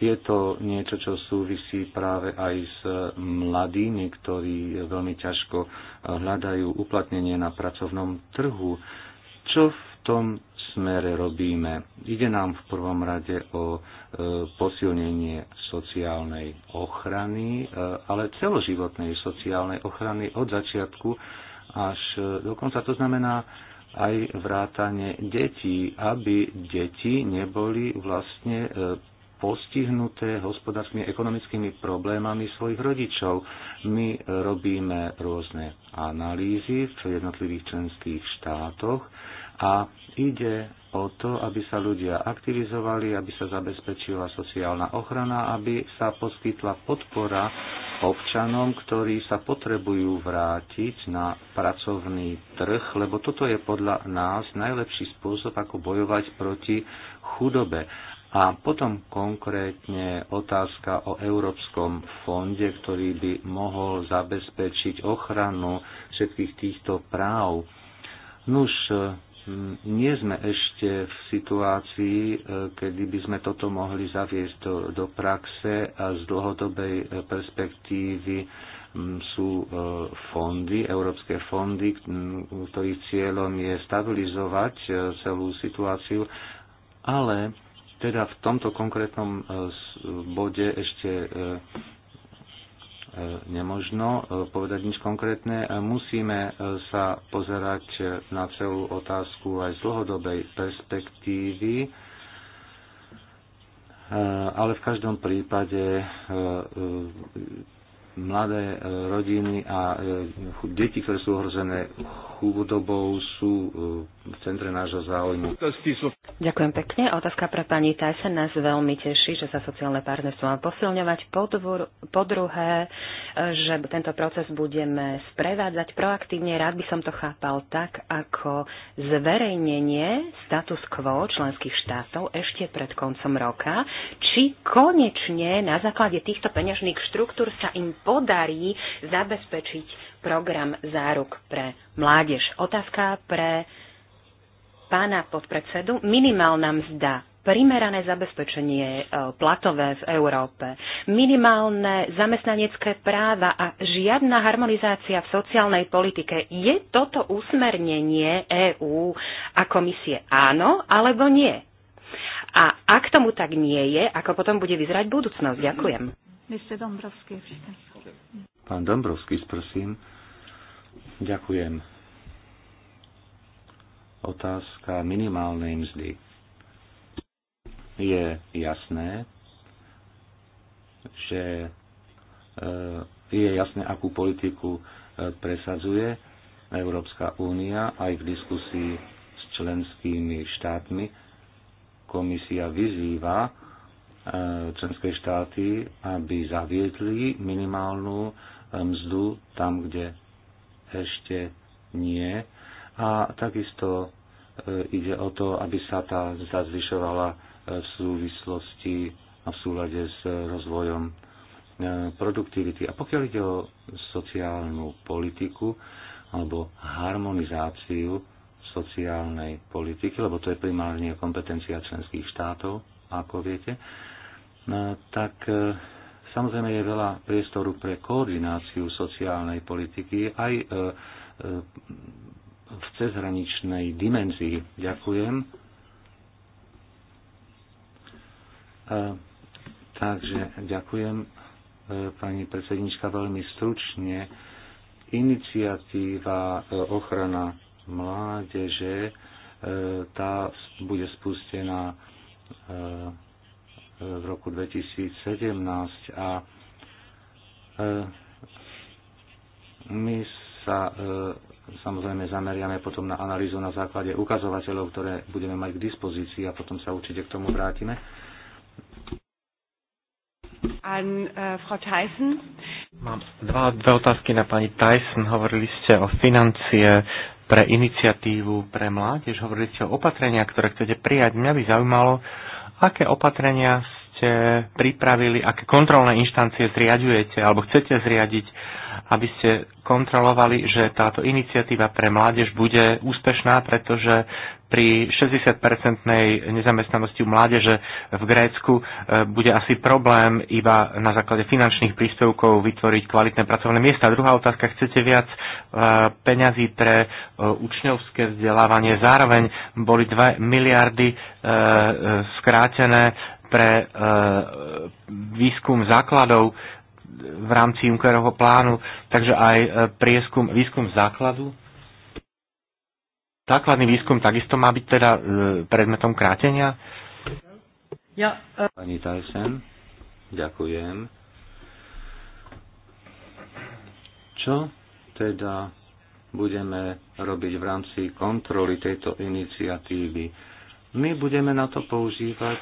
Speaker 5: je to niečo, čo súvisí práve aj s mladými, ktorí veľmi ťažko hľadajú uplatnenie na pracovnom trhu. Čo v tom smere robíme? Ide nám v prvom rade o e, posilnenie sociálnej ochrany, e, ale celoživotnej sociálnej ochrany od začiatku až e, dokonca To znamená aj vrátanie detí, aby deti neboli vlastne e, postihnuté hospodárskymi ekonomickými problémami svojich rodičov. My robíme rôzne analýzy v jednotlivých členských štátoch a ide o to, aby sa ľudia aktivizovali, aby sa zabezpečila sociálna ochrana, aby sa poskytla podpora občanom, ktorí sa potrebujú vrátiť na pracovný trh, lebo toto je podľa nás najlepší spôsob, ako bojovať proti chudobe. A potom konkrétne otázka o Európskom fonde, ktorý by mohol zabezpečiť ochranu všetkých týchto práv. Nuž, nie sme ešte v situácii, e, kedy by sme toto mohli zaviesť do, do praxe a z dlhodobej e, perspektívy sú e, fondy, európske fondy, ktorých cieľom je stabilizovať celú situáciu, ale teda v tomto konkrétnom bode ešte E, nemožno e, povedať nič konkrétne. E, musíme sa pozerať na celú otázku aj z dlhodobej perspektívy, ale v každom prípade mladé e, rodiny a e, deti, ktoré sú ohrozené chudobou, sú e, v centre nášho záujmu.
Speaker 1: Ďakujem pekne. Otázka pre pani Tyson nás veľmi teší, že sa sociálne partnerstvo má posilňovať. Po, po druhé, že tento proces budeme sprevádzať proaktívne. Rád by som to chápal tak, ako zverejnenie status quo členských štátov ešte pred koncom roka, či konečne na základe týchto peňažných štruktúr sa im podarí zabezpečiť program záruk pre mládež. Otázka pre pána podpredsedu. Minimálna mzda primerané zabezpečenie e, platové v Európe, minimálne zamestnanecké práva a žiadna harmonizácia v sociálnej politike. Je toto usmernenie EÚ a komisie áno alebo nie? A ak tomu tak nie je, ako potom bude vyzerať budúcnosť? Ďakujem. Mr. Dombrovský, všetko.
Speaker 5: Pán Dombrovský, prosím. Ďakujem. Otázka minimálnej mzdy. Je jasné, že e, je jasné, akú politiku e, presadzuje Európska únia aj v diskusii s členskými štátmi. Komisia vyzýva E, členské štáty, aby zaviedli minimálnu e, mzdu tam, kde ešte nie. A takisto e, ide o to, aby sa tá mzda zvyšovala v súvislosti a v súlade s rozvojom produktivity. A pokiaľ ide o sociálnu politiku alebo harmonizáciu sociálnej politiky, lebo to je primárne kompetencia členských štátov, ako viete, E, tak e, samozrejme je veľa priestoru pre koordináciu sociálnej politiky aj e, v cezhraničnej dimenzii. Ďakujem. Takže ďakujem pani predsednička veľmi stručne. Iniciatíva ochrana mládeže, tá bude spustená v roku 2017 a e, my sa e, samozrejme zameriame potom na analýzu na základe ukazovateľov, ktoré budeme mať k dispozícii a potom sa určite k tomu vrátime.
Speaker 6: An, uh, Frau Tyson.
Speaker 5: Mám
Speaker 2: dva, dve otázky na pani Tyson. Hovorili ste o financie pre iniciatívu pre mládež, hovorili ste o opatreniach, ktoré chcete prijať. Mňa by zaujímalo, uh, aké opatrenia ste pripravili, aké kontrolné inštancie zriadujete alebo chcete zriadiť, aby ste kontrolovali, že táto iniciatíva pre mládež bude úspešná, pretože pri 60-percentnej nezamestnanosti u mládeže v Grécku e, bude asi problém iba na základe finančných príspevkov vytvoriť kvalitné pracovné miesta. Druhá otázka, chcete viac e, peňazí pre e, učňovské vzdelávanie. Zároveň boli 2 miliardy skrátené pre e, výskum základov v rámci Junckerovho plánu, takže aj e, prieskum, výskum základu. Základný výskum takisto má byť teda e, predmetom krátenia.
Speaker 6: Ja,
Speaker 5: uh... Pani Tyson, ďakujem. Čo teda budeme robiť v rámci kontroly tejto iniciatívy? My budeme na to používať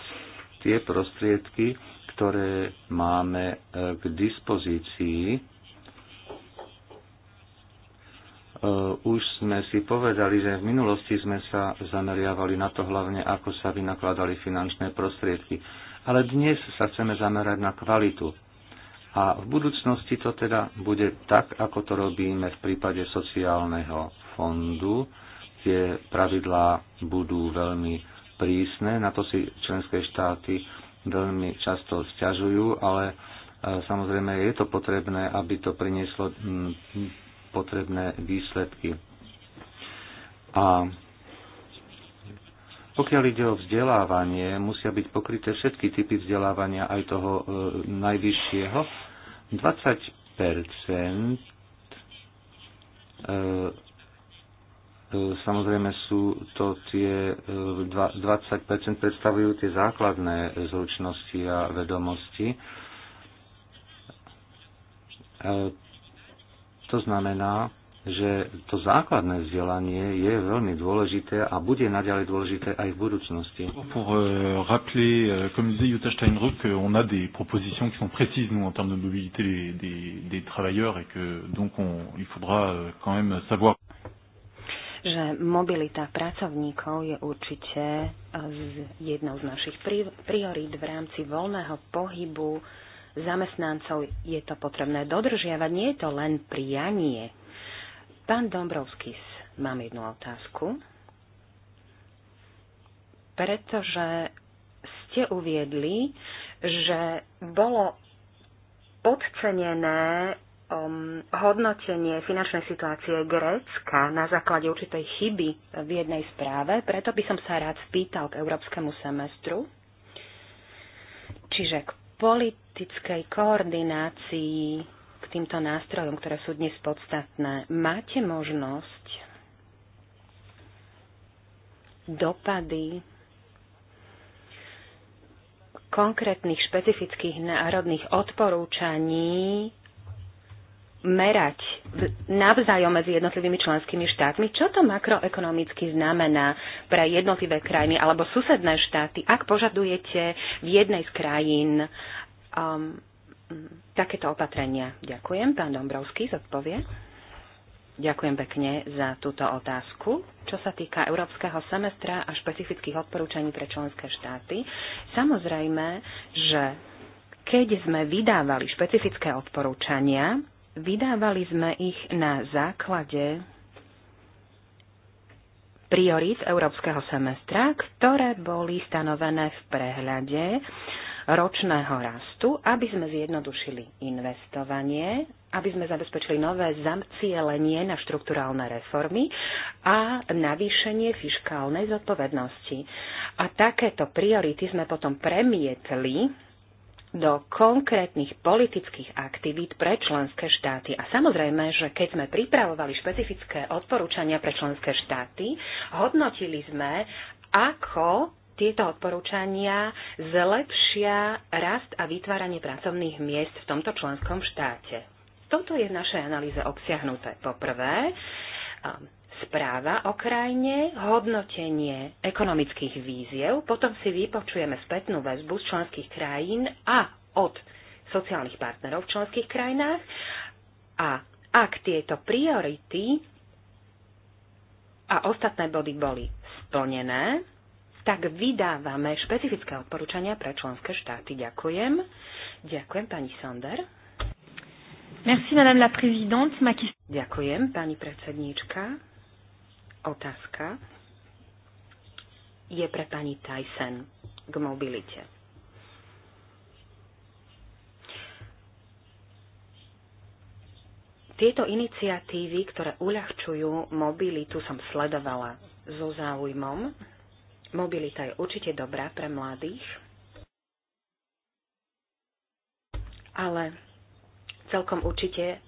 Speaker 5: tie prostriedky, ktoré máme e, k dispozícii. E, už sme si povedali, že v minulosti sme sa zameriavali na to hlavne, ako sa vynakladali finančné prostriedky. Ale dnes sa chceme zamerať na kvalitu. A v budúcnosti to teda bude tak, ako to robíme v prípade sociálneho fondu. Tie pravidlá budú veľmi prísne, na to si členské štáty veľmi často sťažujú, ale e, samozrejme je to potrebné, aby to prinieslo potrebné výsledky. A pokiaľ ide o vzdelávanie, musia byť pokryté všetky typy vzdelávania, aj toho e, najvyššieho. 20 e, E, samozrejme sú to tie 20% e, predstavujú tie základné zručnosti a vedomosti. E, to znamená, že to základné vzdelanie je veľmi dôležité a bude naďalej dôležité aj v budúcnosti. Pour euh, rappeler, euh, comme disait Jutta Steinruck, euh, on a des propositions qui sont précises, nous, en termes de mobilité des, des, des travailleurs, et que donc on, il faudra quand même savoir
Speaker 1: že mobilita pracovníkov je určite e, jednou z našich priorít v rámci voľného pohybu zamestnancov. Je to potrebné dodržiavať, nie je to len prianie. Pán Dombrovský, mám jednu otázku. Pretože ste uviedli, že bolo podcenené um, hodnotenie finančnej situácie Grécka na základe určitej chyby v jednej správe, preto by som sa rád spýtal k európskemu semestru, čiže k politickej koordinácii k týmto nástrojom, ktoré sú dnes podstatné. Máte možnosť dopady konkrétnych špecifických národných odporúčaní merať navzájom medzi jednotlivými členskými štátmi, čo to makroekonomicky znamená pre jednotlivé krajiny alebo susedné štáty, ak požadujete v jednej z krajín um, takéto opatrenia. Ďakujem. Pán Dombrovský zodpovie. Ďakujem pekne za túto otázku. Čo sa týka európskeho semestra a špecifických odporúčaní pre členské štáty, samozrejme, že keď sme vydávali špecifické odporúčania, Vydávali sme ich na základe priorít európskeho semestra, ktoré boli stanovené v prehľade ročného rastu, aby sme zjednodušili investovanie, aby sme zabezpečili nové zamcielenie na štrukturálne reformy a navýšenie fiškálnej zodpovednosti. A takéto priority sme potom premietli do konkrétnych politických aktivít pre členské štáty. A samozrejme, že keď sme pripravovali špecifické odporúčania pre členské štáty, hodnotili sme, ako tieto odporúčania zlepšia rast a vytváranie pracovných miest v tomto členskom štáte. Toto je v našej analýze obsiahnuté. Poprvé, správa o krajine, hodnotenie ekonomických víziev, potom si vypočujeme spätnú väzbu z členských krajín a od sociálnych partnerov v členských krajinách a ak tieto priority a ostatné body boli splnené, tak vydávame špecifické odporúčania pre členské štáty. Ďakujem. Ďakujem, pani Sonder.
Speaker 6: Merci, madame la
Speaker 1: présidente. Ma... Ďakujem, pani predsedníčka otázka je pre pani Tyson k mobilite. Tieto iniciatívy, ktoré uľahčujú mobilitu, som sledovala so záujmom. Mobilita je určite dobrá pre mladých, ale celkom určite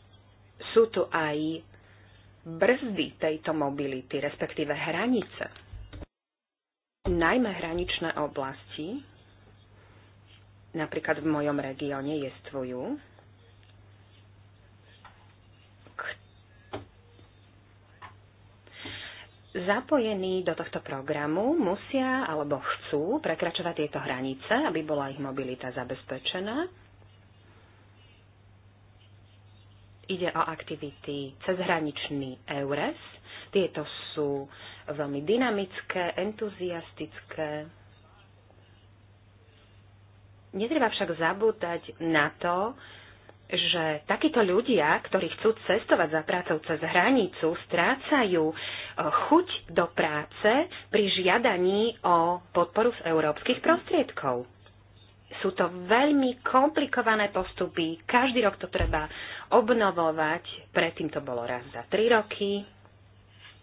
Speaker 1: sú tu aj brzdy tejto mobility, respektíve hranice, najmä hraničné oblasti, napríklad v mojom regióne jestvujú, zapojení do tohto programu musia alebo chcú prekračovať tieto hranice, aby bola ich mobilita zabezpečená Ide o aktivity cezhraničný EURES. Tieto sú veľmi dynamické, entuziastické. Netreba však zabúdať na to, že takíto ľudia, ktorí chcú cestovať za prácou cez hranicu, strácajú e, chuť do práce pri žiadaní o podporu z európskych prostriedkov sú to veľmi komplikované postupy. Každý rok to treba obnovovať. Predtým to bolo raz za tri roky.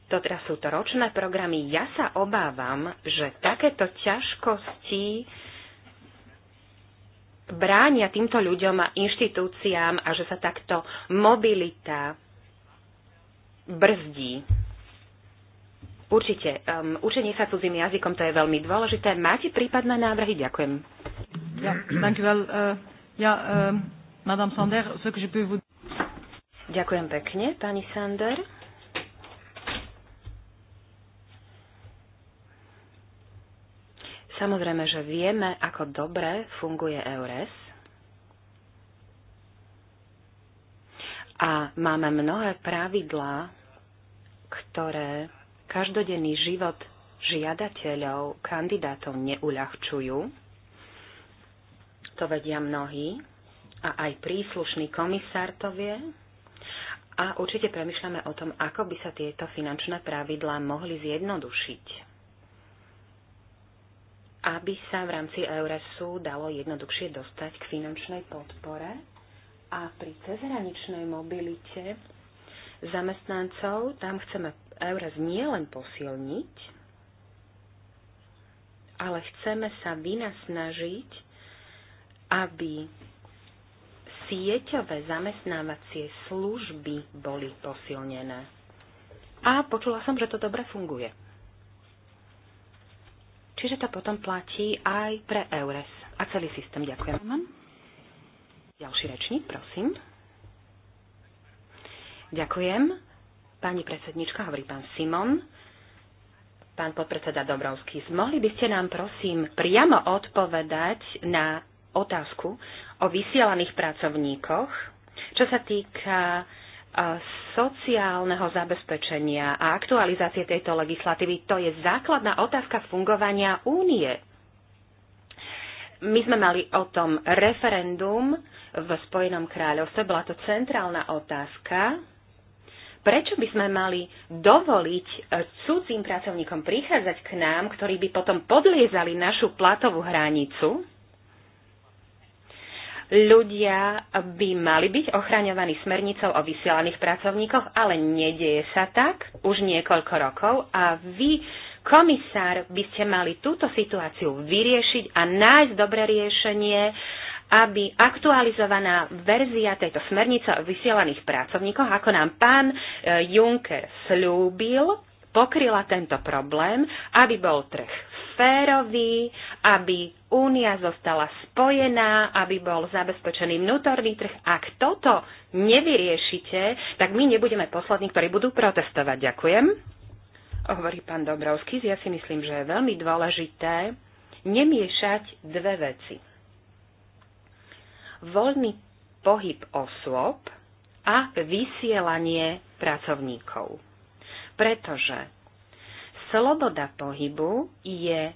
Speaker 1: To teraz sú to ročné programy. Ja sa obávam, že takéto ťažkosti bránia týmto ľuďom a inštitúciám a že sa takto mobilita brzdí. Určite, um, učenie sa cudzým jazykom to je veľmi dôležité. Máte prípadné návrhy? Ďakujem. Ja, dank u wel. Uh, ja, uh, madame Sander, je Ďakujem pekne, pani Sander. Samozrejme, že vieme, ako dobre funguje EURES. A máme mnohé pravidlá, ktoré každodenný život žiadateľov, kandidátov neuľahčujú to vedia mnohí a aj príslušný komisár to vie. A určite premyšľame o tom, ako by sa tieto finančné pravidlá mohli zjednodušiť, aby sa v rámci Euresu dalo jednoduchšie dostať k finančnej podpore a pri cezhraničnej mobilite zamestnancov tam chceme Eures nielen posilniť, ale chceme sa vynasnažiť aby sieťové zamestnávacie služby boli posilnené. A počula som, že to dobre funguje. Čiže to potom platí aj pre EURES a celý systém. Ďakujem. Ďalší rečník, prosím. Ďakujem. Pani predsednička, hovorí pán Simon. Pán podpredseda Dobrovský, mohli by ste nám prosím priamo odpovedať na otázku o vysielaných pracovníkoch, čo sa týka sociálneho zabezpečenia a aktualizácie tejto legislatívy. To je základná otázka fungovania únie. My sme mali o tom referendum v Spojenom kráľovstve, bola to centrálna otázka. Prečo by sme mali dovoliť e, cudzím pracovníkom prichádzať k nám, ktorí by potom podliezali našu platovú hranicu? ľudia by mali byť ochraňovaní smernicou o vysielaných pracovníkoch, ale nedieje sa tak už niekoľko rokov a vy, komisár, by ste mali túto situáciu vyriešiť a nájsť dobré riešenie, aby aktualizovaná verzia tejto smernice o vysielaných pracovníkoch, ako nám pán eh, Juncker slúbil, pokryla tento problém, aby bol trh férový, aby únia zostala spojená, aby bol zabezpečený vnútorný trh. Ak toto nevyriešite, tak my nebudeme poslední, ktorí budú protestovať. Ďakujem. Hovorí pán Dobrovský, ja si myslím, že je veľmi dôležité nemiešať dve veci. Voľný pohyb osôb a vysielanie pracovníkov. Pretože sloboda pohybu je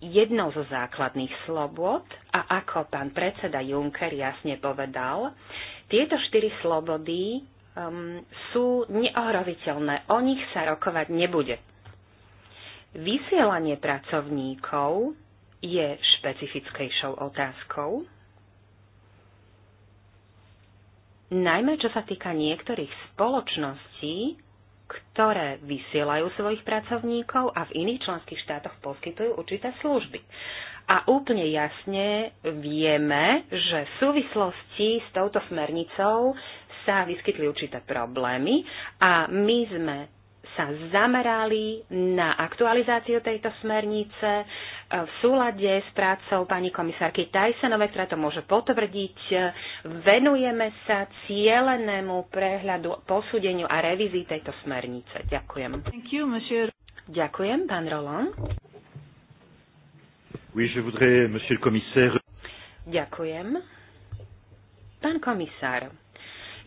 Speaker 1: jednou zo základných slobod a ako pán predseda Juncker jasne povedal, tieto štyri slobody um, sú neohroviteľné. O nich sa rokovať nebude. Vysielanie pracovníkov je špecifickejšou otázkou, najmä čo sa týka niektorých spoločností, ktoré vysielajú svojich pracovníkov a v iných členských štátoch poskytujú určité služby. A úplne jasne vieme, že v súvislosti s touto smernicou sa vyskytli určité problémy a my sme sa zamerali na aktualizáciu tejto smernice e, v súlade s prácou pani komisárky Tysonovej, ktorá to môže potvrdiť. E, venujeme sa cielenému prehľadu, posúdeniu a revízii tejto smernice. Ďakujem. Thank you, monsieur. Ďakujem, pán Roland.
Speaker 5: Oui, je voudrais, monsieur le commissaire.
Speaker 1: Ďakujem. Pán komisár,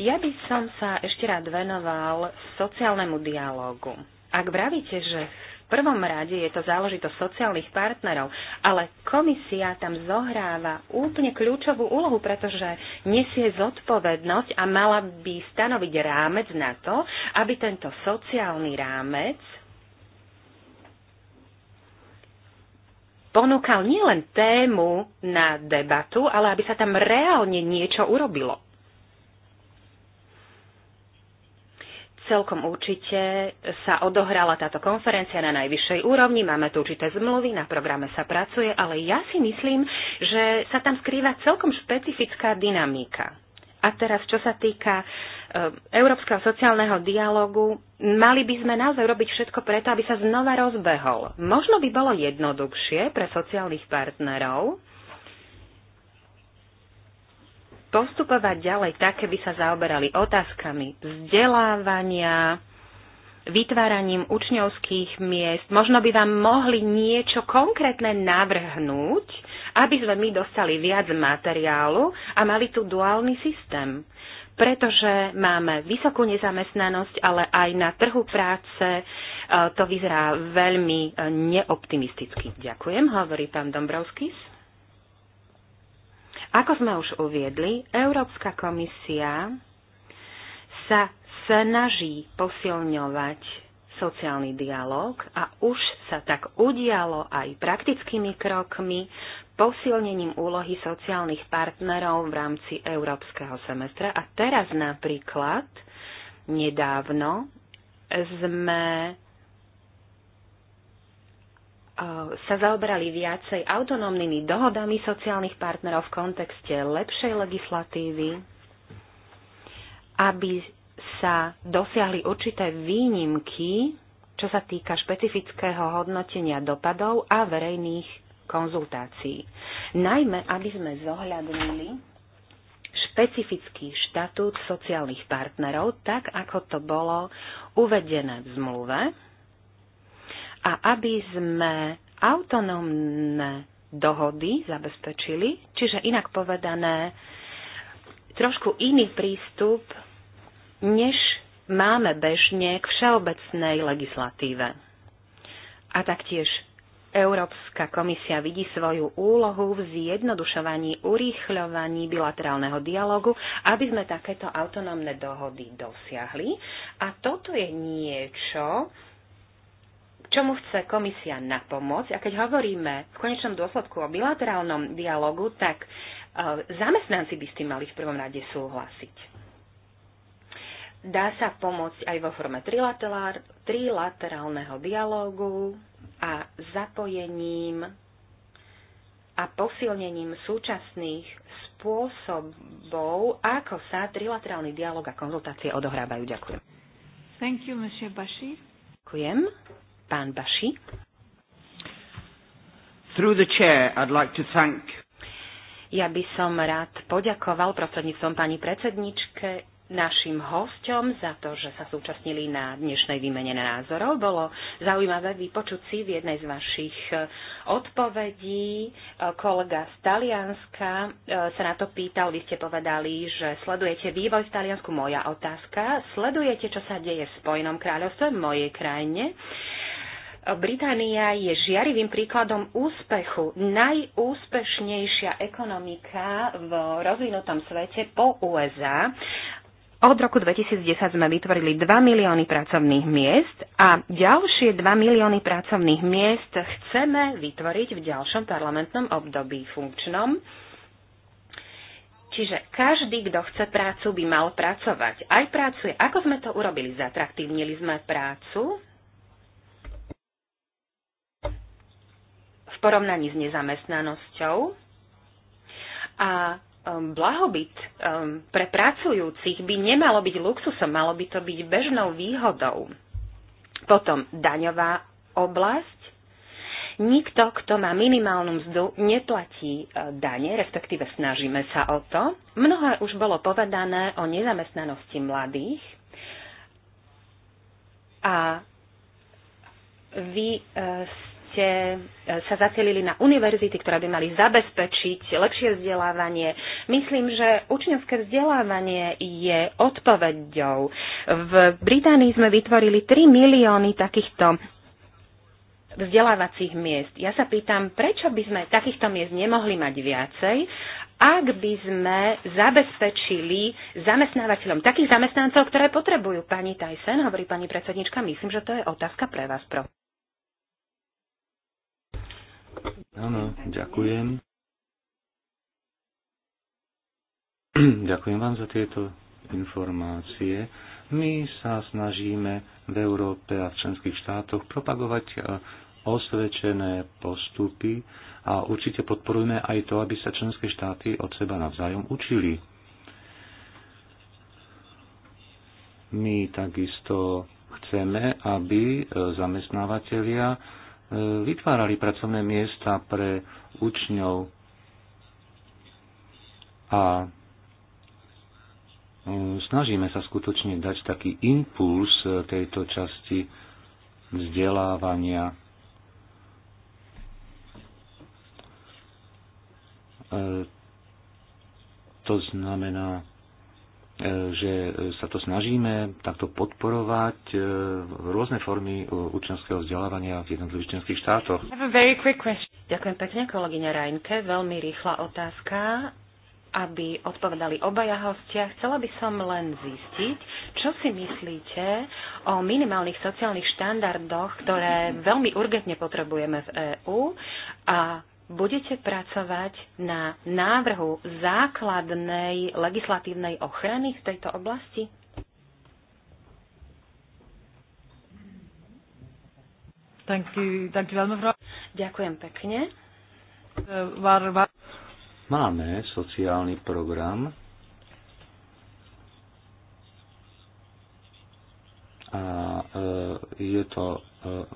Speaker 1: ja by som sa ešte rád venoval sociálnemu dialógu. Ak vravíte, že v prvom rade je to záležitosť sociálnych partnerov, ale komisia tam zohráva úplne kľúčovú úlohu, pretože nesie zodpovednosť a mala by stanoviť rámec na to, aby tento sociálny rámec ponúkal nielen tému na debatu, ale aby sa tam reálne niečo urobilo. Celkom určite sa odohrala táto konferencia na najvyššej úrovni, máme tu určité zmluvy, na programe sa pracuje, ale ja si myslím, že sa tam skrýva celkom špecifická dynamika. A teraz, čo sa týka eh, európskeho sociálneho dialogu, mali by sme naozaj robiť všetko preto, aby sa znova rozbehol. Možno by bolo jednoduchšie pre sociálnych partnerov, postupovať ďalej tak, keby sa zaoberali otázkami vzdelávania, vytváraním učňovských miest. Možno by vám mohli niečo konkrétne navrhnúť, aby sme my dostali viac materiálu a mali tu duálny systém. Pretože máme vysokú nezamestnanosť, ale aj na trhu práce e, to vyzerá veľmi e, neoptimisticky. Ďakujem, hovorí pán Dombrovskis. Ako sme už uviedli, Európska komisia sa snaží posilňovať sociálny dialog a už sa tak udialo aj praktickými krokmi, posilnením úlohy sociálnych partnerov v rámci európskeho semestra. A teraz napríklad nedávno sme sa zaoberali viacej autonómnymi dohodami sociálnych partnerov v kontexte lepšej legislatívy, aby sa dosiahli určité výnimky, čo sa týka špecifického hodnotenia dopadov a verejných konzultácií. Najmä, aby sme zohľadnili špecifický štatút sociálnych partnerov, tak ako to bolo uvedené v zmluve a aby sme autonómne dohody zabezpečili, čiže inak povedané, trošku iný prístup, než máme bežne k všeobecnej legislatíve. A taktiež Európska komisia vidí svoju úlohu v zjednodušovaní, urýchľovaní bilaterálneho dialogu, aby sme takéto autonómne dohody dosiahli. A toto je niečo, čomu chce komisia napomôcť. A keď hovoríme v konečnom dôsledku o bilaterálnom dialogu, tak e, zamestnanci by s tým mali v prvom rade súhlasiť. Dá sa pomôcť aj vo forme trilaterálneho dialógu a zapojením a posilnením súčasných spôsobov, ako sa trilaterálny dialog a konzultácie odohrávajú. Ďakujem.
Speaker 3: Thank you, Monsieur Bashir.
Speaker 1: Ďakujem. Pán Baši. Through the chair, I'd like to thank ja by som rád poďakoval prostredníctvom pani predsedničke našim hosťom za to, že sa súčasnili na dnešnej výmene názorov. Bolo zaujímavé vypočuť si v jednej z vašich e, odpovedí. E, kolega z Talianska e, sa na to pýtal, vy ste povedali, že sledujete vývoj v Taliansku. Moja otázka, sledujete, čo sa deje v Spojenom kráľovstve, v mojej krajine? Británia je žiarivým príkladom úspechu, najúspešnejšia ekonomika v rozvinutom svete po USA. Od roku 2010 sme vytvorili 2 milióny pracovných miest a ďalšie 2 milióny pracovných miest chceme vytvoriť v ďalšom parlamentnom období funkčnom. Čiže každý, kto chce prácu, by mal pracovať. Aj pracuje. Ako sme to urobili? Zatraktívnili sme prácu, porovnaní s nezamestnanosťou a um, blahobyt um, pre pracujúcich by nemalo byť luxusom, malo by to byť bežnou výhodou. Potom daňová oblasť. Nikto, kto má minimálnu mzdu, neplatí uh, dane, respektíve snažíme sa o to. Mnohé už bolo povedané o nezamestnanosti mladých. A vy uh, podstate e, sa zacelili na univerzity, ktoré by mali zabezpečiť lepšie vzdelávanie. Myslím, že učňovské vzdelávanie je odpoveďou. V Británii sme vytvorili 3 milióny takýchto vzdelávacích miest. Ja sa pýtam, prečo by sme takýchto miest nemohli mať viacej, ak by sme zabezpečili zamestnávateľom takých zamestnancov, ktoré potrebujú. Pani Tyson, hovorí pani predsednička, myslím, že to je otázka pre vás. Pro.
Speaker 4: Áno, ďakujem.
Speaker 5: Ďakujem vám za tieto informácie. My sa snažíme v Európe a v členských štátoch propagovať e, osvedčené postupy a určite podporujeme aj to, aby sa členské štáty od seba navzájom učili. My takisto chceme, aby e, zamestnávateľia vytvárali pracovné miesta pre učňov a mm, snažíme sa skutočne dať taký impuls e, tejto časti vzdelávania. E, to znamená, E, že e, sa to snažíme takto podporovať e, rôzne formy učenského vzdelávania v jednotlivých členských štátoch.
Speaker 1: Ďakujem pekne, kolegyňa Rajnke. Veľmi rýchla otázka aby odpovedali obaja hostia, chcela by som len zistiť, čo si myslíte o minimálnych sociálnych štandardoch, ktoré veľmi urgentne potrebujeme v EÚ a budete pracovať na návrhu základnej legislatívnej ochrany v tejto oblasti? Ďakujem pekne.
Speaker 5: Máme sociálny program a e, je to e,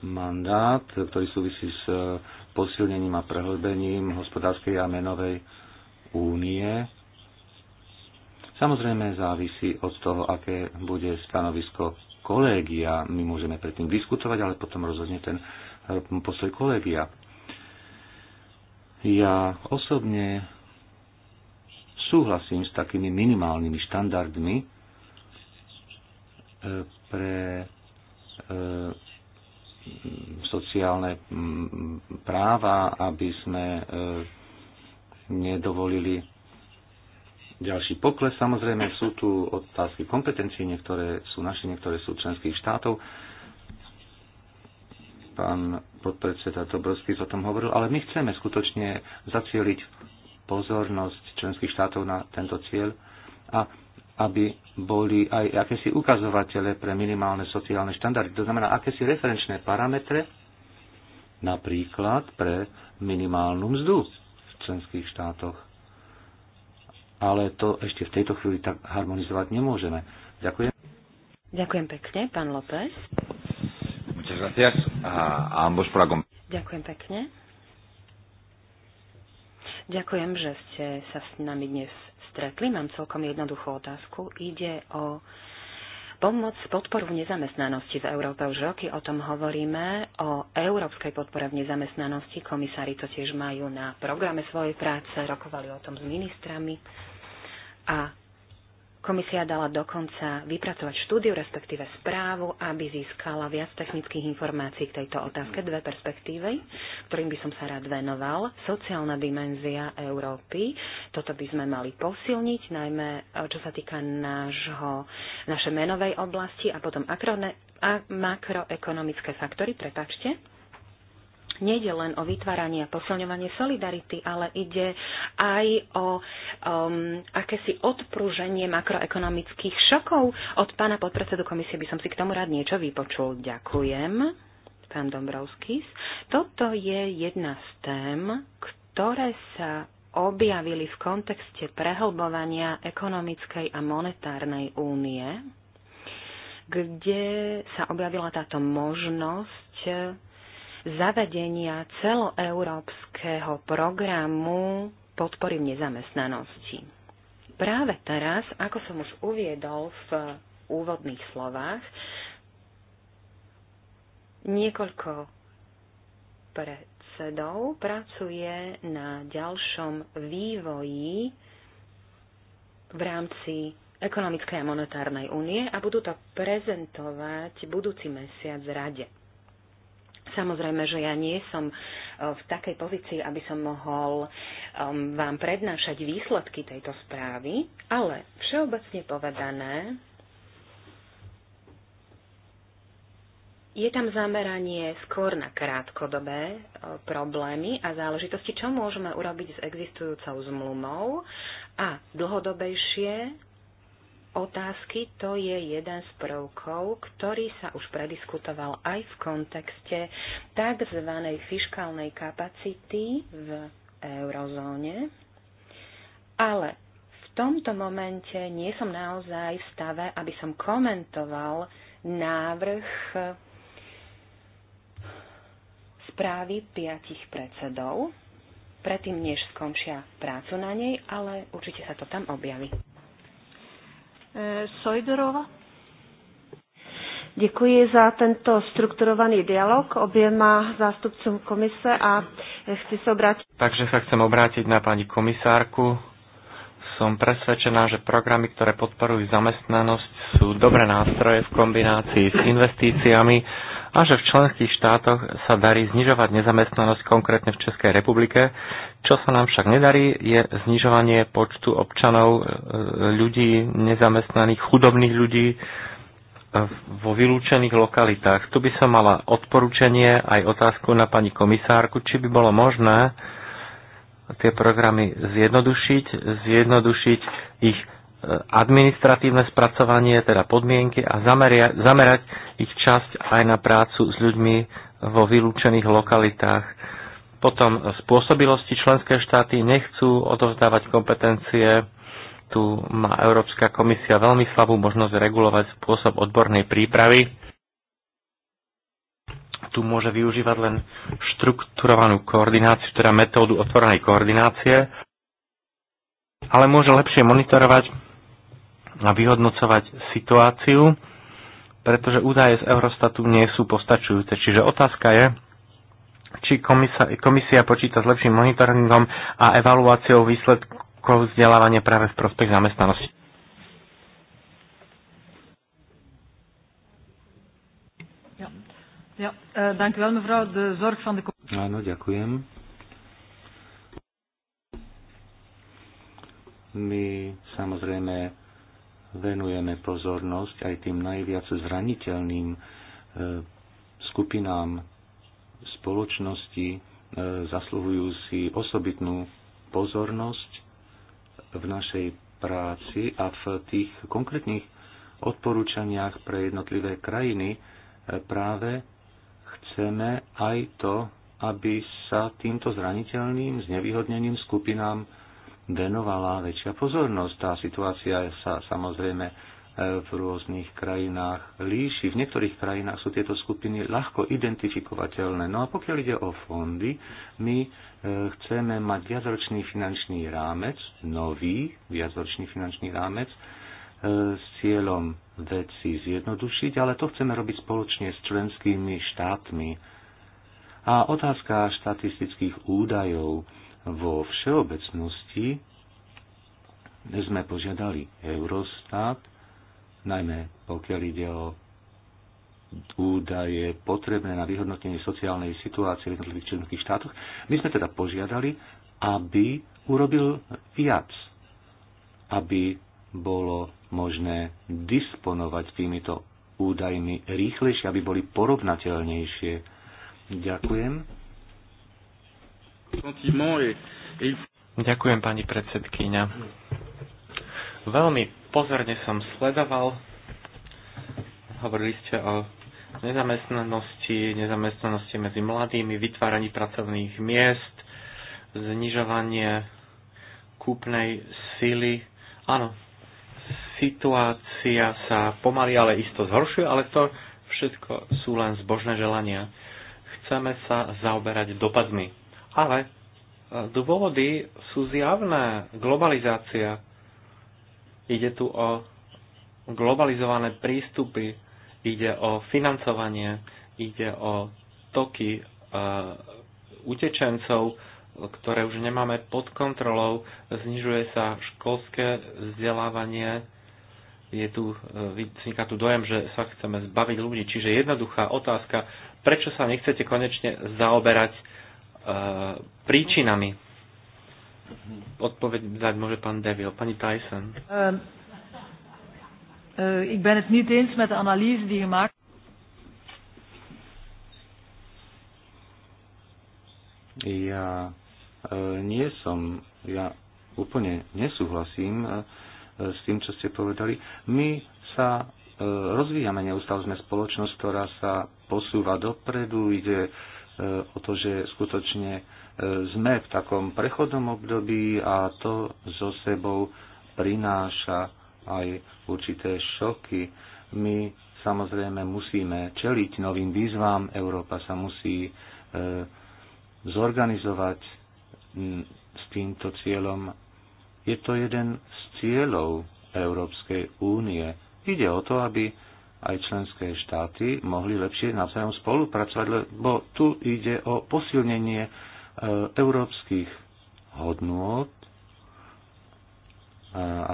Speaker 5: mandát, ktorý súvisí s e, posilnením a prehlbením hospodárskej a menovej únie. Samozrejme závisí od toho, aké bude stanovisko kolégia. My môžeme predtým diskutovať, ale potom rozhodne ten postoj kolégia. Ja osobne súhlasím s takými minimálnymi štandardmi e, pre e, sociálne mm, práva, aby sme e, nedovolili ďalší pokles. Samozrejme sú tu otázky kompetencií, niektoré sú naše, niektoré sú členských štátov. Pán podpredseda Dobrovský o tom hovoril, ale my chceme skutočne zacieliť pozornosť členských štátov na tento cieľ a aby boli aj akési ukazovatele pre minimálne sociálne štandardy. To znamená, akési referenčné parametre, napríklad pre minimálnu mzdu v členských štátoch. Ale to ešte v tejto chvíli tak harmonizovať nemôžeme. Ďakujem.
Speaker 1: Ďakujem pekne, pán López. Ďakujem pekne. Ďakujem, že ste sa s nami dnes stretli, mám celkom jednoduchú otázku. Ide o pomoc, podporu v nezamestnanosti v Európe. Už roky o tom hovoríme, o európskej podpore v nezamestnanosti. Komisári to tiež majú na programe svojej práce, rokovali o tom s ministrami. A Komisia dala dokonca vypracovať štúdiu, respektíve správu, aby získala viac technických informácií k tejto otázke. Dve perspektívy, ktorým by som sa rád venoval. Sociálna dimenzia Európy. Toto by sme mali posilniť, najmä eh, čo sa týka nášho, našej menovej oblasti a potom akrone, a makroekonomické faktory, prepačte, Nejde len o vytváranie a posilňovanie solidarity, ale ide aj o um, akési odprúženie makroekonomických šokov. Od pána podpredsedu komisie by som si k tomu rád niečo vypočul. Ďakujem, pán Dombrovskis. Toto je jedna z tém, ktoré sa objavili v kontexte prehlbovania ekonomickej a monetárnej únie, kde sa objavila táto možnosť zavedenia celoeurópskeho programu podpory v nezamestnanosti. Práve teraz, ako som už uviedol v úvodných slovách, niekoľko predsedov pracuje na ďalšom vývoji v rámci ekonomickej a monetárnej únie a budú to prezentovať budúci mesiac Rade. Samozrejme, že ja nie som e, v takej pozícii, aby som mohol e, vám prednášať výsledky tejto správy, ale všeobecne povedané je tam zameranie skôr na krátkodobé e, problémy a záležitosti, čo môžeme urobiť s existujúcou zmluvou a dlhodobejšie otázky, to je jeden z prvkov, ktorý sa už prediskutoval aj v kontexte tzv. fiškálnej kapacity v eurozóne. Ale v tomto momente nie som naozaj v stave, aby som komentoval návrh správy piatich predsedov, predtým než skončia prácu na nej, ale určite sa to tam objaví. Sojderova. Děkuji za tento strukturovaný dialog oběma zástupcům komise a chci se obrátit.
Speaker 2: Takže se chcem obrátit na paní komisárku. Som presvedčená, že programy, ktoré podporujú zamestnanosť, sú dobré nástroje v kombinácii s investíciami a že v členských štátoch sa darí znižovať nezamestnanosť konkrétne v Českej republike. Čo sa nám však nedarí, je znižovanie počtu občanov, e, ľudí nezamestnaných, chudobných ľudí e, vo vylúčených lokalitách. Tu by som mala odporúčanie aj otázku na pani komisárku, či by bolo možné tie programy zjednodušiť, zjednodušiť ich administratívne spracovanie, teda podmienky a zameria, zamerať ich časť aj na prácu s ľuďmi vo vylúčených lokalitách. Potom spôsobilosti členské štáty nechcú odovzdávať kompetencie. Tu má Európska komisia veľmi slabú možnosť regulovať spôsob odbornej prípravy. Tu môže využívať len štrukturovanú koordináciu, teda metódu otvorenej koordinácie, ale môže lepšie monitorovať a vyhodnocovať situáciu, pretože údaje z Eurostatu nie sú postačujúce. Čiže otázka je, či komisa, komisia počíta s lepším monitoringom a evaluáciou výsledkov vzdelávania práve v prospech zamestnanosti.
Speaker 6: E,
Speaker 5: Áno, ďakujem. My samozrejme venujeme pozornosť aj tým najviac zraniteľným e, skupinám spoločnosti, e, zasluhujú si osobitnú pozornosť v našej práci a v tých konkrétnych odporúčaniach pre jednotlivé krajiny e, práve chceme aj to, aby sa týmto zraniteľným, znevýhodneným skupinám venovala väčšia pozornosť. Tá situácia sa samozrejme e, v rôznych krajinách líši. V niektorých krajinách sú tieto skupiny ľahko identifikovateľné. No a pokiaľ ide o fondy, my e, chceme mať viacročný finančný rámec, nový viacročný finančný rámec, e, s cieľom veci zjednodušiť, ale to chceme robiť spoločne s členskými štátmi. A otázka štatistických údajov vo všeobecnosti sme požiadali Eurostat, najmä pokiaľ ide o údaje potrebné na vyhodnotenie sociálnej situácie v jednotlivých členských štátoch. My sme teda požiadali, aby urobil viac, aby bolo možné disponovať týmito údajmi rýchlejšie, aby boli porovnateľnejšie. Ďakujem.
Speaker 2: Ďakujem, pani predsedkyňa. Veľmi pozorne som sledoval. Hovorili ste o nezamestnanosti, nezamestnanosti medzi mladými, vytváraní pracovných miest, znižovanie kúpnej sily. Áno, situácia sa pomaly, ale isto zhoršuje, ale to všetko sú len zbožné želania. Chceme sa zaoberať dopadmi ale e, dôvody sú zjavné. Globalizácia. Ide tu o globalizované prístupy, ide o financovanie, ide o toky e, utečencov, ktoré už nemáme pod kontrolou, znižuje sa školské vzdelávanie, je tu, e, vzniká tu dojem, že sa chceme zbaviť ľudí. Čiže jednoduchá otázka, prečo sa nechcete konečne zaoberať Eh, príčinami. Odpoveď dať môže pán Devil. Pani Tyson.
Speaker 6: Um, uh, ik ben het niet eens met de analyse die gemaakt
Speaker 5: Ja e, nie som, ja úplne nesúhlasím e, s tým, čo ste povedali. My sa e, rozvíjame, neustále sme spoločnosť, ktorá sa posúva dopredu, ide e, Eh, o to, že skutočne eh, sme v takom prechodnom období a to so sebou prináša aj určité šoky. My samozrejme musíme čeliť novým výzvám, Európa sa musí eh, zorganizovať mm, s týmto cieľom. Je to jeden z cieľov Európskej únie. Ide o to, aby aj členské štáty mohli lepšie navzájom spolupracovať, lebo tu ide o posilnenie e, európskych hodnôt, e,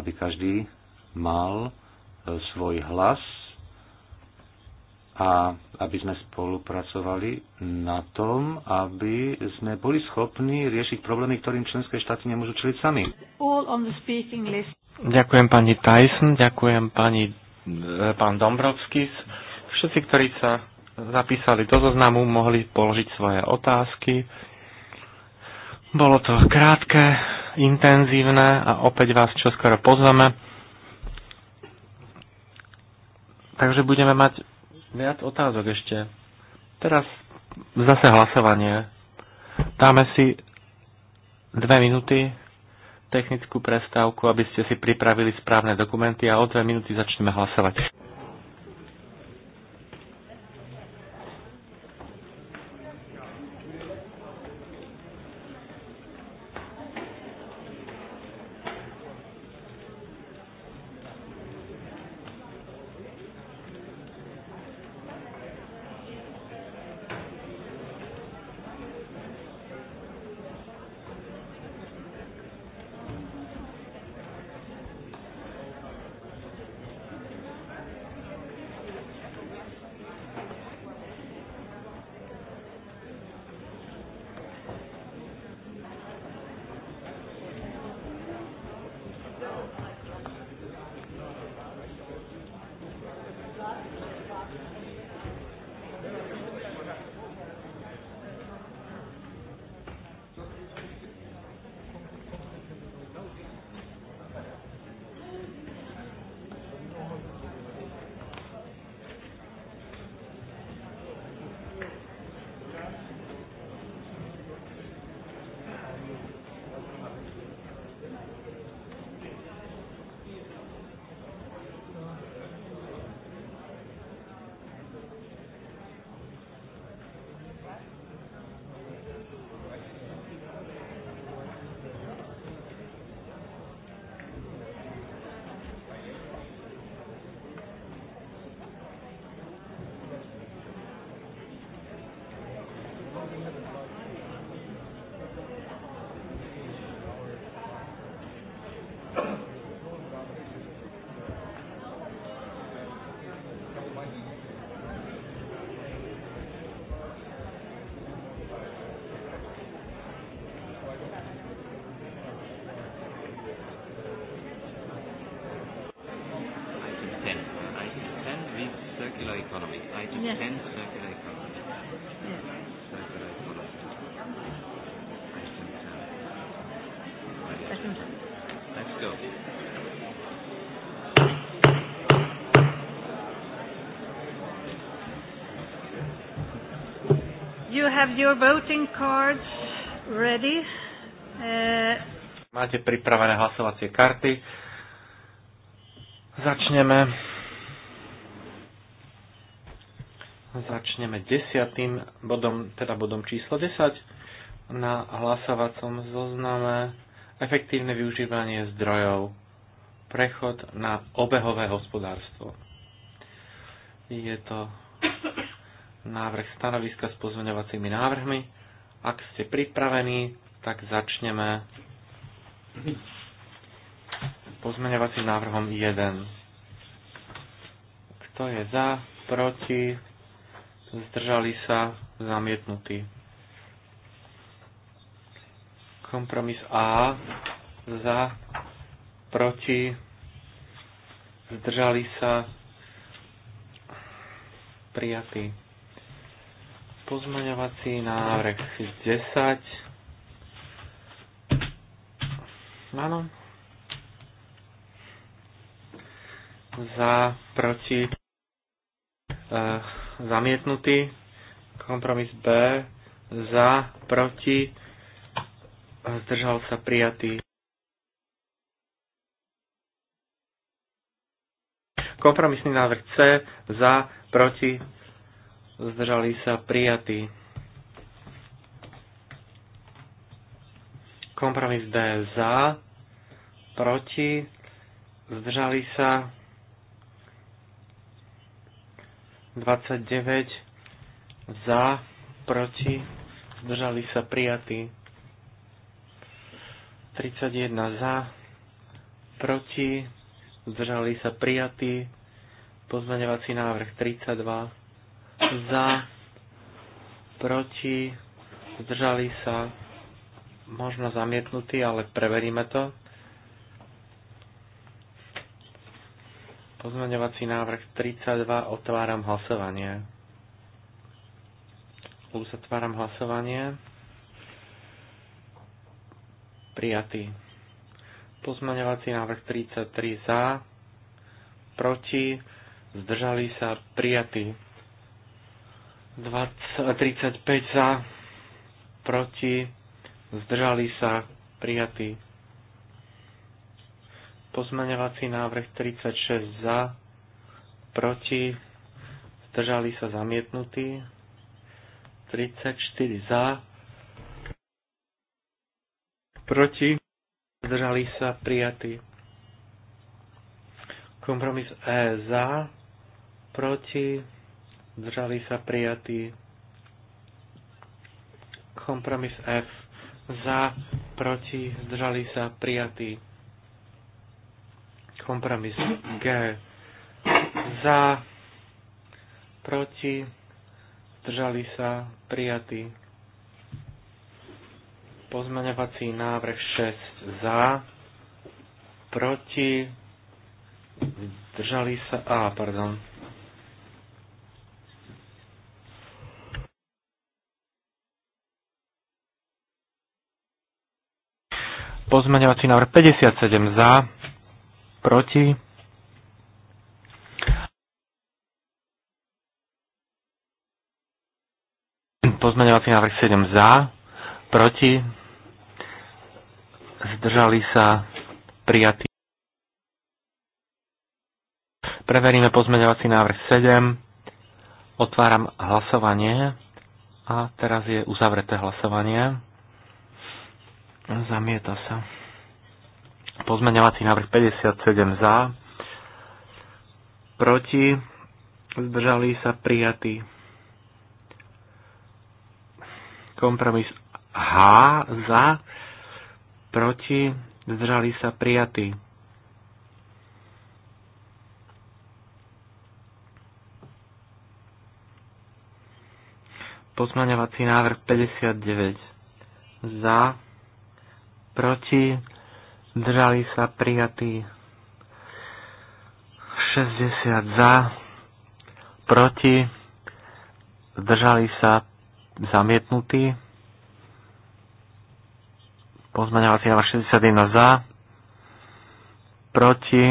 Speaker 5: aby každý mal e, svoj hlas a aby sme spolupracovali na tom, aby sme boli schopní riešiť problémy, ktorým členské štáty nemôžu čeliť sami.
Speaker 2: Ďakujem pani Tyson, ďakujem pani pán Dombrovskis. Všetci, ktorí sa zapísali do zoznamu, mohli položiť svoje otázky. Bolo to krátke, intenzívne a opäť vás čoskoro pozveme. Takže budeme mať viac otázok ešte. Teraz zase hlasovanie. Dáme si dve minúty technickú prestávku, aby ste si pripravili správne dokumenty a o dve minúty začneme hlasovať.
Speaker 3: have your voting cards ready. Uh,
Speaker 2: Máte pripravené hlasovacie karty. Začneme. Začneme desiatým bodom, teda bodom číslo 10 na hlasovacom zozname efektívne využívanie zdrojov, prechod na obehové hospodárstvo. Je to návrh stanoviska s pozmeňovacími návrhmi. Ak ste pripravení, tak začneme pozmeňovacím návrhom 1. Kto je za, proti, zdržali sa, zamietnutí. Kompromis A, za, proti, zdržali sa, prijatí. Pozmeňovací návrh 10. Áno. Za, proti, e, zamietnutý. Kompromis B. Za, proti, zdržal sa prijatý. Kompromisný návrh C. Za, proti, zdržali sa prijatí. Kompromis D za, proti, zdržali sa 29 za, proti, zdržali sa prijatí. 31 za, proti, zdržali sa prijatí. Pozmeňovací návrh 32 za, proti, zdržali sa, možno zamietnutí, ale preveríme to. Pozmeňovací návrh 32, otváram hlasovanie. Uzatváram hlasovanie. Prijatý. Pozmeňovací návrh 33 za, proti, zdržali sa, prijatý 20, 35 za, proti, zdržali sa, prijatý. Pozmeňovací návrh 36 za, proti, zdržali sa, zamietnutý. 34 za, proti, zdržali sa, prijatý. Kompromis E za, proti, Držali sa prijatí. Kompromis F za, proti, zdržali sa prijatí. Kompromis G za, proti, zdržali sa prijatí. Pozmeňovací návrh 6 za, proti, zdržali sa, a pardon, Pozmeňovací návrh 57 za, proti. Pozmeňovací návrh 7 za, proti. Zdržali sa prijatí. Preveríme pozmeňovací návrh 7. Otváram hlasovanie a teraz je uzavreté hlasovanie. Zamieta sa. Pozmeňovací návrh 57 za. Proti. Zdržali sa prijatí. Kompromis
Speaker 4: H za.
Speaker 2: Proti. Zdržali sa prijatí. Pozmaňovací návrh 59 za proti, zdržali sa prijatí 60 za, proti, zdržali sa zamietnutí, pozmeňovací návrh 61 za, proti,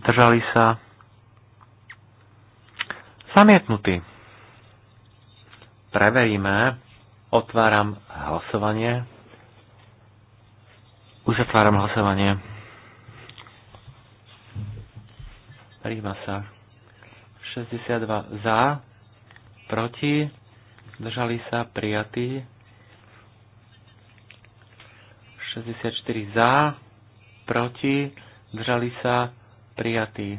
Speaker 2: zdržali sa zamietnutí. Preveríme, otváram hlasovanie. Uzatváram hlasovanie. Príjma sa. 62 za, proti, držali sa prijatí. 64 za, proti, držali sa prijatí.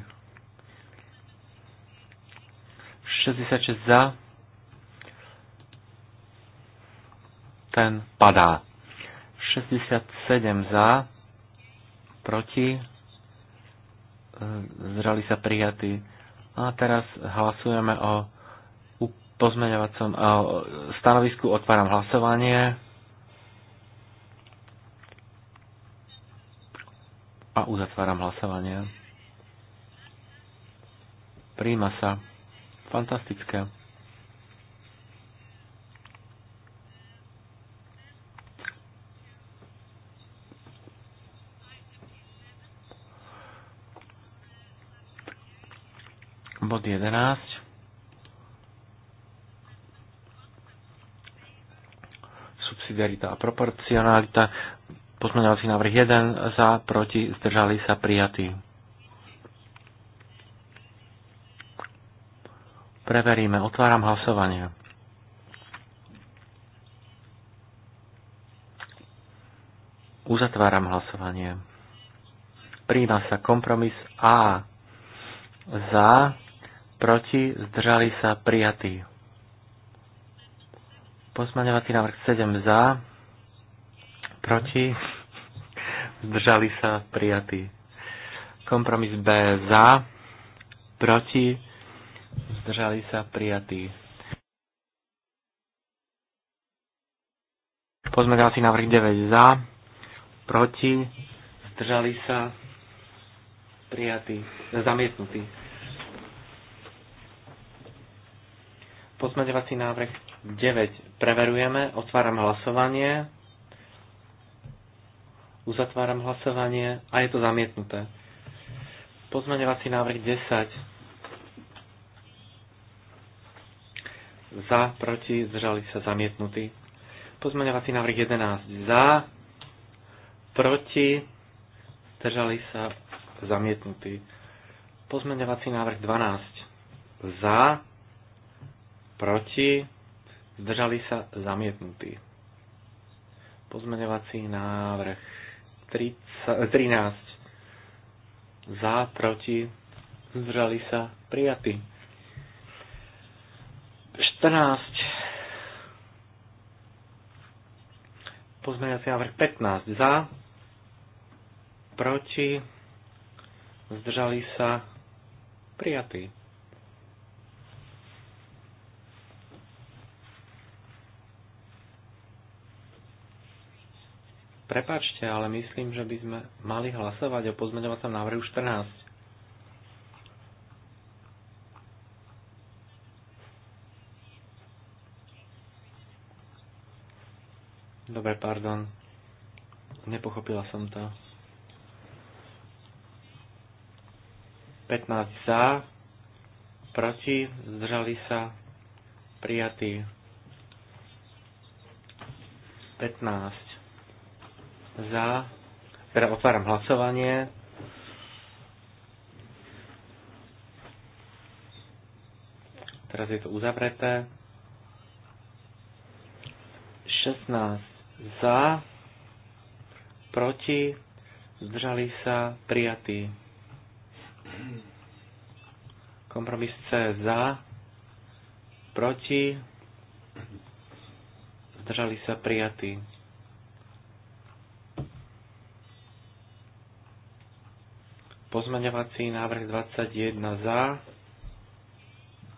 Speaker 2: 66 za, ten padá. 67 za, proti, e, zdrali sa prijatí. A teraz hlasujeme o pozmeňovacom o stanovisku. Otváram hlasovanie. A uzatváram hlasovanie. Príjma sa. Fantastické. bod 11. Subsidiarita a proporcionalita. Pozmeňovací návrh 1 za, proti, zdržali sa prijatí. Preveríme. Otváram hlasovanie. Uzatváram hlasovanie. Príjma sa kompromis A za, proti, zdržali sa prijatí. Pozmaňovací návrh 7 za, proti, zdržali sa prijatí. Kompromis B za, proti, zdržali sa prijatí. Pozmeňovací návrh 9 za, proti, zdržali sa prijatí, zamietnutí. Pozmeňovací návrh 9 preverujeme. Otváram hlasovanie. Uzatváram hlasovanie a je to zamietnuté. Pozmeňovací návrh 10. Za, proti, zdržali sa zamietnutí. Pozmeňovací návrh 11. Za, proti, zdržali sa zamietnutí. Pozmeňovací návrh 12. Za, proti, zdržali sa zamietnutí. Pozmeňovací návrh 30, 13 eh, za, proti, zdržali sa prijatí. 14 pozmeňovací návrh 15 za, proti, zdržali sa prijatí. Prepačte, ale myslím, že by sme mali hlasovať o pozmeňovacom návrhu 14. Dobre, pardon. Nepochopila som to. 15 za, proti, zdržali sa, prijatí. 15 za, teda otváram hlasovanie. Teraz je to uzavreté. 16 za, proti, zdržali sa, prijatí. Kompromis C za, proti, zdržali sa, prijatí. Pozmeňovací návrh 21 za,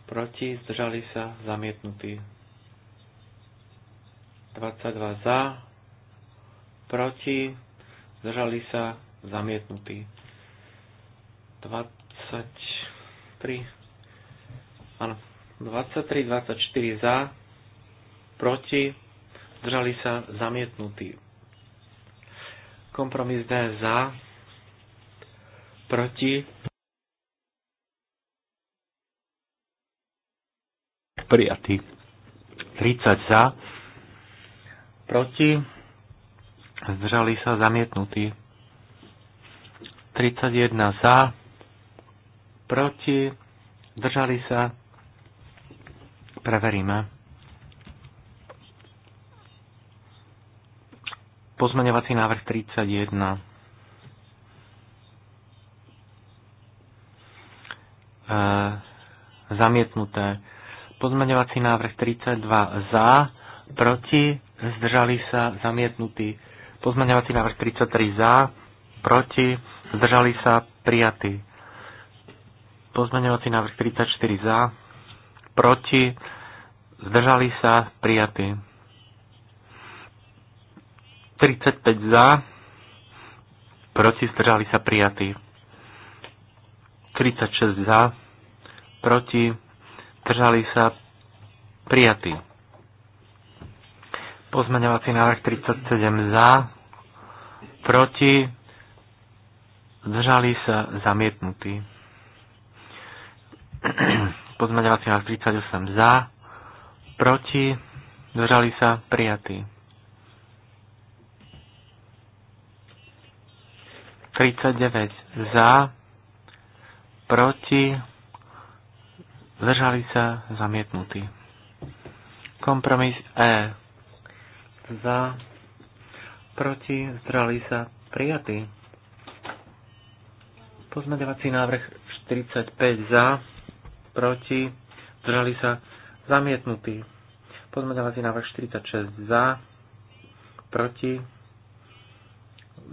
Speaker 2: proti, zdržali sa, zamietnutý. 22 za, proti, zdržali sa, zamietnutý. 23, áno, 23, 24 za, proti, zdržali sa, zamietnutý. Kompromis D za, proti, prijatý. 30 za, proti, zdržali sa zamietnutí. 31 za, proti, zdržali sa, preveríme. Pozmeňovací návrh 31. E, zamietnuté. Pozmeňovací návrh 32 za, proti, zdržali sa, zamietnutý. Pozmeňovací návrh 33 za, proti, zdržali sa, prijatý. Pozmeňovací návrh 34 za, proti, zdržali sa, prijatý. 35 za, proti, zdržali sa, prijatý. 36 za, proti, držali sa, prijatí, Pozmeňovací návrh 37 za, proti, držali sa, zamietnutí, Pozmeňovací návrh 38 za, proti, držali sa, prijatí, 39 za, proti, zdržali sa, zamietnutí. Kompromis E. Za, proti, zdržali sa, prijatí, Pozmedovací návrh 45 za, proti, zdržali sa, zamietnutí, Pozmedovací návrh 46 za, proti,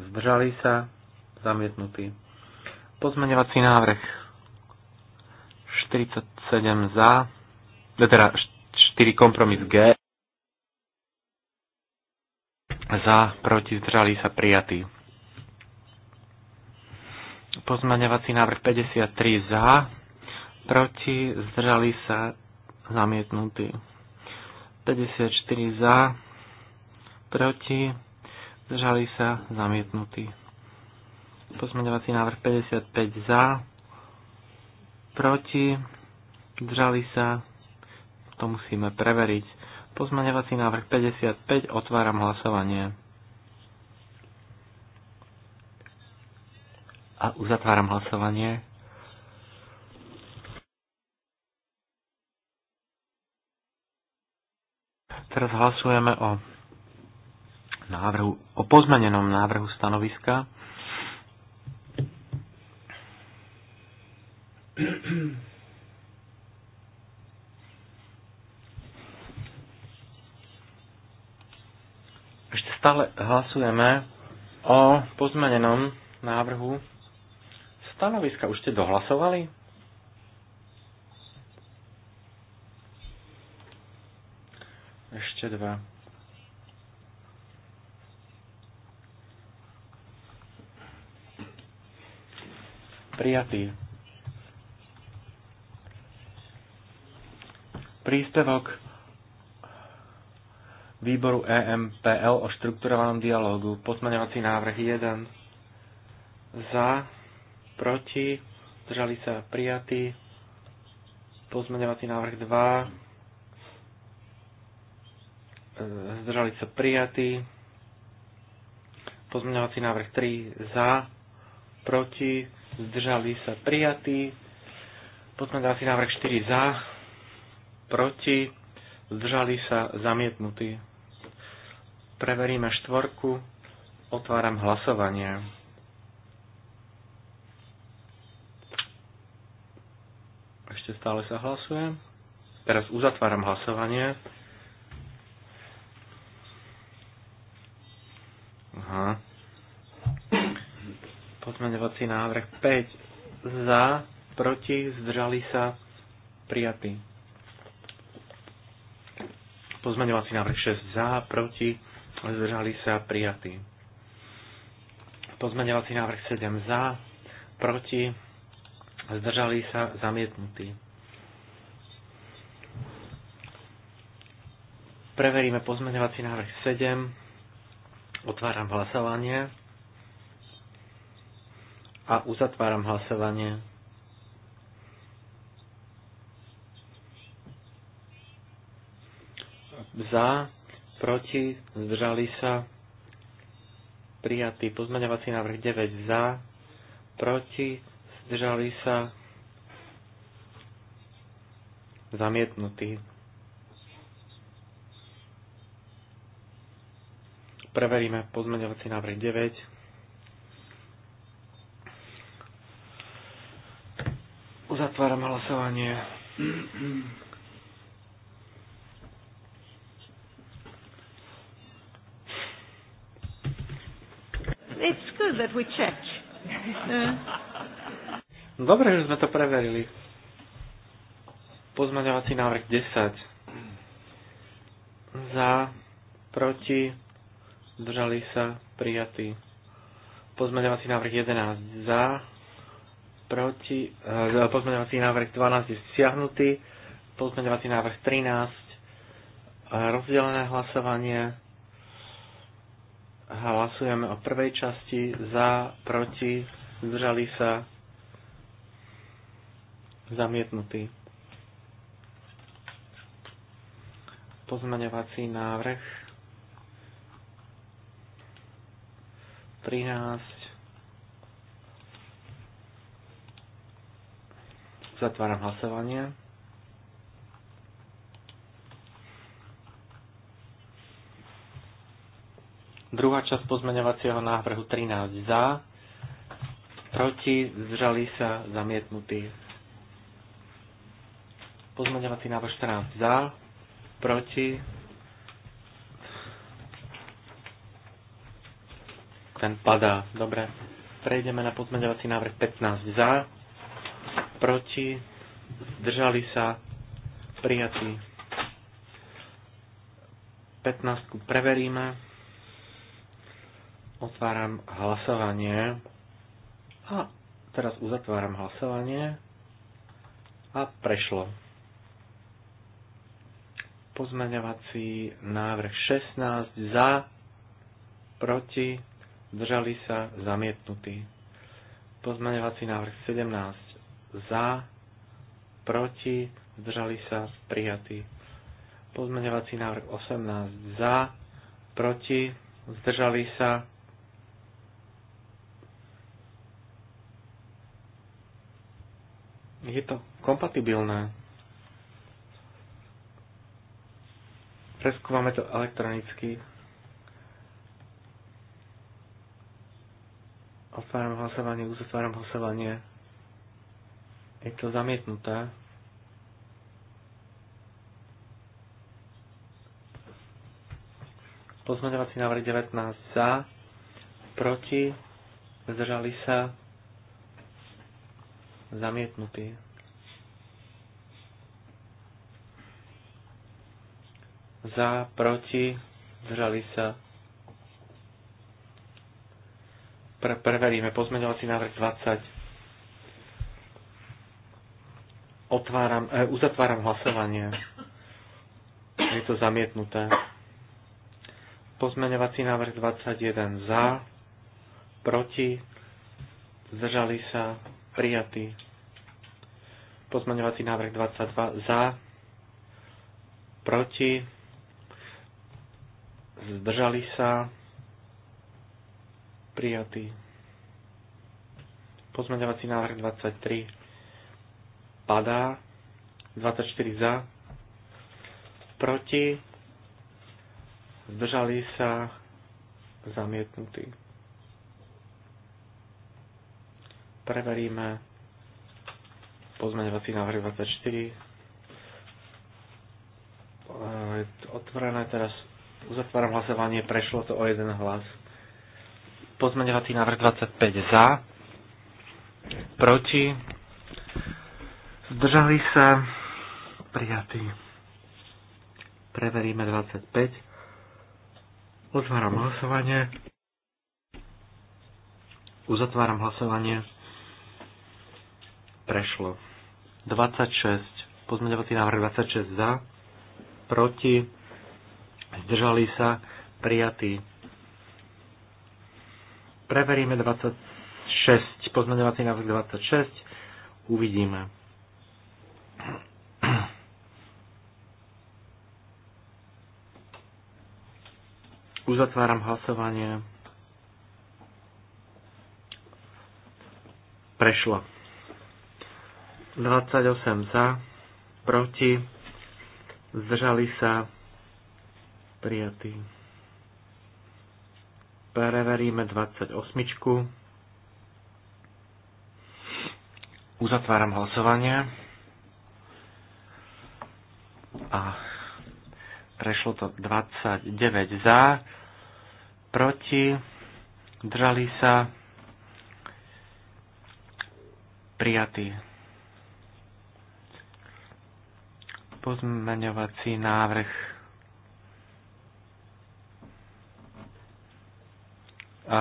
Speaker 2: zdržali sa, zamietnutí, Pozmeňovací návrh 47 za, e, teda 4 kompromis G, za, proti, zdržali sa prijatí. Pozmaňovací návrh 53 za, proti, zdržali sa zamietnutí. 54 za, proti, zdržali sa zamietnutí. Pozmaňovací návrh 55 za, proti, zdržali sa, to musíme preveriť. Pozmaňovací návrh 55, otváram hlasovanie. A uzatváram hlasovanie. Teraz hlasujeme o návrhu, o pozmenenom návrhu stanoviska.
Speaker 4: Ešte
Speaker 2: stále hlasujeme o pozmenenom návrhu stanoviska. Už ste dohlasovali? Ešte dva. Prijatý. Príspevok výboru EMPL o štrukturovanom dialogu. posmaňovací návrh 1. Za, proti, zdržali sa prijatí. pozmeňovací návrh 2. E, zdržali sa prijatí. pozmeňovací návrh 3. Za, proti, zdržali sa prijatí. pozmeňovací návrh 4. Za, proti, zdržali sa zamietnutí. Preveríme štvorku, otváram hlasovanie. Ešte stále sa hlasuje. Teraz uzatváram hlasovanie. Aha. Pozmeňovací návrh 5 za, proti, zdržali sa, prijatý Pozmeňovací návrh 6 za, proti, zdržali sa prijatí. Pozmeňovací návrh 7 za, proti, zdržali sa zamietnutí. Preveríme pozmeňovací návrh 7. Otváram hlasovanie a uzatváram hlasovanie. za, proti, zdržali sa, prijatý pozmeňovací návrh 9 za, proti, zdržali sa, zamietnutý. Preveríme pozmeňovací návrh 9. Uzatváram hlasovanie.
Speaker 4: good that we check.
Speaker 2: Dobre, že sme to preverili. Pozmaňovací návrh 10. Za, proti, zdržali sa, prijatý. Pozmaňovací návrh 11. Za, proti, uh, pozmaňovací návrh 12 je stiahnutý. Pozmaňovací návrh 13. Eh, rozdelené hlasovanie Hlasujeme o prvej časti za, proti, zdržali sa, zamietnutý. Pozmaňovací návrh 13 Zatváram hlasovanie. Druhá časť pozmeňovacieho návrhu 13 za, proti, zdržali sa, zamietnutí, Pozmeňovací návrh 14 za, proti, ten padá. Dobre. Prejdeme na pozmeňovací návrh 15 za, proti, zdržali sa, prijatí. 15 preveríme. Otváram hlasovanie. A teraz uzatváram hlasovanie. A prešlo. Pozmeňovací návrh 16 za, proti, držali sa, zamietnutý. Pozmeňovací návrh 17 za, proti, zdržali sa, prijatý. Pozmeňovací návrh 18 za, proti, zdržali sa, Je to kompatibilné. Preskúvame to elektronicky. Otváram hlasovanie, uzatváram hlasovanie. Je to zamietnuté. Pozmeňovací návrh 19 za, proti, zdržali sa, Zamietnutý. Za, proti, zdržali sa. Pre, preveríme pozmeňovací návrh 20. Otváram, e, uzatváram hlasovanie. Je to zamietnuté. Pozmeňovací návrh 21 za, proti, zdržali sa prijatý. Pozmaňovací návrh 22 za, proti, zdržali sa, prijatý. Pozmaňovací návrh 23 padá, 24 za, proti, zdržali sa, zamietnutý. Preveríme pozmeňovací návrh 24. Eh, je otvorené teraz, uzatváram hlasovanie, prešlo to o jeden hlas. Pozmeňovací návrh 25 za, proti, zdržali sa, prijatý. Preveríme 25. Otváram hlasovanie. Uzatváram hlasovanie prešlo. 26, pozmeňovací návrh 26 za, proti, zdržali sa, prijatí. Preveríme 26, pozmeňovací návrh 26, uvidíme. Uzatváram hlasovanie. Prešlo. 28 za, proti, zdržali sa, prijatí. Preveríme 28. Uzatváram hlasovanie. A prešlo to 29 za, proti, zdržali sa, prijatí. Pozmeňovací návrh a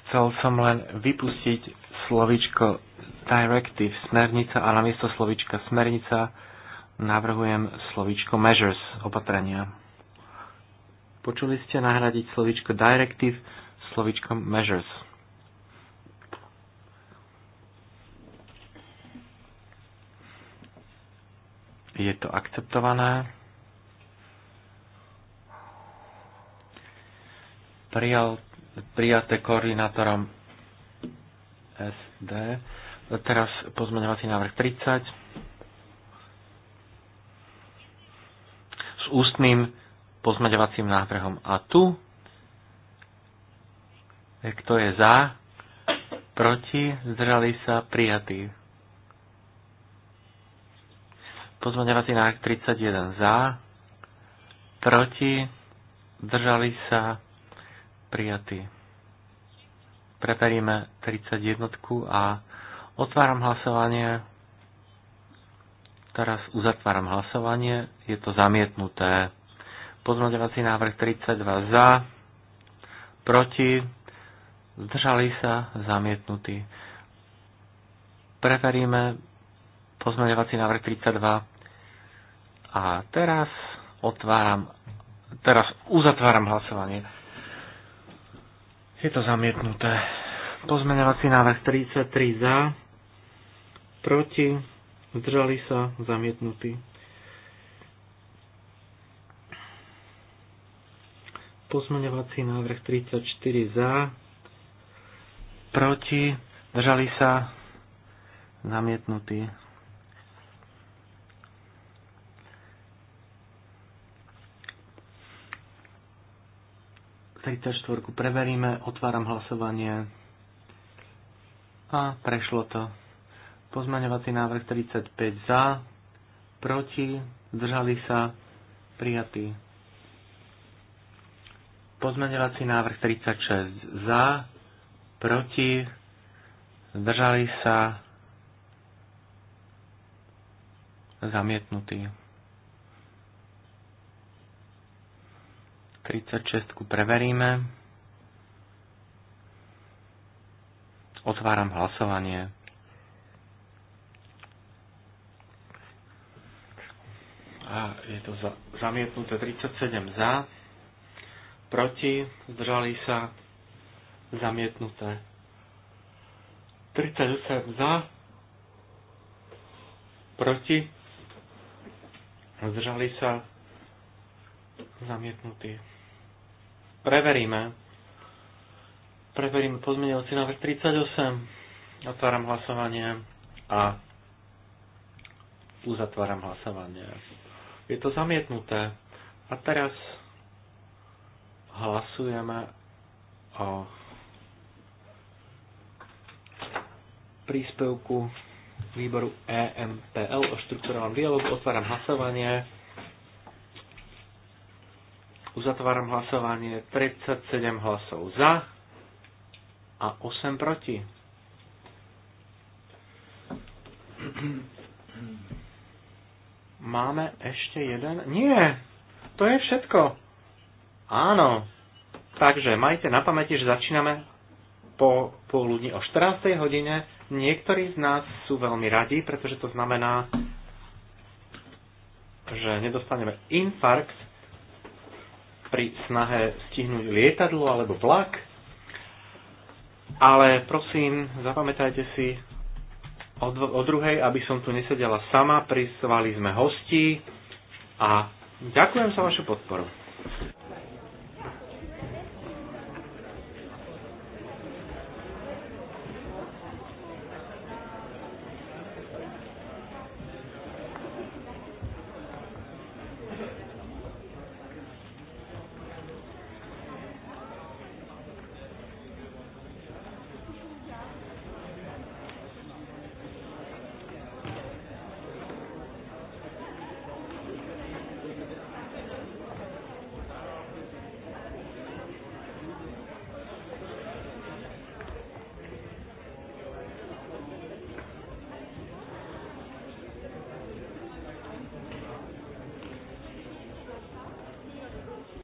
Speaker 2: chcel som len vypustiť slovičko directive, smernica a namiesto slovička smernica navrhujem slovičko measures, opatrenia. Počuli ste nahradiť slovičko directive slovičkom measures. Je to akceptované. Prijal, prijaté koordinátorom SD. Teraz pozmeňovací návrh 30. S ústnym pozmeňovacím návrhom. A tu, e, kto je za, proti, zdrali sa, prijatý. Pozmeňovací návrh 31 za, proti, držali sa, prijatí. Preperíme 31 a otváram hlasovanie. Teraz uzatváram hlasovanie. Je to zamietnuté. Pozmeňovací návrh 32 za, proti, zdržali sa, zamietnutí. preferíme pozmeňovací návrh 32. A teraz otváram, teraz uzatváram hlasovanie. Je to zamietnuté. Pozmeňovací návrh 33 za, proti, zdržali sa, zamietnutý. Pozmeňovací návrh 34 za, proti, zdržali sa, zamietnutý. 34 preveríme, otváram hlasovanie a prešlo to. Pozmaňovací návrh 35 za, proti, zdržali sa, prijatý. Pozmaňovací návrh 36 za, proti, zdržali sa, zamietnutý. 36 preveríme. Otváram hlasovanie. A je to za, zamietnuté 37 za, proti, zdržali sa, zamietnuté 38 za, proti, zdržali sa, zamietnutí Preveríme. Preveríme pozmeňovací návrh 38. Otváram hlasovanie a uzatváram hlasovanie. Je to zamietnuté. A teraz hlasujeme o príspevku výboru EMPL o štruktúrovom dialogu. Otváram hlasovanie. Uzatváram hlasovanie 37 hlasov za a 8 proti. Máme ešte jeden? Nie, to je všetko. Áno. Takže majte na pamäti, že začíname po poludni o 14. hodine. Niektorí z nás sú veľmi radi, pretože to znamená, že nedostaneme infarkt pri snahe stihnúť lietadlo alebo vlak. Ale prosím, zapamätajte si o, dv- o druhej, aby som tu nesedela sama, prisvali sme hosti a ďakujem za vašu podporu.